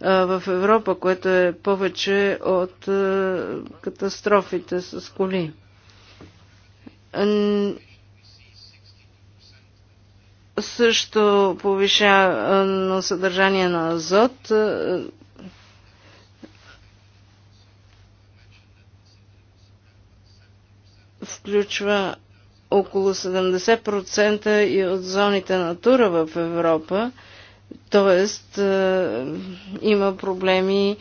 в Европа, което е повече от катастрофите с коли. Също повишено съдържание на азот. Включва около 70% и от зоните на тура в Европа, т.е. има проблеми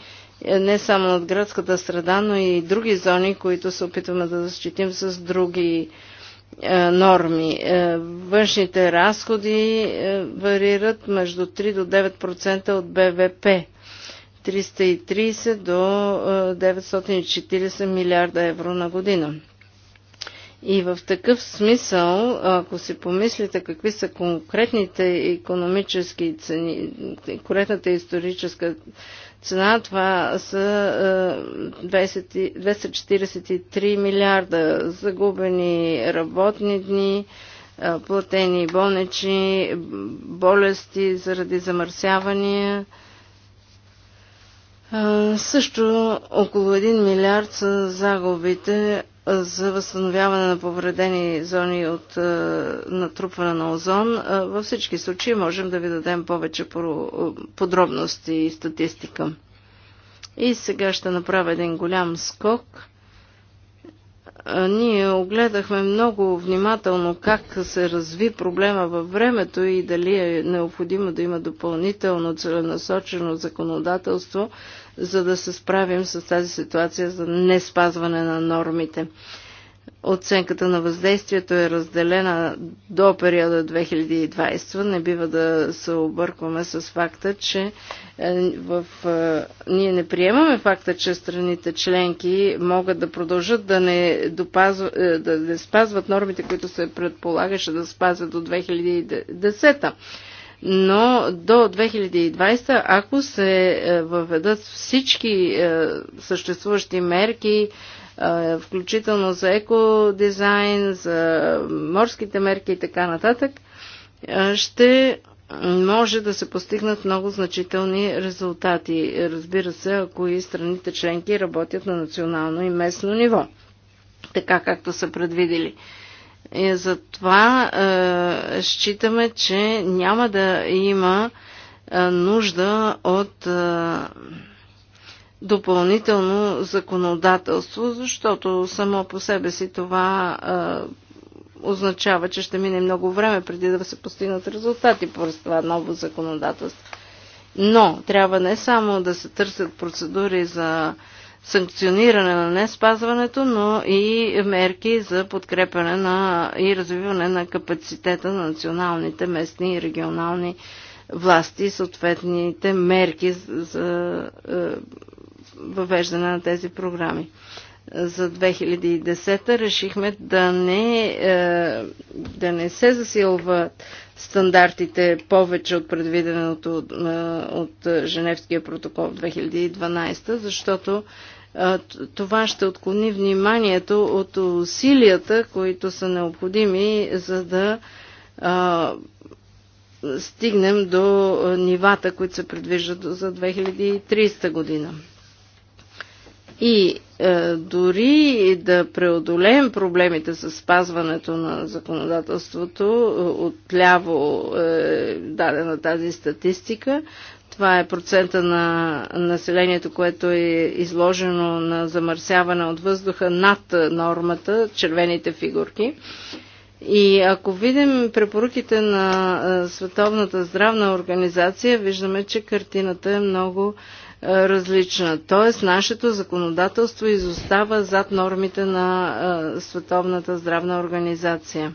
е, не само от градската среда, но и други зони, които се опитваме да защитим с други е, норми. Е, външните разходи варират между 3 до 9% от БВП. 330 до 940 милиарда евро на година. И в такъв смисъл, ако си помислите какви са конкретните економически цени, конкретната историческа цена, това са 20, е, 243 милиарда загубени работни дни, е, платени болнични, болести заради замърсявания. Е, също около 1 милиард са загубите за възстановяване на повредени зони от е, натрупване на озон. Е, във всички случаи можем да ви дадем повече е, подробности и статистика. И сега ще направя един голям скок. Ние огледахме много внимателно как се разви проблема във времето и дали е необходимо да има допълнително целенасочено законодателство – за да се справим с тази ситуация за не спазване на нормите. Оценката на въздействието е разделена до периода 2020. Не бива да се объркваме с факта, че е, в... Е, ние не приемаме факта, че страните членки могат да продължат да не, допазва... Е, да не спазват нормите, които се предполагаше да спазят до 2010 но до 2020, ако се е, въведат всички е, съществуващи мерки, е, включително за екодизайн, за морските мерки и така нататък, ще може да се постигнат много значителни резултати. Разбира се, ако и страните членки работят на национално и местно ниво, така както са предвидели. И затова е, считаме, че няма да има е, нужда от е, допълнително законодателство, защото само по себе си това е, означава, че ще мине много време преди да се постигнат резултати по това ново законодателство. Но трябва не само да се търсят процедури за санкциониране на неспазването, но и мерки за подкрепяне на и развиване на капацитета на националните, местни и регионални власти, съответните мерки за е, въвеждане на тези програми за 2010 решихме да не, е, да не се засилват стандартите повече от предвиденото е, от, Женевския протокол в 2012, защото е, това ще отклони вниманието от усилията, които са необходими, за да стигнем до нивата, които се предвиждат за 2030 година. И е, дори да преодолеем проблемите с спазването на законодателството, е, отляво е дадена тази статистика, това е процента на населението, което е изложено на замърсяване от въздуха над нормата, червените фигурки. И ако видим препоръките на е, Световната здравна организация, виждаме, че картината е много е, различна. Тоест, нашето законодателство изостава зад нормите на е, Световната здравна организация.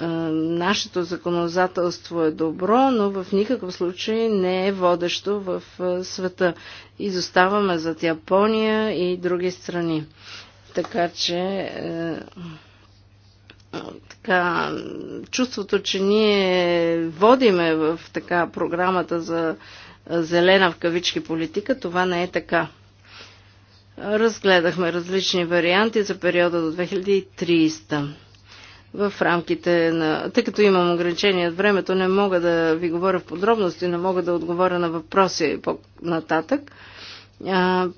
Е, нашето законодателство е добро, но в никакъв случай не е водещо в света. Изоставаме зад Япония и други страни. Така че така, чувството, че ние водиме в така програмата за зелена в кавички политика, това не е така. Разгледахме различни варианти за периода до 2300 в рамките на... Тъй като имам ограничение от времето, не мога да ви говоря в подробности, не мога да отговоря на въпроси по-нататък. А,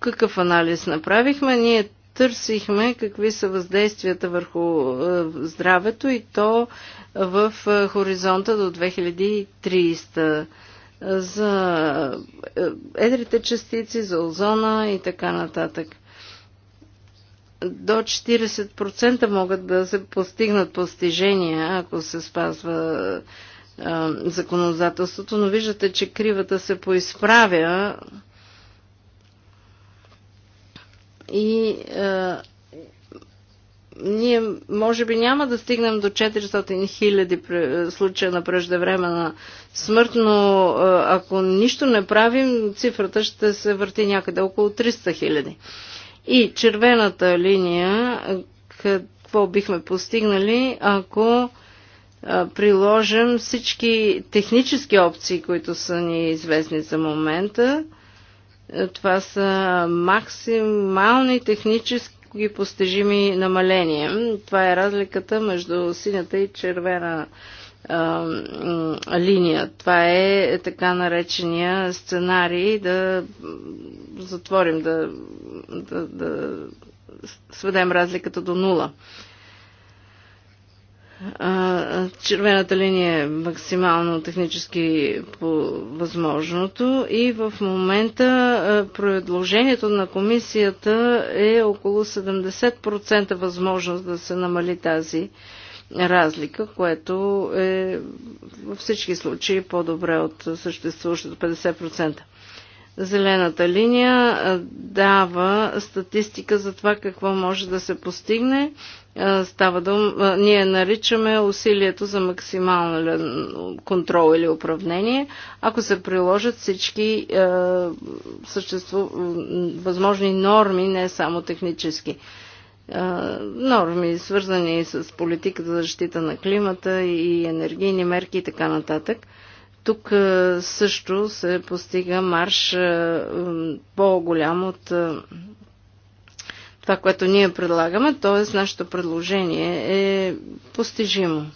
какъв анализ направихме? Ние търсихме какви са въздействията върху е, здравето и то в е, хоризонта до 2300 за е, едрите частици, за озона и така нататък. До 40% могат да се постигнат постижения, ако се спазва е, законодателството, но виждате, че кривата се поизправя и ние може би няма да стигнем до 400 хиляди случая на преждевременна смърт, но ако нищо не правим, цифрата ще се върти някъде около 300 хиляди. И червената линия, какво бихме постигнали, ако приложим всички технически опции, които са ни известни за момента. Това са максимални технически ги постижими намаления. Това е разликата между синята и червена а, линия. Това е така наречения сценарий да затворим, да, да, да сведем разликата до нула червената линия е максимално технически по възможното и в момента предложението на комисията е около 70% възможност да се намали тази разлика, което е във всички случаи по-добре от съществуващото 50%. Зелената линия дава статистика за това какво може да се постигне Става дума, ние наричаме усилието за максимален контрол или управление, ако се приложат всички съществу, възможни норми, не само технически. норми, свързани с политиката за защита на климата и енергийни мерки и така нататък. Тук също се постига марш по-голям от това, което ние предлагаме, т.е. нашето предложение е постижимо.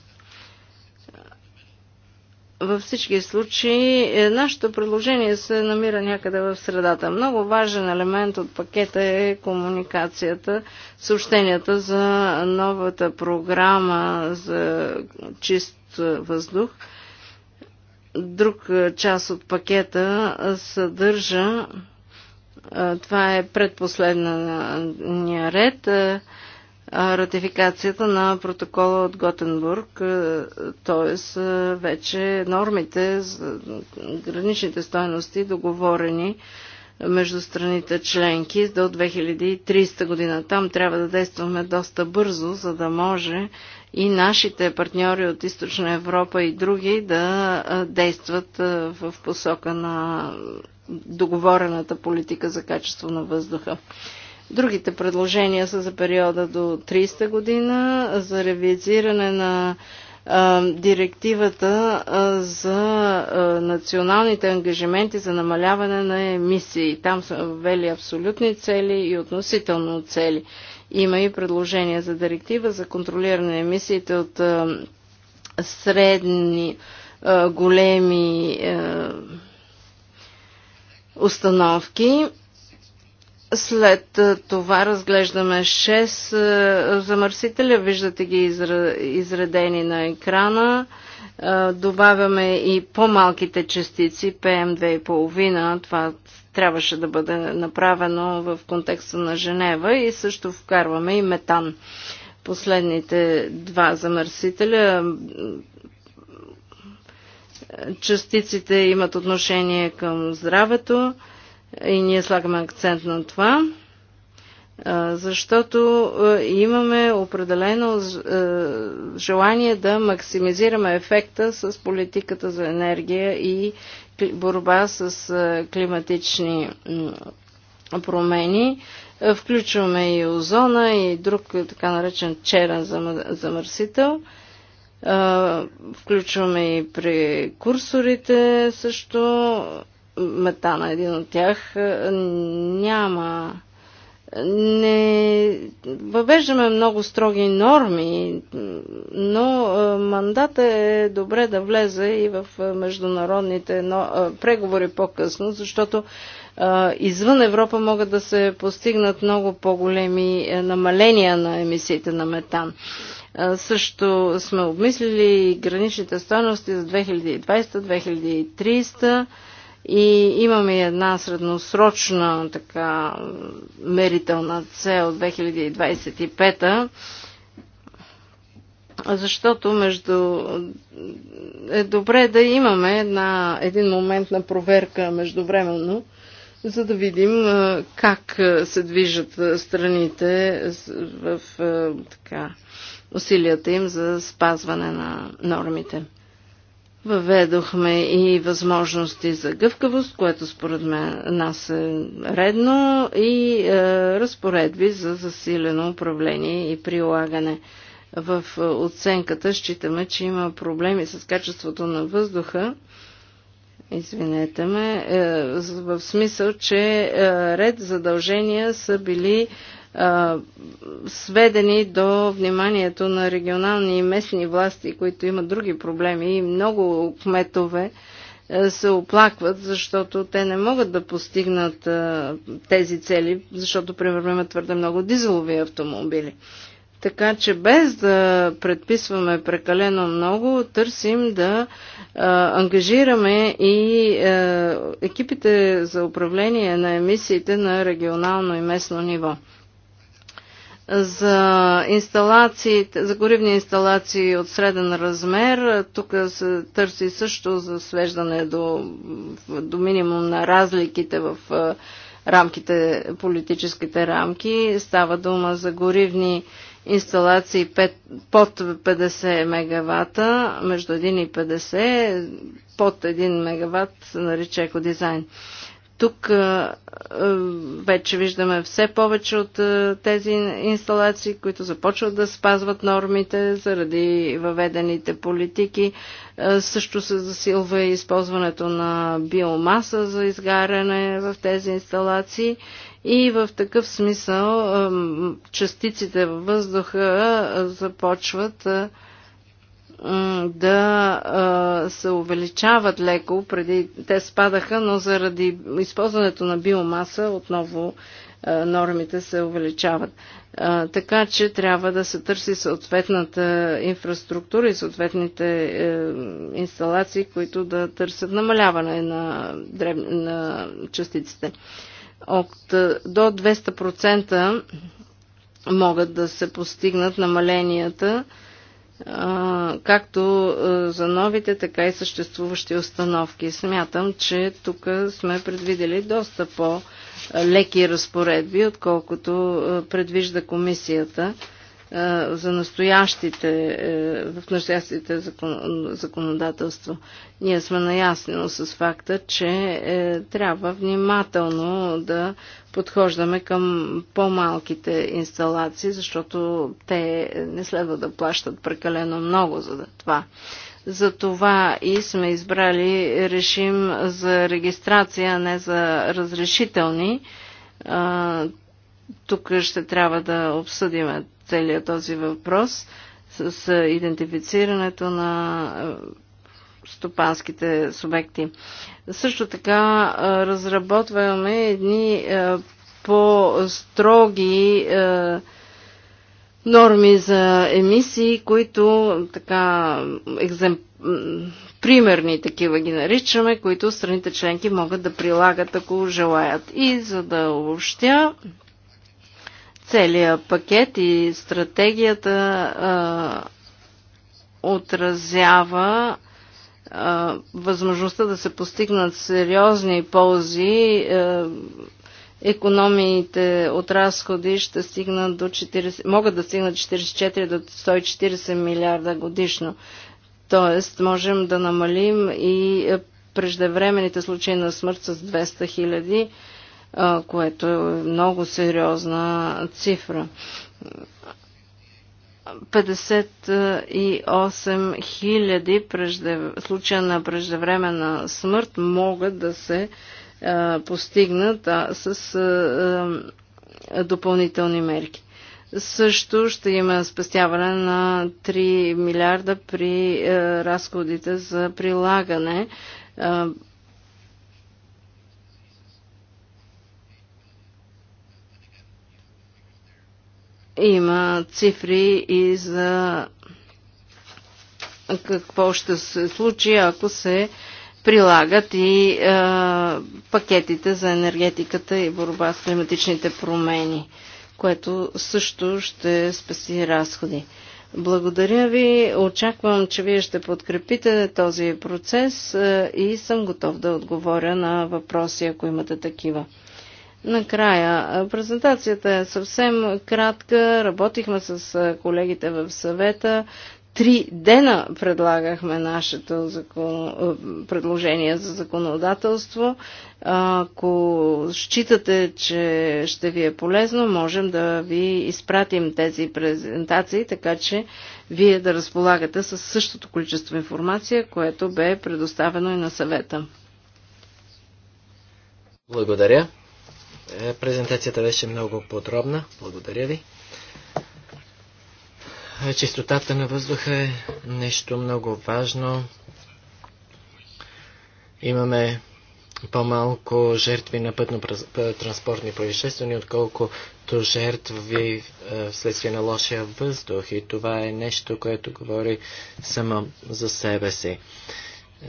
Във всички случаи, е, нашето предложение се намира някъде в средата. Много важен елемент от пакета е комуникацията, съобщенията за новата програма за чист въздух. Друг е, част от пакета съдържа това е предпоследния ред. Ратификацията на протокола от Готенбург, т.е. вече нормите, граничните стоености, договорени между страните членки до 2030 година. Там трябва да действаме доста бързо, за да може и нашите партньори от Източна Европа и други да действат в посока на договорената политика за качество на въздуха. Другите предложения са за периода до 300 година за ревизиране на директивата за националните ангажименти за намаляване на емисии. Там са ввели абсолютни цели и относително цели. Има и предложение за директива за контролиране на емисиите от средни големи установки. След това разглеждаме 6 замърсителя. Виждате ги изредени на екрана. Добавяме и по-малките частици, PM2,5. Това трябваше да бъде направено в контекста на Женева и също вкарваме и метан. Последните два замърсителя частиците имат отношение към здравето и ние слагаме акцент на това, защото имаме определено желание да максимизираме ефекта с политиката за енергия и борба с климатични промени. Включваме и озона и друг така наречен черен замърсител – Включваме и при курсорите също. Метана е един от тях няма не въвеждаме много строги норми, но мандата е добре да влезе и в международните преговори по-късно, защото извън Европа могат да се постигнат много по-големи намаления на емисиите на метан. Също сме обмислили граничните стоености за 2020-2030 и имаме една средносрочна така мерителна цел 2025 защото между... е добре да имаме една, един момент на проверка междувременно, за да видим как се движат страните в така, усилията им за спазване на нормите. Въведохме и възможности за гъвкавост, което според мен нас е редно, и е, разпоредби за засилено управление и прилагане. В е, оценката считаме, че има проблеми с качеството на въздуха, извинете ме, е, в смисъл, че е, ред задължения са били сведени до вниманието на регионални и местни власти, които имат други проблеми и много кметове се оплакват, защото те не могат да постигнат тези цели, защото, примерно, имат твърде много дизелови автомобили. Така че без да предписваме прекалено много, търсим да а, ангажираме и а, екипите за управление на емисиите на регионално и местно ниво за, инсталации, за горивни инсталации от среден размер. Тук се търси също за свеждане до, до минимум на разликите в рамките, политическите рамки. Става дума за горивни инсталации 5, под 50 мегавата, между 1 и 50, под 1 мегават, нарича екодизайн. дизайн. Тук вече виждаме все повече от тези инсталации, които започват да спазват нормите заради въведените политики. Също се засилва и използването на биомаса за изгаряне в тези инсталации и в такъв смисъл частиците във въздуха започват да се увеличават леко, преди те спадаха, но заради използването на биомаса отново нормите се увеличават. Така че трябва да се търси съответната инфраструктура и съответните е, инсталации, които да търсят намаляване на, дреб... на частиците. От е, до 200% могат да се постигнат намаленията както за новите, така и съществуващи установки. Смятам, че тук сме предвидели доста по-леки разпоредби, отколкото предвижда комисията за настоящите, е, в настоящите законодателства. законодателство. Ние сме наясни с факта, че е, трябва внимателно да подхождаме към по-малките инсталации, защото те не следва да плащат прекалено много за това. За това и сме избрали решим за регистрация, а не за разрешителни. Тук ще трябва да обсъдим целият този въпрос с идентифицирането на стопанските субекти. Също така разработваме едни по-строги норми за емисии, които така екземп... примерни такива ги наричаме, които страните членки могат да прилагат, ако желаят. И за да обобщя, целият пакет и стратегията а, отразява възможността да се постигнат сериозни ползи, економиите от разходи ще стигнат до 40, могат да стигнат 44 до 140 милиарда годишно. Тоест, можем да намалим и преждевременните случаи на смърт с 200 хиляди, което е много сериозна цифра. 58 хиляди случая на преждевременна смърт могат да се постигнат с а, допълнителни мерки. Също ще има спестяване на 3 милиарда при разходите за прилагане Има цифри и за какво ще се случи, ако се прилагат и е, пакетите за енергетиката и борба с климатичните промени, което също ще спаси разходи. Благодаря ви, очаквам, че вие ще подкрепите този процес и съм готов да отговоря на въпроси, ако имате такива. Накрая, презентацията е съвсем кратка. Работихме с колегите в съвета. Три дена предлагахме нашето закон... предложение за законодателство. Ако считате, че ще ви е полезно, можем да ви изпратим тези презентации, така че вие да разполагате с същото количество информация, което бе предоставено и на съвета. Благодаря. Е, презентацията беше много подробна. Благодаря ви. Е, чистотата на въздуха е нещо много важно. Имаме по-малко жертви на пътно-транспортни происшествия, отколкото жертви е, вследствие на лошия въздух. И това е нещо, което говори само за себе си.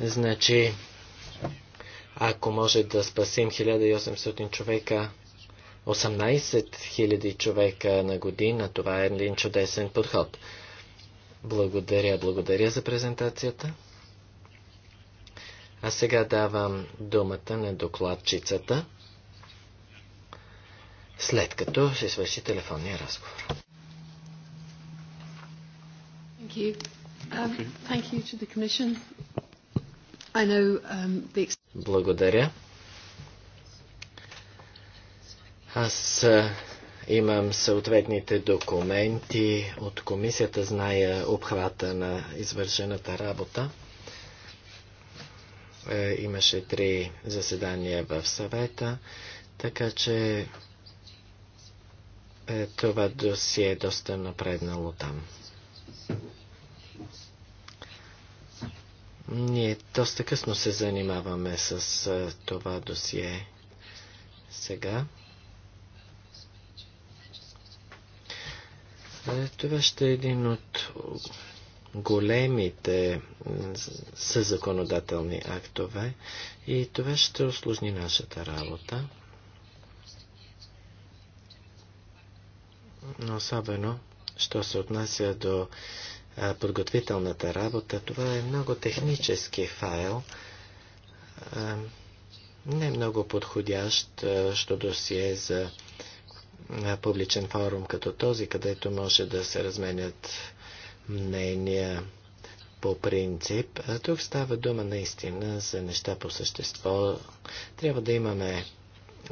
Значи, ако може да спасим 1800 човека, 18 000 човека на година, това е един чудесен подход. Благодаря, благодаря за презентацията. А сега давам думата на докладчицата, след като се свърши телефонния разговор. Thank you. Um, thank you to the Commission. I know um, the благодаря. Аз имам съответните документи от комисията, зная обхвата на извършената работа. Е, имаше три заседания в съвета, така че е, това досие е доста напреднало там. Ние доста късно се занимаваме с това досие сега. Това ще е един от големите съзаконодателни актове и това ще осложни нашата работа. Особено, що се отнася до подготвителната работа. Това е много технически файл, не много подходящ, що досие за публичен форум като този, където може да се разменят мнения по принцип. А тук става дума наистина за неща по същество. Трябва да имаме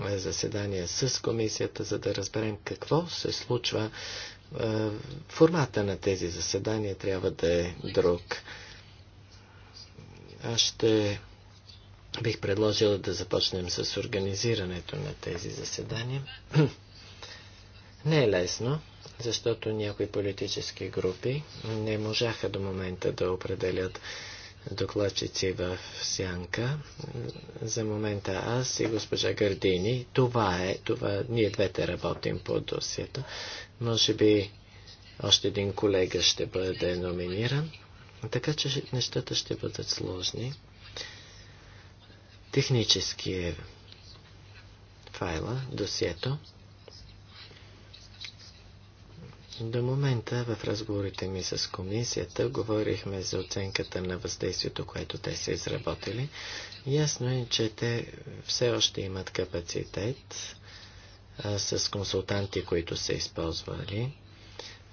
заседание с комисията, за да разберем какво се случва е, формата на тези заседания трябва да е друг. Аз ще бих предложила да започнем с организирането на тези заседания. Не е лесно, защото някои политически групи не можаха до момента да определят докладчици в Сянка. За момента аз и госпожа Гардини. Това е, това, ние двете работим по досието. Може би още един колега ще бъде номиниран. Така че нещата ще бъдат сложни. Технически е файла, досието. До момента в разговорите ми с комисията говорихме за оценката на въздействието, което те са изработили. Ясно е, че те все още имат капацитет а, с консултанти, които са използвали.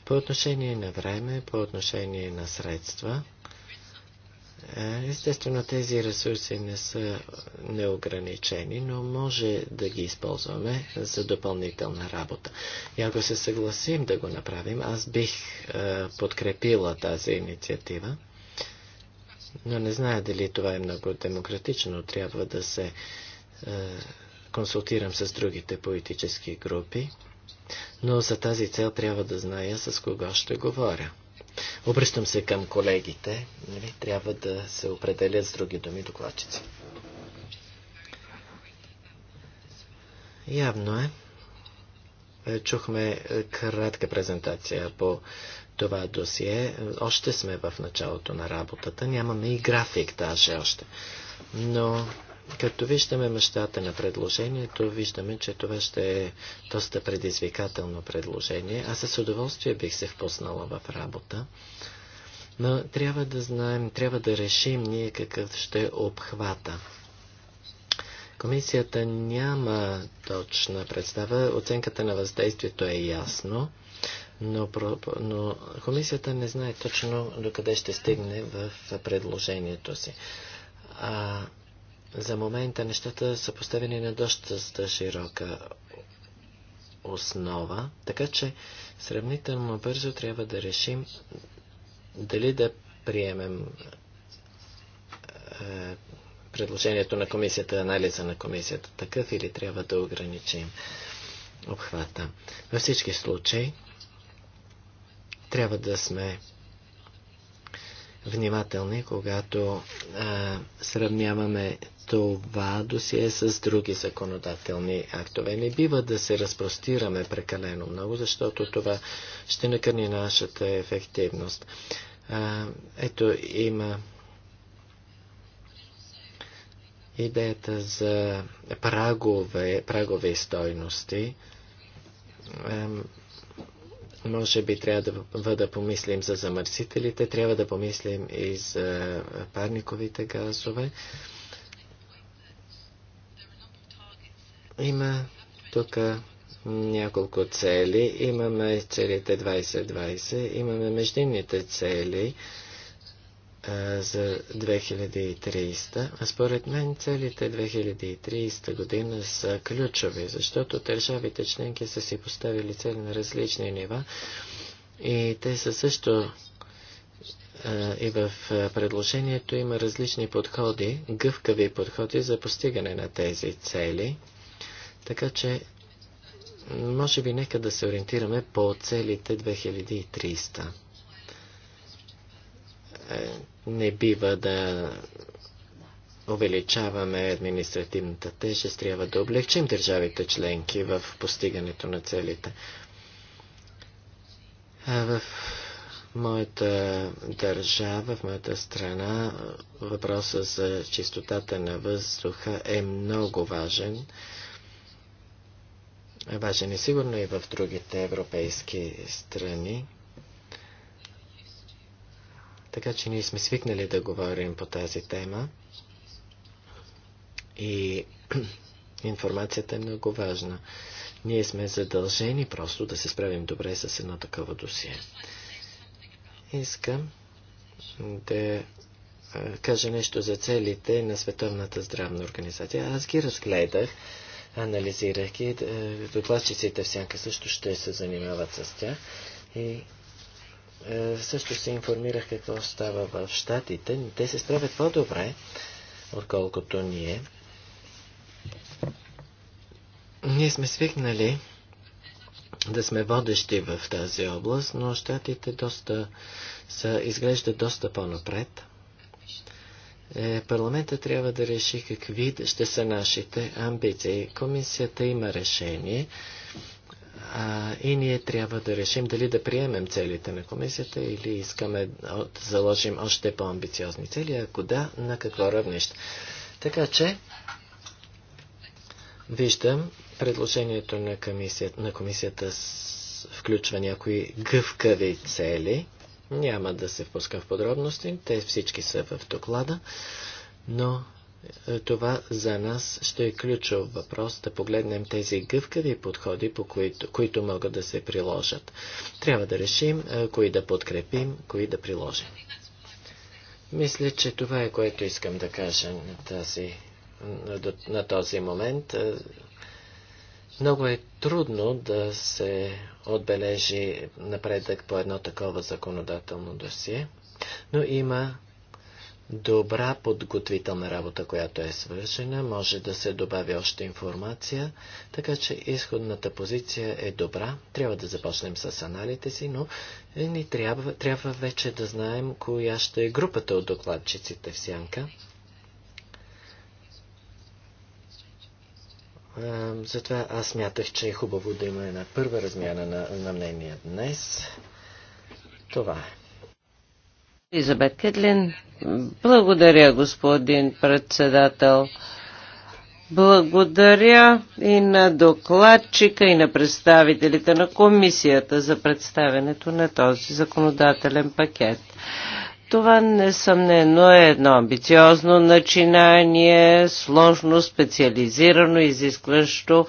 По отношение на време, по отношение на средства – Естествено, тези ресурси не са неограничени, но може да ги използваме за допълнителна работа. И ако се съгласим да го направим, аз бих е, подкрепила тази инициатива, но не зная дали това е много демократично. Трябва да се е, консултирам с другите политически групи, но за тази цел трябва да зная с кого ще говоря. Обръщам се към колегите. Нали? Трябва да се определят с други думи докладчици. Явно е. е чухме е, кратка презентация по това досие. Още сме в началото на работата. Нямаме и график даже още. Но като виждаме мащата на предложението, виждаме, че това ще е доста предизвикателно предложение. Аз с удоволствие бих се впуснала в работа. Но трябва да знаем, трябва да решим ние какъв ще е обхвата. Комисията няма точна представа. Оценката на въздействието е ясно, но, но комисията не знае точно до къде ще стигне в предложението си. А, за момента нещата са поставени на доста широка основа, така че сравнително бързо трябва да решим дали да приемем е, предложението на комисията, анализа на комисията такъв или трябва да ограничим обхвата. Във всички случаи трябва да сме внимателни, когато е, сравняваме това досие с други законодателни актове. Не бива да се разпростираме прекалено много, защото това ще накърни нашата ефективност. А, ето има идеята за прагове, прагове стойности. може би трябва да, да помислим за замърсителите, трябва да помислим и за парниковите газове. А, Има тук няколко цели. Имаме целите 2020, имаме междинните цели а, за 2300, а според мен целите 2300 година са ключови, защото държавите членки са си поставили цели на различни нива и те са също и в предложението има различни подходи, гъвкави подходи за постигане на тези цели. Така че, може би нека да се ориентираме по целите 2300. Е, не бива да увеличаваме административната тежест, трябва да облегчим държавите членки в постигането на целите. А в моята държава, в моята страна, въпросът за чистотата на въздуха е много важен. Е важен и сигурно и в другите европейски страни. Така че ние сме свикнали да говорим по тази тема и информацията е много важна. Ние сме задължени просто да се справим добре с едно такова досие. Искам да кажа нещо за целите на Световната здравна организация. Аз ги разгледах анализирах и е, докладчиците всяка също ще се занимават с тях. И е, също се информирах какво става в щатите. Те се справят по-добре, отколкото ние. Ние сме свикнали да сме водещи в тази област, но щатите доста са, изглеждат доста по-напред е, парламента трябва да реши какви ще са нашите амбиции. Комисията има решение а, и ние трябва да решим дали да приемем целите на комисията или искаме да заложим още по-амбициозни цели, ако да, на какво равнище. Така че, виждам, предложението на комисията, на комисията включва някои гъвкави цели – няма да се впуска в подробности, те всички са в доклада, но е, това за нас ще е ключов въпрос да погледнем тези гъвкави подходи, по които, които могат да се приложат. Трябва да решим е, кои да подкрепим, кои да приложим. Мисля, че това е което искам да кажа на, тази, на този момент. Е, много е трудно да се отбележи напредък по едно такова законодателно досие, но има добра подготвителна работа, която е свършена, може да се добави още информация, така че изходната позиция е добра. Трябва да започнем с аналите си, но ни трябва, трябва вече да знаем коя ще е групата от докладчиците в сянка. Затова аз мятах, че е хубаво да има една първа размяна на, на мнения днес. Това е. Елизабет Кедлин, благодаря, господин председател. Благодаря и на докладчика, и на представителите на комисията за представенето на този законодателен пакет. Това несъмнено е едно амбициозно начинание, сложно, специализирано, изискващо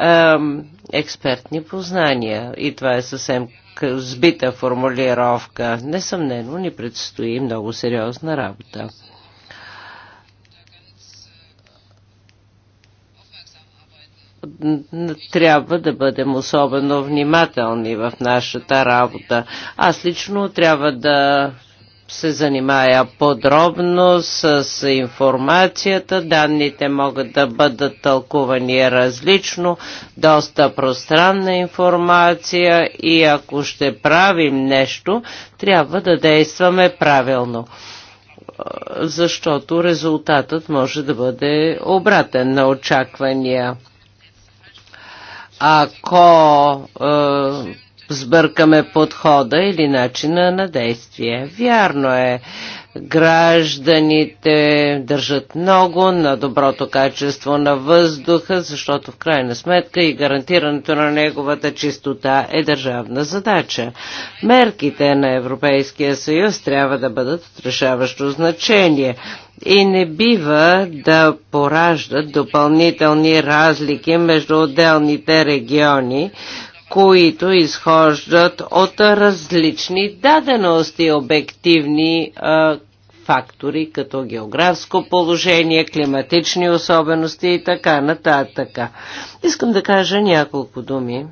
ем, експертни познания. И това е съвсем сбита формулировка. Несъмнено ни предстои много сериозна работа. трябва да бъдем особено внимателни в нашата работа. Аз лично трябва да се занимая подробно с информацията. Данните могат да бъдат тълкувани различно, доста пространна информация и ако ще правим нещо, трябва да действаме правилно защото резултатът може да бъде обратен на очаквания. Ако е, сбъркаме подхода или начина на действие. Вярно е, гражданите държат много на доброто качество на въздуха, защото в крайна сметка и гарантирането на неговата чистота е държавна задача. Мерките на Европейския съюз трябва да бъдат от решаващо значение и не бива да пораждат допълнителни разлики между отделните региони, които изхождат от различни дадености, обективни а, фактори, като географско положение, климатични особености и така нататък. Искам да кажа няколко думи.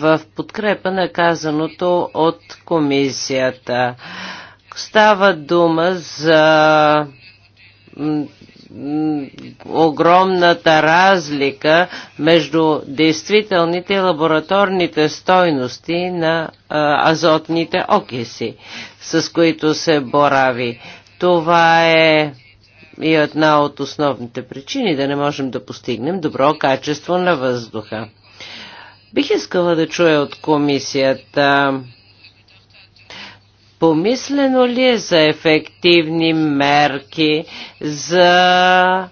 в подкрепа на казаното от комисията. Става дума за огромната разлика между действителните и лабораторните стойности на азотните окиси, с които се борави. Това е и една от основните причини да не можем да постигнем добро качество на въздуха. Бих искала да чуя от комисията Помислено ли е за ефективни мерки за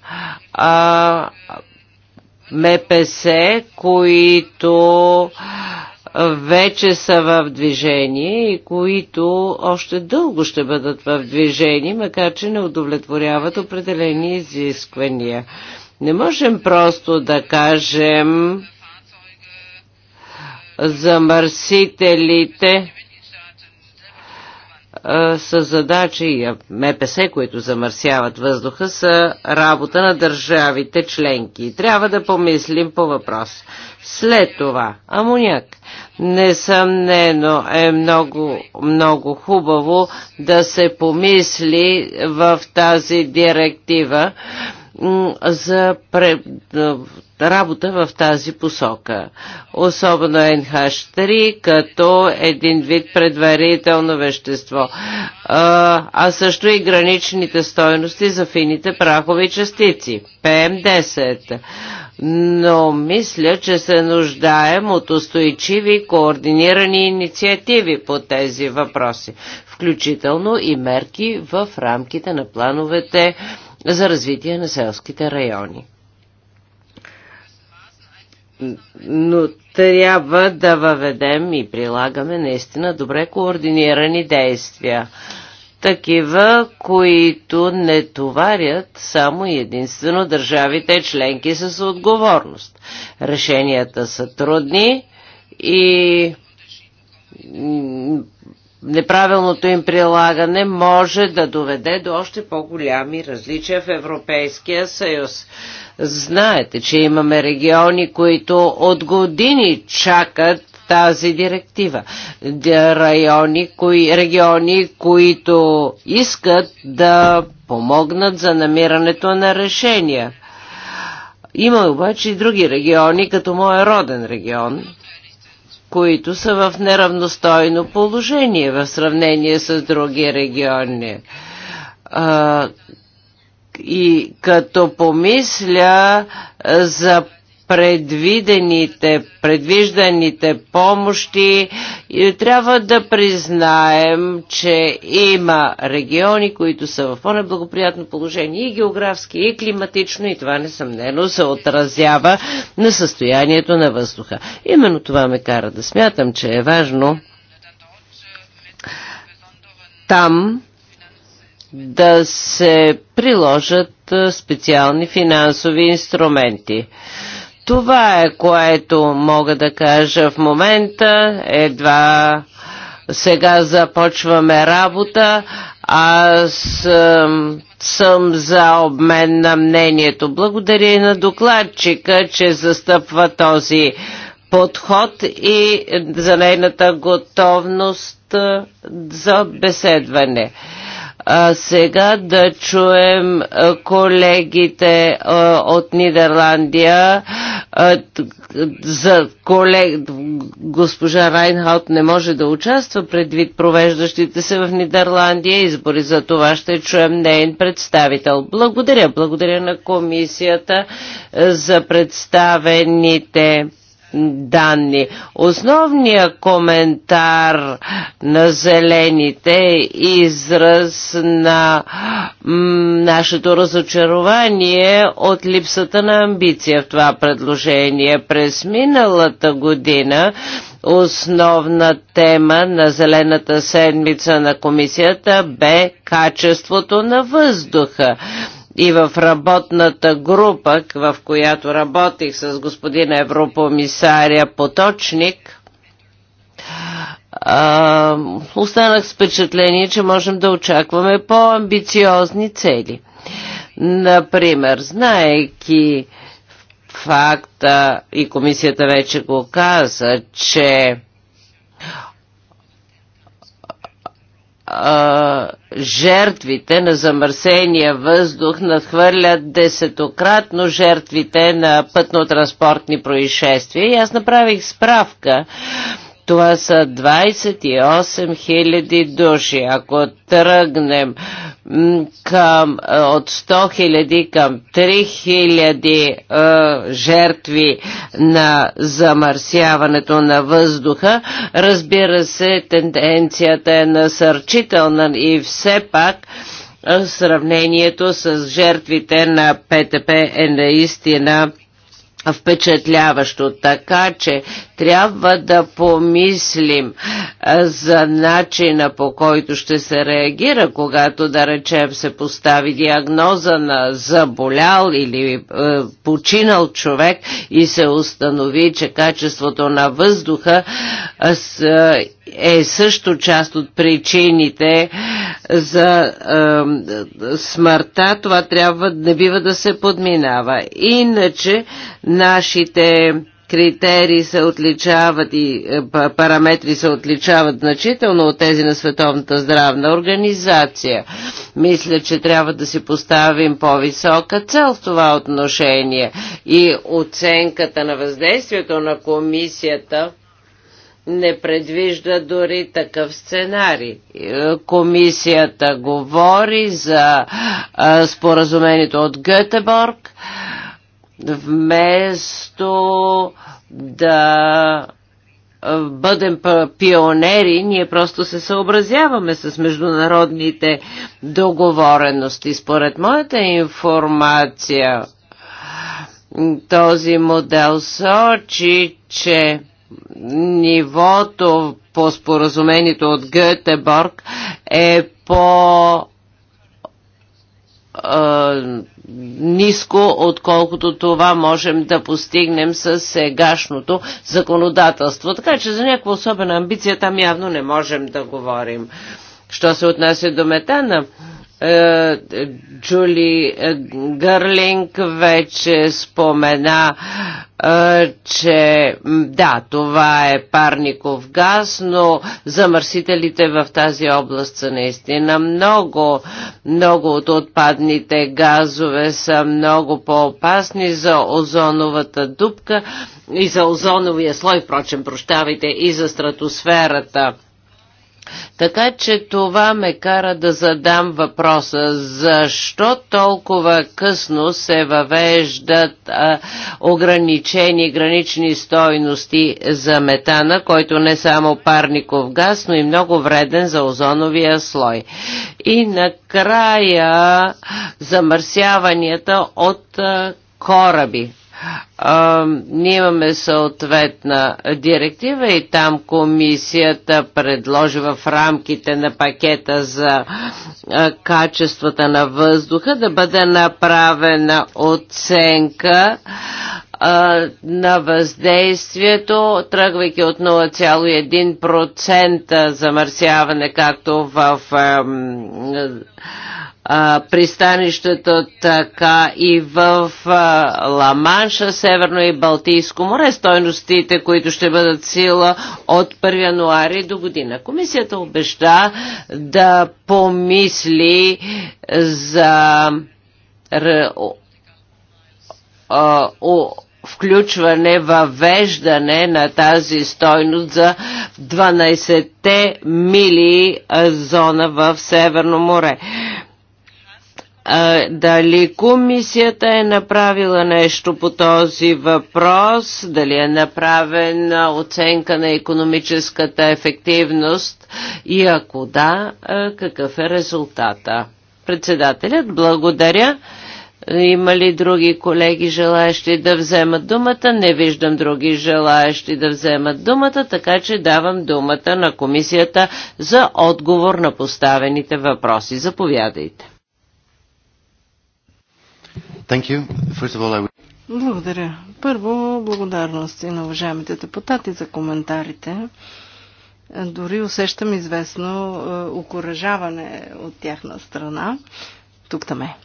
а, МПС, които вече са в движение и които още дълго ще бъдат в движение, макар че не удовлетворяват определени изисквания. Не можем просто да кажем замърсителите са задачи, МПС, които замърсяват въздуха, са работа на държавите членки. Трябва да помислим по въпрос. След това, амоняк. Несъмнено е много, много хубаво да се помисли в тази директива за пре, работа в тази посока. Особено NH3 като един вид предварително вещество, а също и граничните стойности за фините прахови частици, пм 10 но мисля, че се нуждаем от устойчиви координирани инициативи по тези въпроси, включително и мерки в рамките на плановете за развитие на селските райони. Но трябва да въведем и прилагаме наистина добре координирани действия такива, които не товарят само и единствено държавите членки с отговорност. Решенията са трудни и неправилното им прилагане може да доведе до още по-голями различия в Европейския съюз. Знаете, че имаме региони, които от години чакат тази директива. Райони, кои, региони, които искат да помогнат за намирането на решения. Има обаче и други региони, като моя роден регион, които са в неравностойно положение в сравнение с други региони. А, и като помисля за предвидените, предвижданите помощи. трябва да признаем, че има региони, които са в по-неблагоприятно положение и географски, и климатично, и това несъмнено се отразява на състоянието на въздуха. Именно това ме кара да смятам, че е важно там да се приложат специални финансови инструменти. Това е което мога да кажа в момента. Едва сега започваме работа. Аз съм за обмен на мнението. Благодаря и на докладчика, че застъпва този подход и за нейната готовност е, за беседване. А сега да чуем колегите от Нидерландия. За колег... Госпожа Райнхаут не може да участва предвид провеждащите се в Нидерландия избори. За това ще чуем нейн представител. Благодаря, благодаря на комисията за представените данни. Основният коментар на зелените е израз на нашето разочарование от липсата на амбиция в това предложение. През миналата година Основна тема на Зелената седмица на комисията бе качеството на въздуха и в работната група, в която работих с господин Европомисаря Поточник, а, останах с впечатление, че можем да очакваме по-амбициозни цели. Например, знаеки факта, и комисията вече го каза, че а, жертвите на замърсения въздух надхвърлят десетократно жертвите на пътно-транспортни происшествия. И аз направих справка това са 28 000 души. Ако тръгнем към, е, от 100 000 към 3 000 е, жертви на замърсяването на въздуха. Разбира се, тенденцията е насърчителна и все пак в е, сравнението с жертвите на ПТП е наистина впечатляващо. Така че трябва да помислим за начина по който ще се реагира, когато, да речем, се постави диагноза на заболял или е, починал човек и се установи, че качеството на въздуха е също част от причините за е, смъртта. Това трябва, не бива да се подминава. Иначе нашите критерии се отличават и е, параметри се отличават значително от тези на Световната здравна организация. Мисля, че трябва да си поставим по-висока цел в това отношение и оценката на въздействието на комисията не предвижда дори такъв сценарий. Е, комисията говори за е, споразумението от Гетеборг, Вместо да бъдем пионери, ние просто се съобразяваме с международните договорености. Според моята информация, този модел сочи, че нивото по споразумението от Гетеборг е по ниско, отколкото това можем да постигнем с сегашното законодателство. Така че за някаква особена амбиция там явно не можем да говорим. Що се отнася до метана, е, Джули е, Гърлинг вече спомена, е, че да, това е парников газ, но замърсителите в тази област са наистина много. Много от отпадните газове са много по-опасни за озоновата дупка и за озоновия слой, впрочем, прощавайте, и за стратосферата така че това ме кара да задам въпроса, защо толкова късно се въвеждат а, ограничени гранични стойности за метана, който не само парников газ, но и много вреден за озоновия слой. И накрая замърсяванията от а, кораби. А, ние имаме съответна директива и там комисията предложи в рамките на пакета за а, качествата на въздуха да бъде направена оценка а, на въздействието, тръгвайки от 0,1% замърсяване, както в а, пристанището, така и в Ла-Манша, Северно и Балтийско море, стойностите, които ще бъдат сила от 1 януари до година. Комисията обеща да помисли за включване, въвеждане на тази стойност за 12-те мили зона в Северно море дали комисията е направила нещо по този въпрос, дали е направена оценка на економическата ефективност и ако да, какъв е резултата? Председателят, благодаря. Има ли други колеги желаящи да вземат думата? Не виждам други желаящи да вземат думата, така че давам думата на комисията за отговор на поставените въпроси. Заповядайте. All, I... Благодаря. Първо, благодарности на уважаемите депутати за коментарите. Дори усещам известно е, окоръжаване от тяхна страна. Тук е.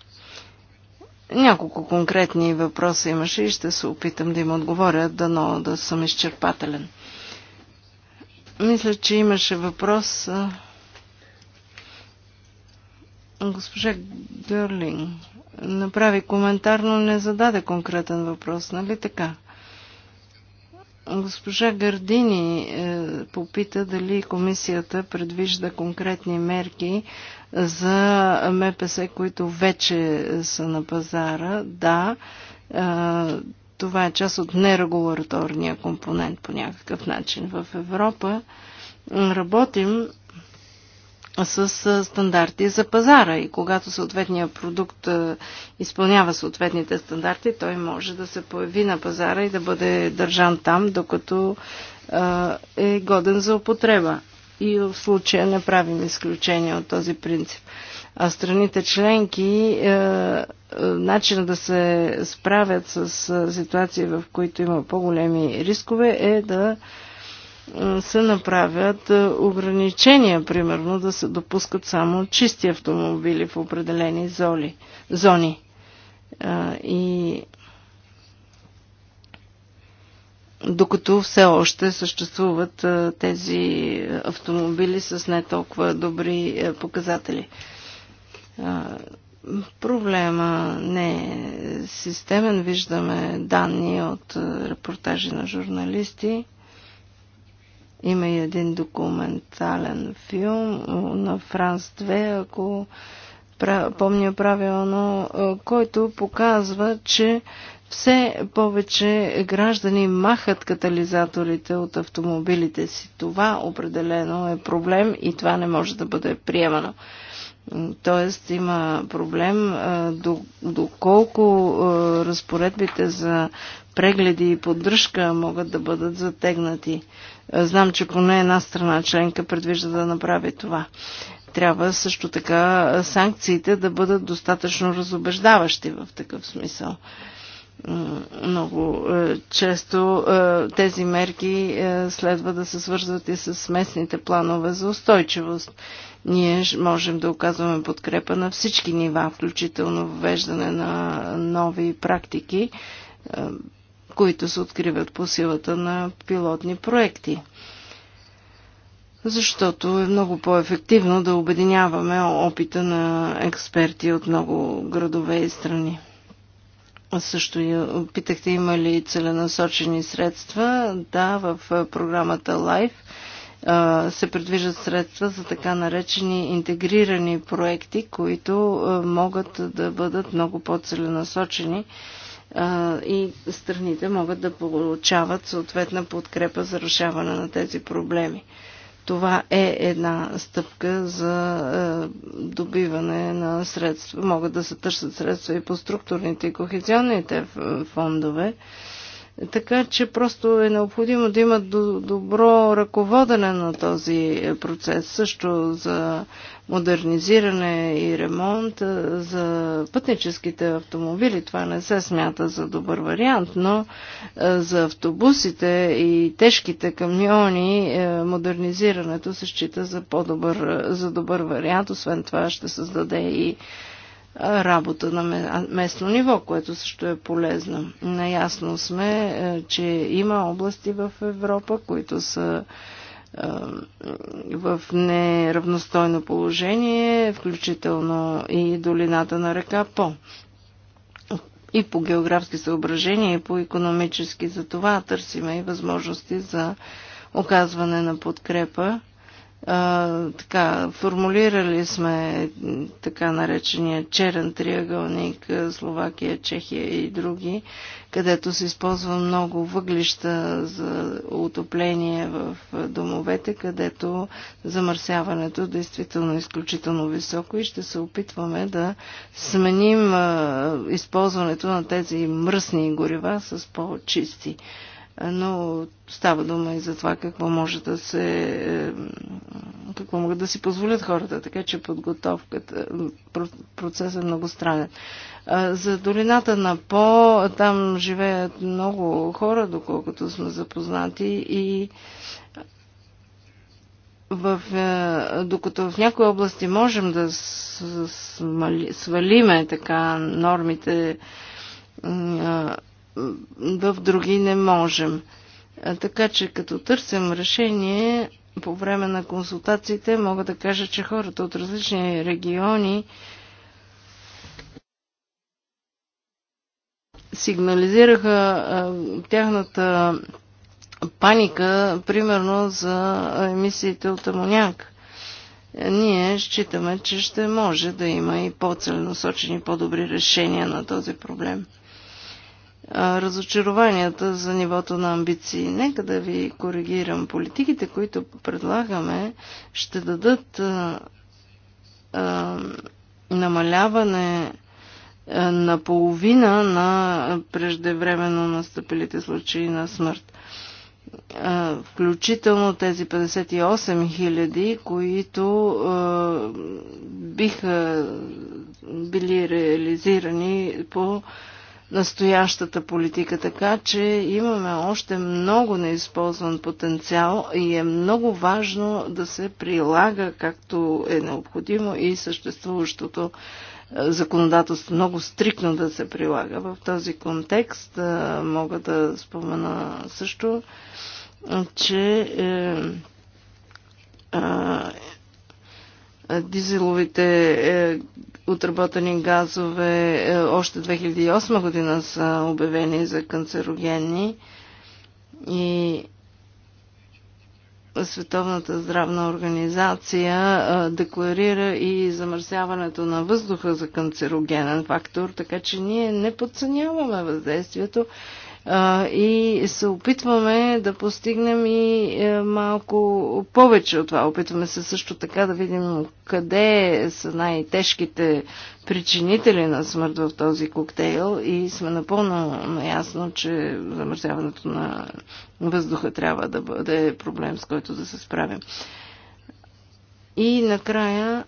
Няколко конкретни въпроса имаше и ще се опитам да им отговоря, дано да съм изчерпателен. Мисля, че имаше въпрос. Е, госпожа Гърлинг направи коментар, но не зададе конкретен въпрос, нали така? Госпожа Гардини е, попита дали комисията предвижда конкретни мерки за МПС, които вече са на пазара. Да, е, това е част от нерегулаторния компонент по някакъв начин. В Европа работим с стандарти за пазара и когато съответния продукт изпълнява съответните стандарти, той може да се появи на пазара и да бъде държан там, докато е годен за употреба. И в случая не правим изключение от този принцип. А страните членки, начинът да се справят с ситуации, в които има по-големи рискове, е да се направят ограничения, примерно да се допускат само чисти автомобили в определени золи, зони. И докато все още съществуват тези автомобили с не толкова добри е, показатели. Проблема не е системен. Виждаме данни от репортажи на журналисти. Има и един документален филм на Франс 2, ако помня правилно, който показва, че все повече граждани махат катализаторите от автомобилите си. Това определено е проблем и това не може да бъде приемано. Тоест има проблем доколко разпоредбите за прегледи и поддръжка могат да бъдат затегнати. Знам, че поне една страна членка предвижда да направи това. Трябва също така санкциите да бъдат достатъчно разобеждаващи в такъв смисъл много е, често е, тези мерки е, следва да се свързват и с местните планове за устойчивост. Ние можем да оказваме подкрепа на всички нива, включително въвеждане на нови практики, които се откриват по силата на пилотни проекти. Защото е много по-ефективно да обединяваме опита на експерти от много градове и страни. Също питахте има ли целенасочени средства. Да, в програмата LIFE се предвиждат средства за така наречени интегрирани проекти, които могат да бъдат много по-целенасочени и страните могат да получават съответна подкрепа за решаване на тези проблеми. Това е една стъпка за добиване на средства. Могат да се търсят средства и по структурните и кохезионните фондове. Така че просто е необходимо да имат добро ръководене на този е, процес, също за модернизиране и ремонт е, за пътническите автомобили. Това не се смята за добър вариант, но е, за автобусите и тежките камиони модернизирането се счита за по-добър за добър вариант. Освен това ще създаде и работа на местно ниво, което също е полезно. Наясно сме, е, че има области в Европа, които са е, в неравностойно положение, включително и долината на река По. И по географски съображения, и по економически. За това търсиме и възможности за оказване на подкрепа а, така, формулирали сме така наречения черен триъгълник Словакия, Чехия и други, където се използва много въглища за отопление в домовете, където замърсяването е действително е изключително високо и ще се опитваме да сменим а, използването на тези мръсни горива с по-чисти но става дума и за това какво може да се е, какво могат да си позволят хората, така че подготовката, процесът е много странен. За долината на По, там живеят много хора, доколкото сме запознати и в, е, докато в някои области можем да свалиме така нормите в други не можем. Така че като търсим решение по време на консултациите, мога да кажа, че хората от различни региони сигнализираха а, тяхната паника, примерно за емисиите от амоняк. Ние считаме, че ще може да има и по-целенасочени, по-добри решения на този проблем разочарованията за нивото на амбиции. Нека да ви коригирам. Политиките, които предлагаме, ще дадат а, а, намаляване на половина на преждевременно настъпилите случаи на смърт. А, включително тези 58 хиляди, които биха били реализирани по настоящата политика, така че имаме още много неизползван потенциал и е много важно да се прилага както е необходимо и съществуващото е, законодателство много стрикно да се прилага. В този контекст е, мога да спомена също, че е, е, дизеловите е, отработени газове е, още 2008 година са обявени за канцерогенни и Световната здравна организация е, декларира и замърсяването на въздуха за канцерогенен фактор, така че ние не подценяваме въздействието и се опитваме да постигнем и е, малко повече от това. Опитваме се също така да видим къде са най-тежките причинители на смърт в този коктейл и сме напълно наясно, че замърсяването на въздуха трябва да бъде проблем, с който да се справим. И накрая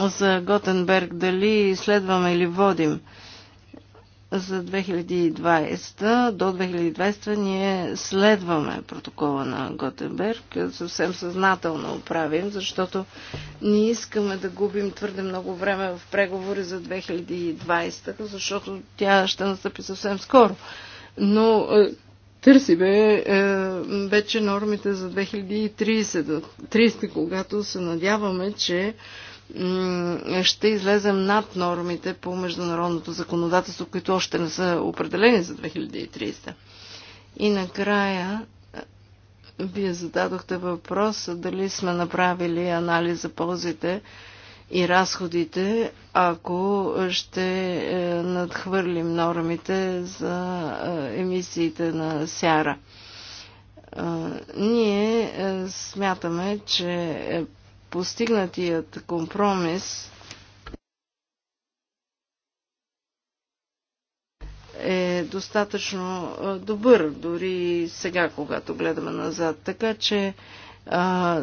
за Готенберг, дали следваме или водим – за 2020. До 2020 ние следваме протокола на Готенберг. Съвсем съзнателно правим, защото не искаме да губим твърде много време в преговори за 2020, защото тя ще настъпи съвсем скоро. Но е, търсиме е, вече нормите за 2030, 30, когато се надяваме, че ще излезем над нормите по международното законодателство, които още не са определени за 2030. И накрая е, вие зададохте въпрос дали сме направили анализ за ползите и разходите, ако ще е, надхвърлим нормите за е, емисиите на сяра. Ние смятаме, че постигнатият компромис е достатъчно добър, дори сега, когато гледаме назад. Така че а,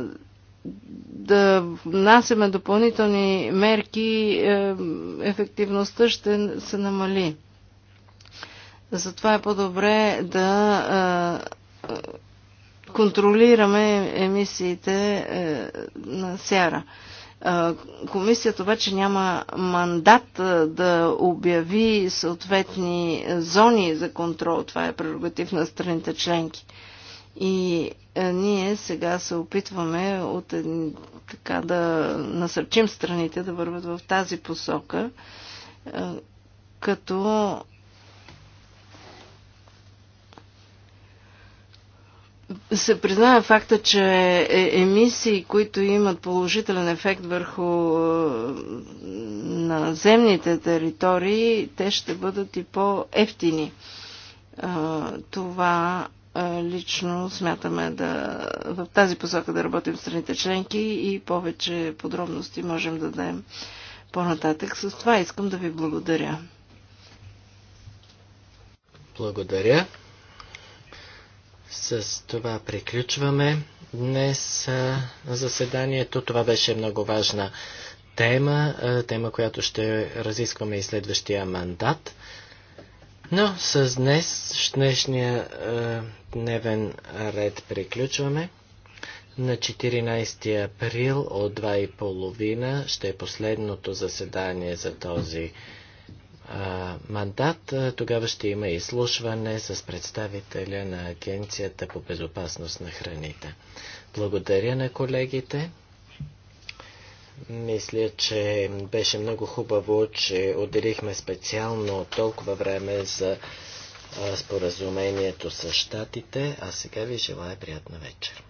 да внасяме допълнителни мерки, е, ефективността ще се намали. Затова е по-добре да А, контролираме емисиите е, на сяра. Комисията обаче няма мандат е, да обяви съответни зони за контрол. Това е прерогатив на страните членки. И е, ние сега се опитваме от, така, да насърчим страните да върват в тази посока, като се признава факта, че е, емисии, които имат положителен ефект върху е, наземните територии, те ще бъдат и по-ефтини. Е, това лично смятаме да в тази посока да работим в страните членки и повече подробности можем да дадем по-нататък. С това искам да ви благодаря. Благодаря. С това приключваме днес заседанието. Това беше много важна тема, тема, която ще разискваме и следващия мандат. Но с днес, днешния дневен ред приключваме. На 14 април от 2.30 ще е последното заседание за този мандат, тогава ще има изслушване с представителя на Агенцията по безопасност на храните. Благодаря на колегите. Мисля, че беше много хубаво, че отделихме специално толкова време за споразумението с щатите, а сега ви желая приятна вечер.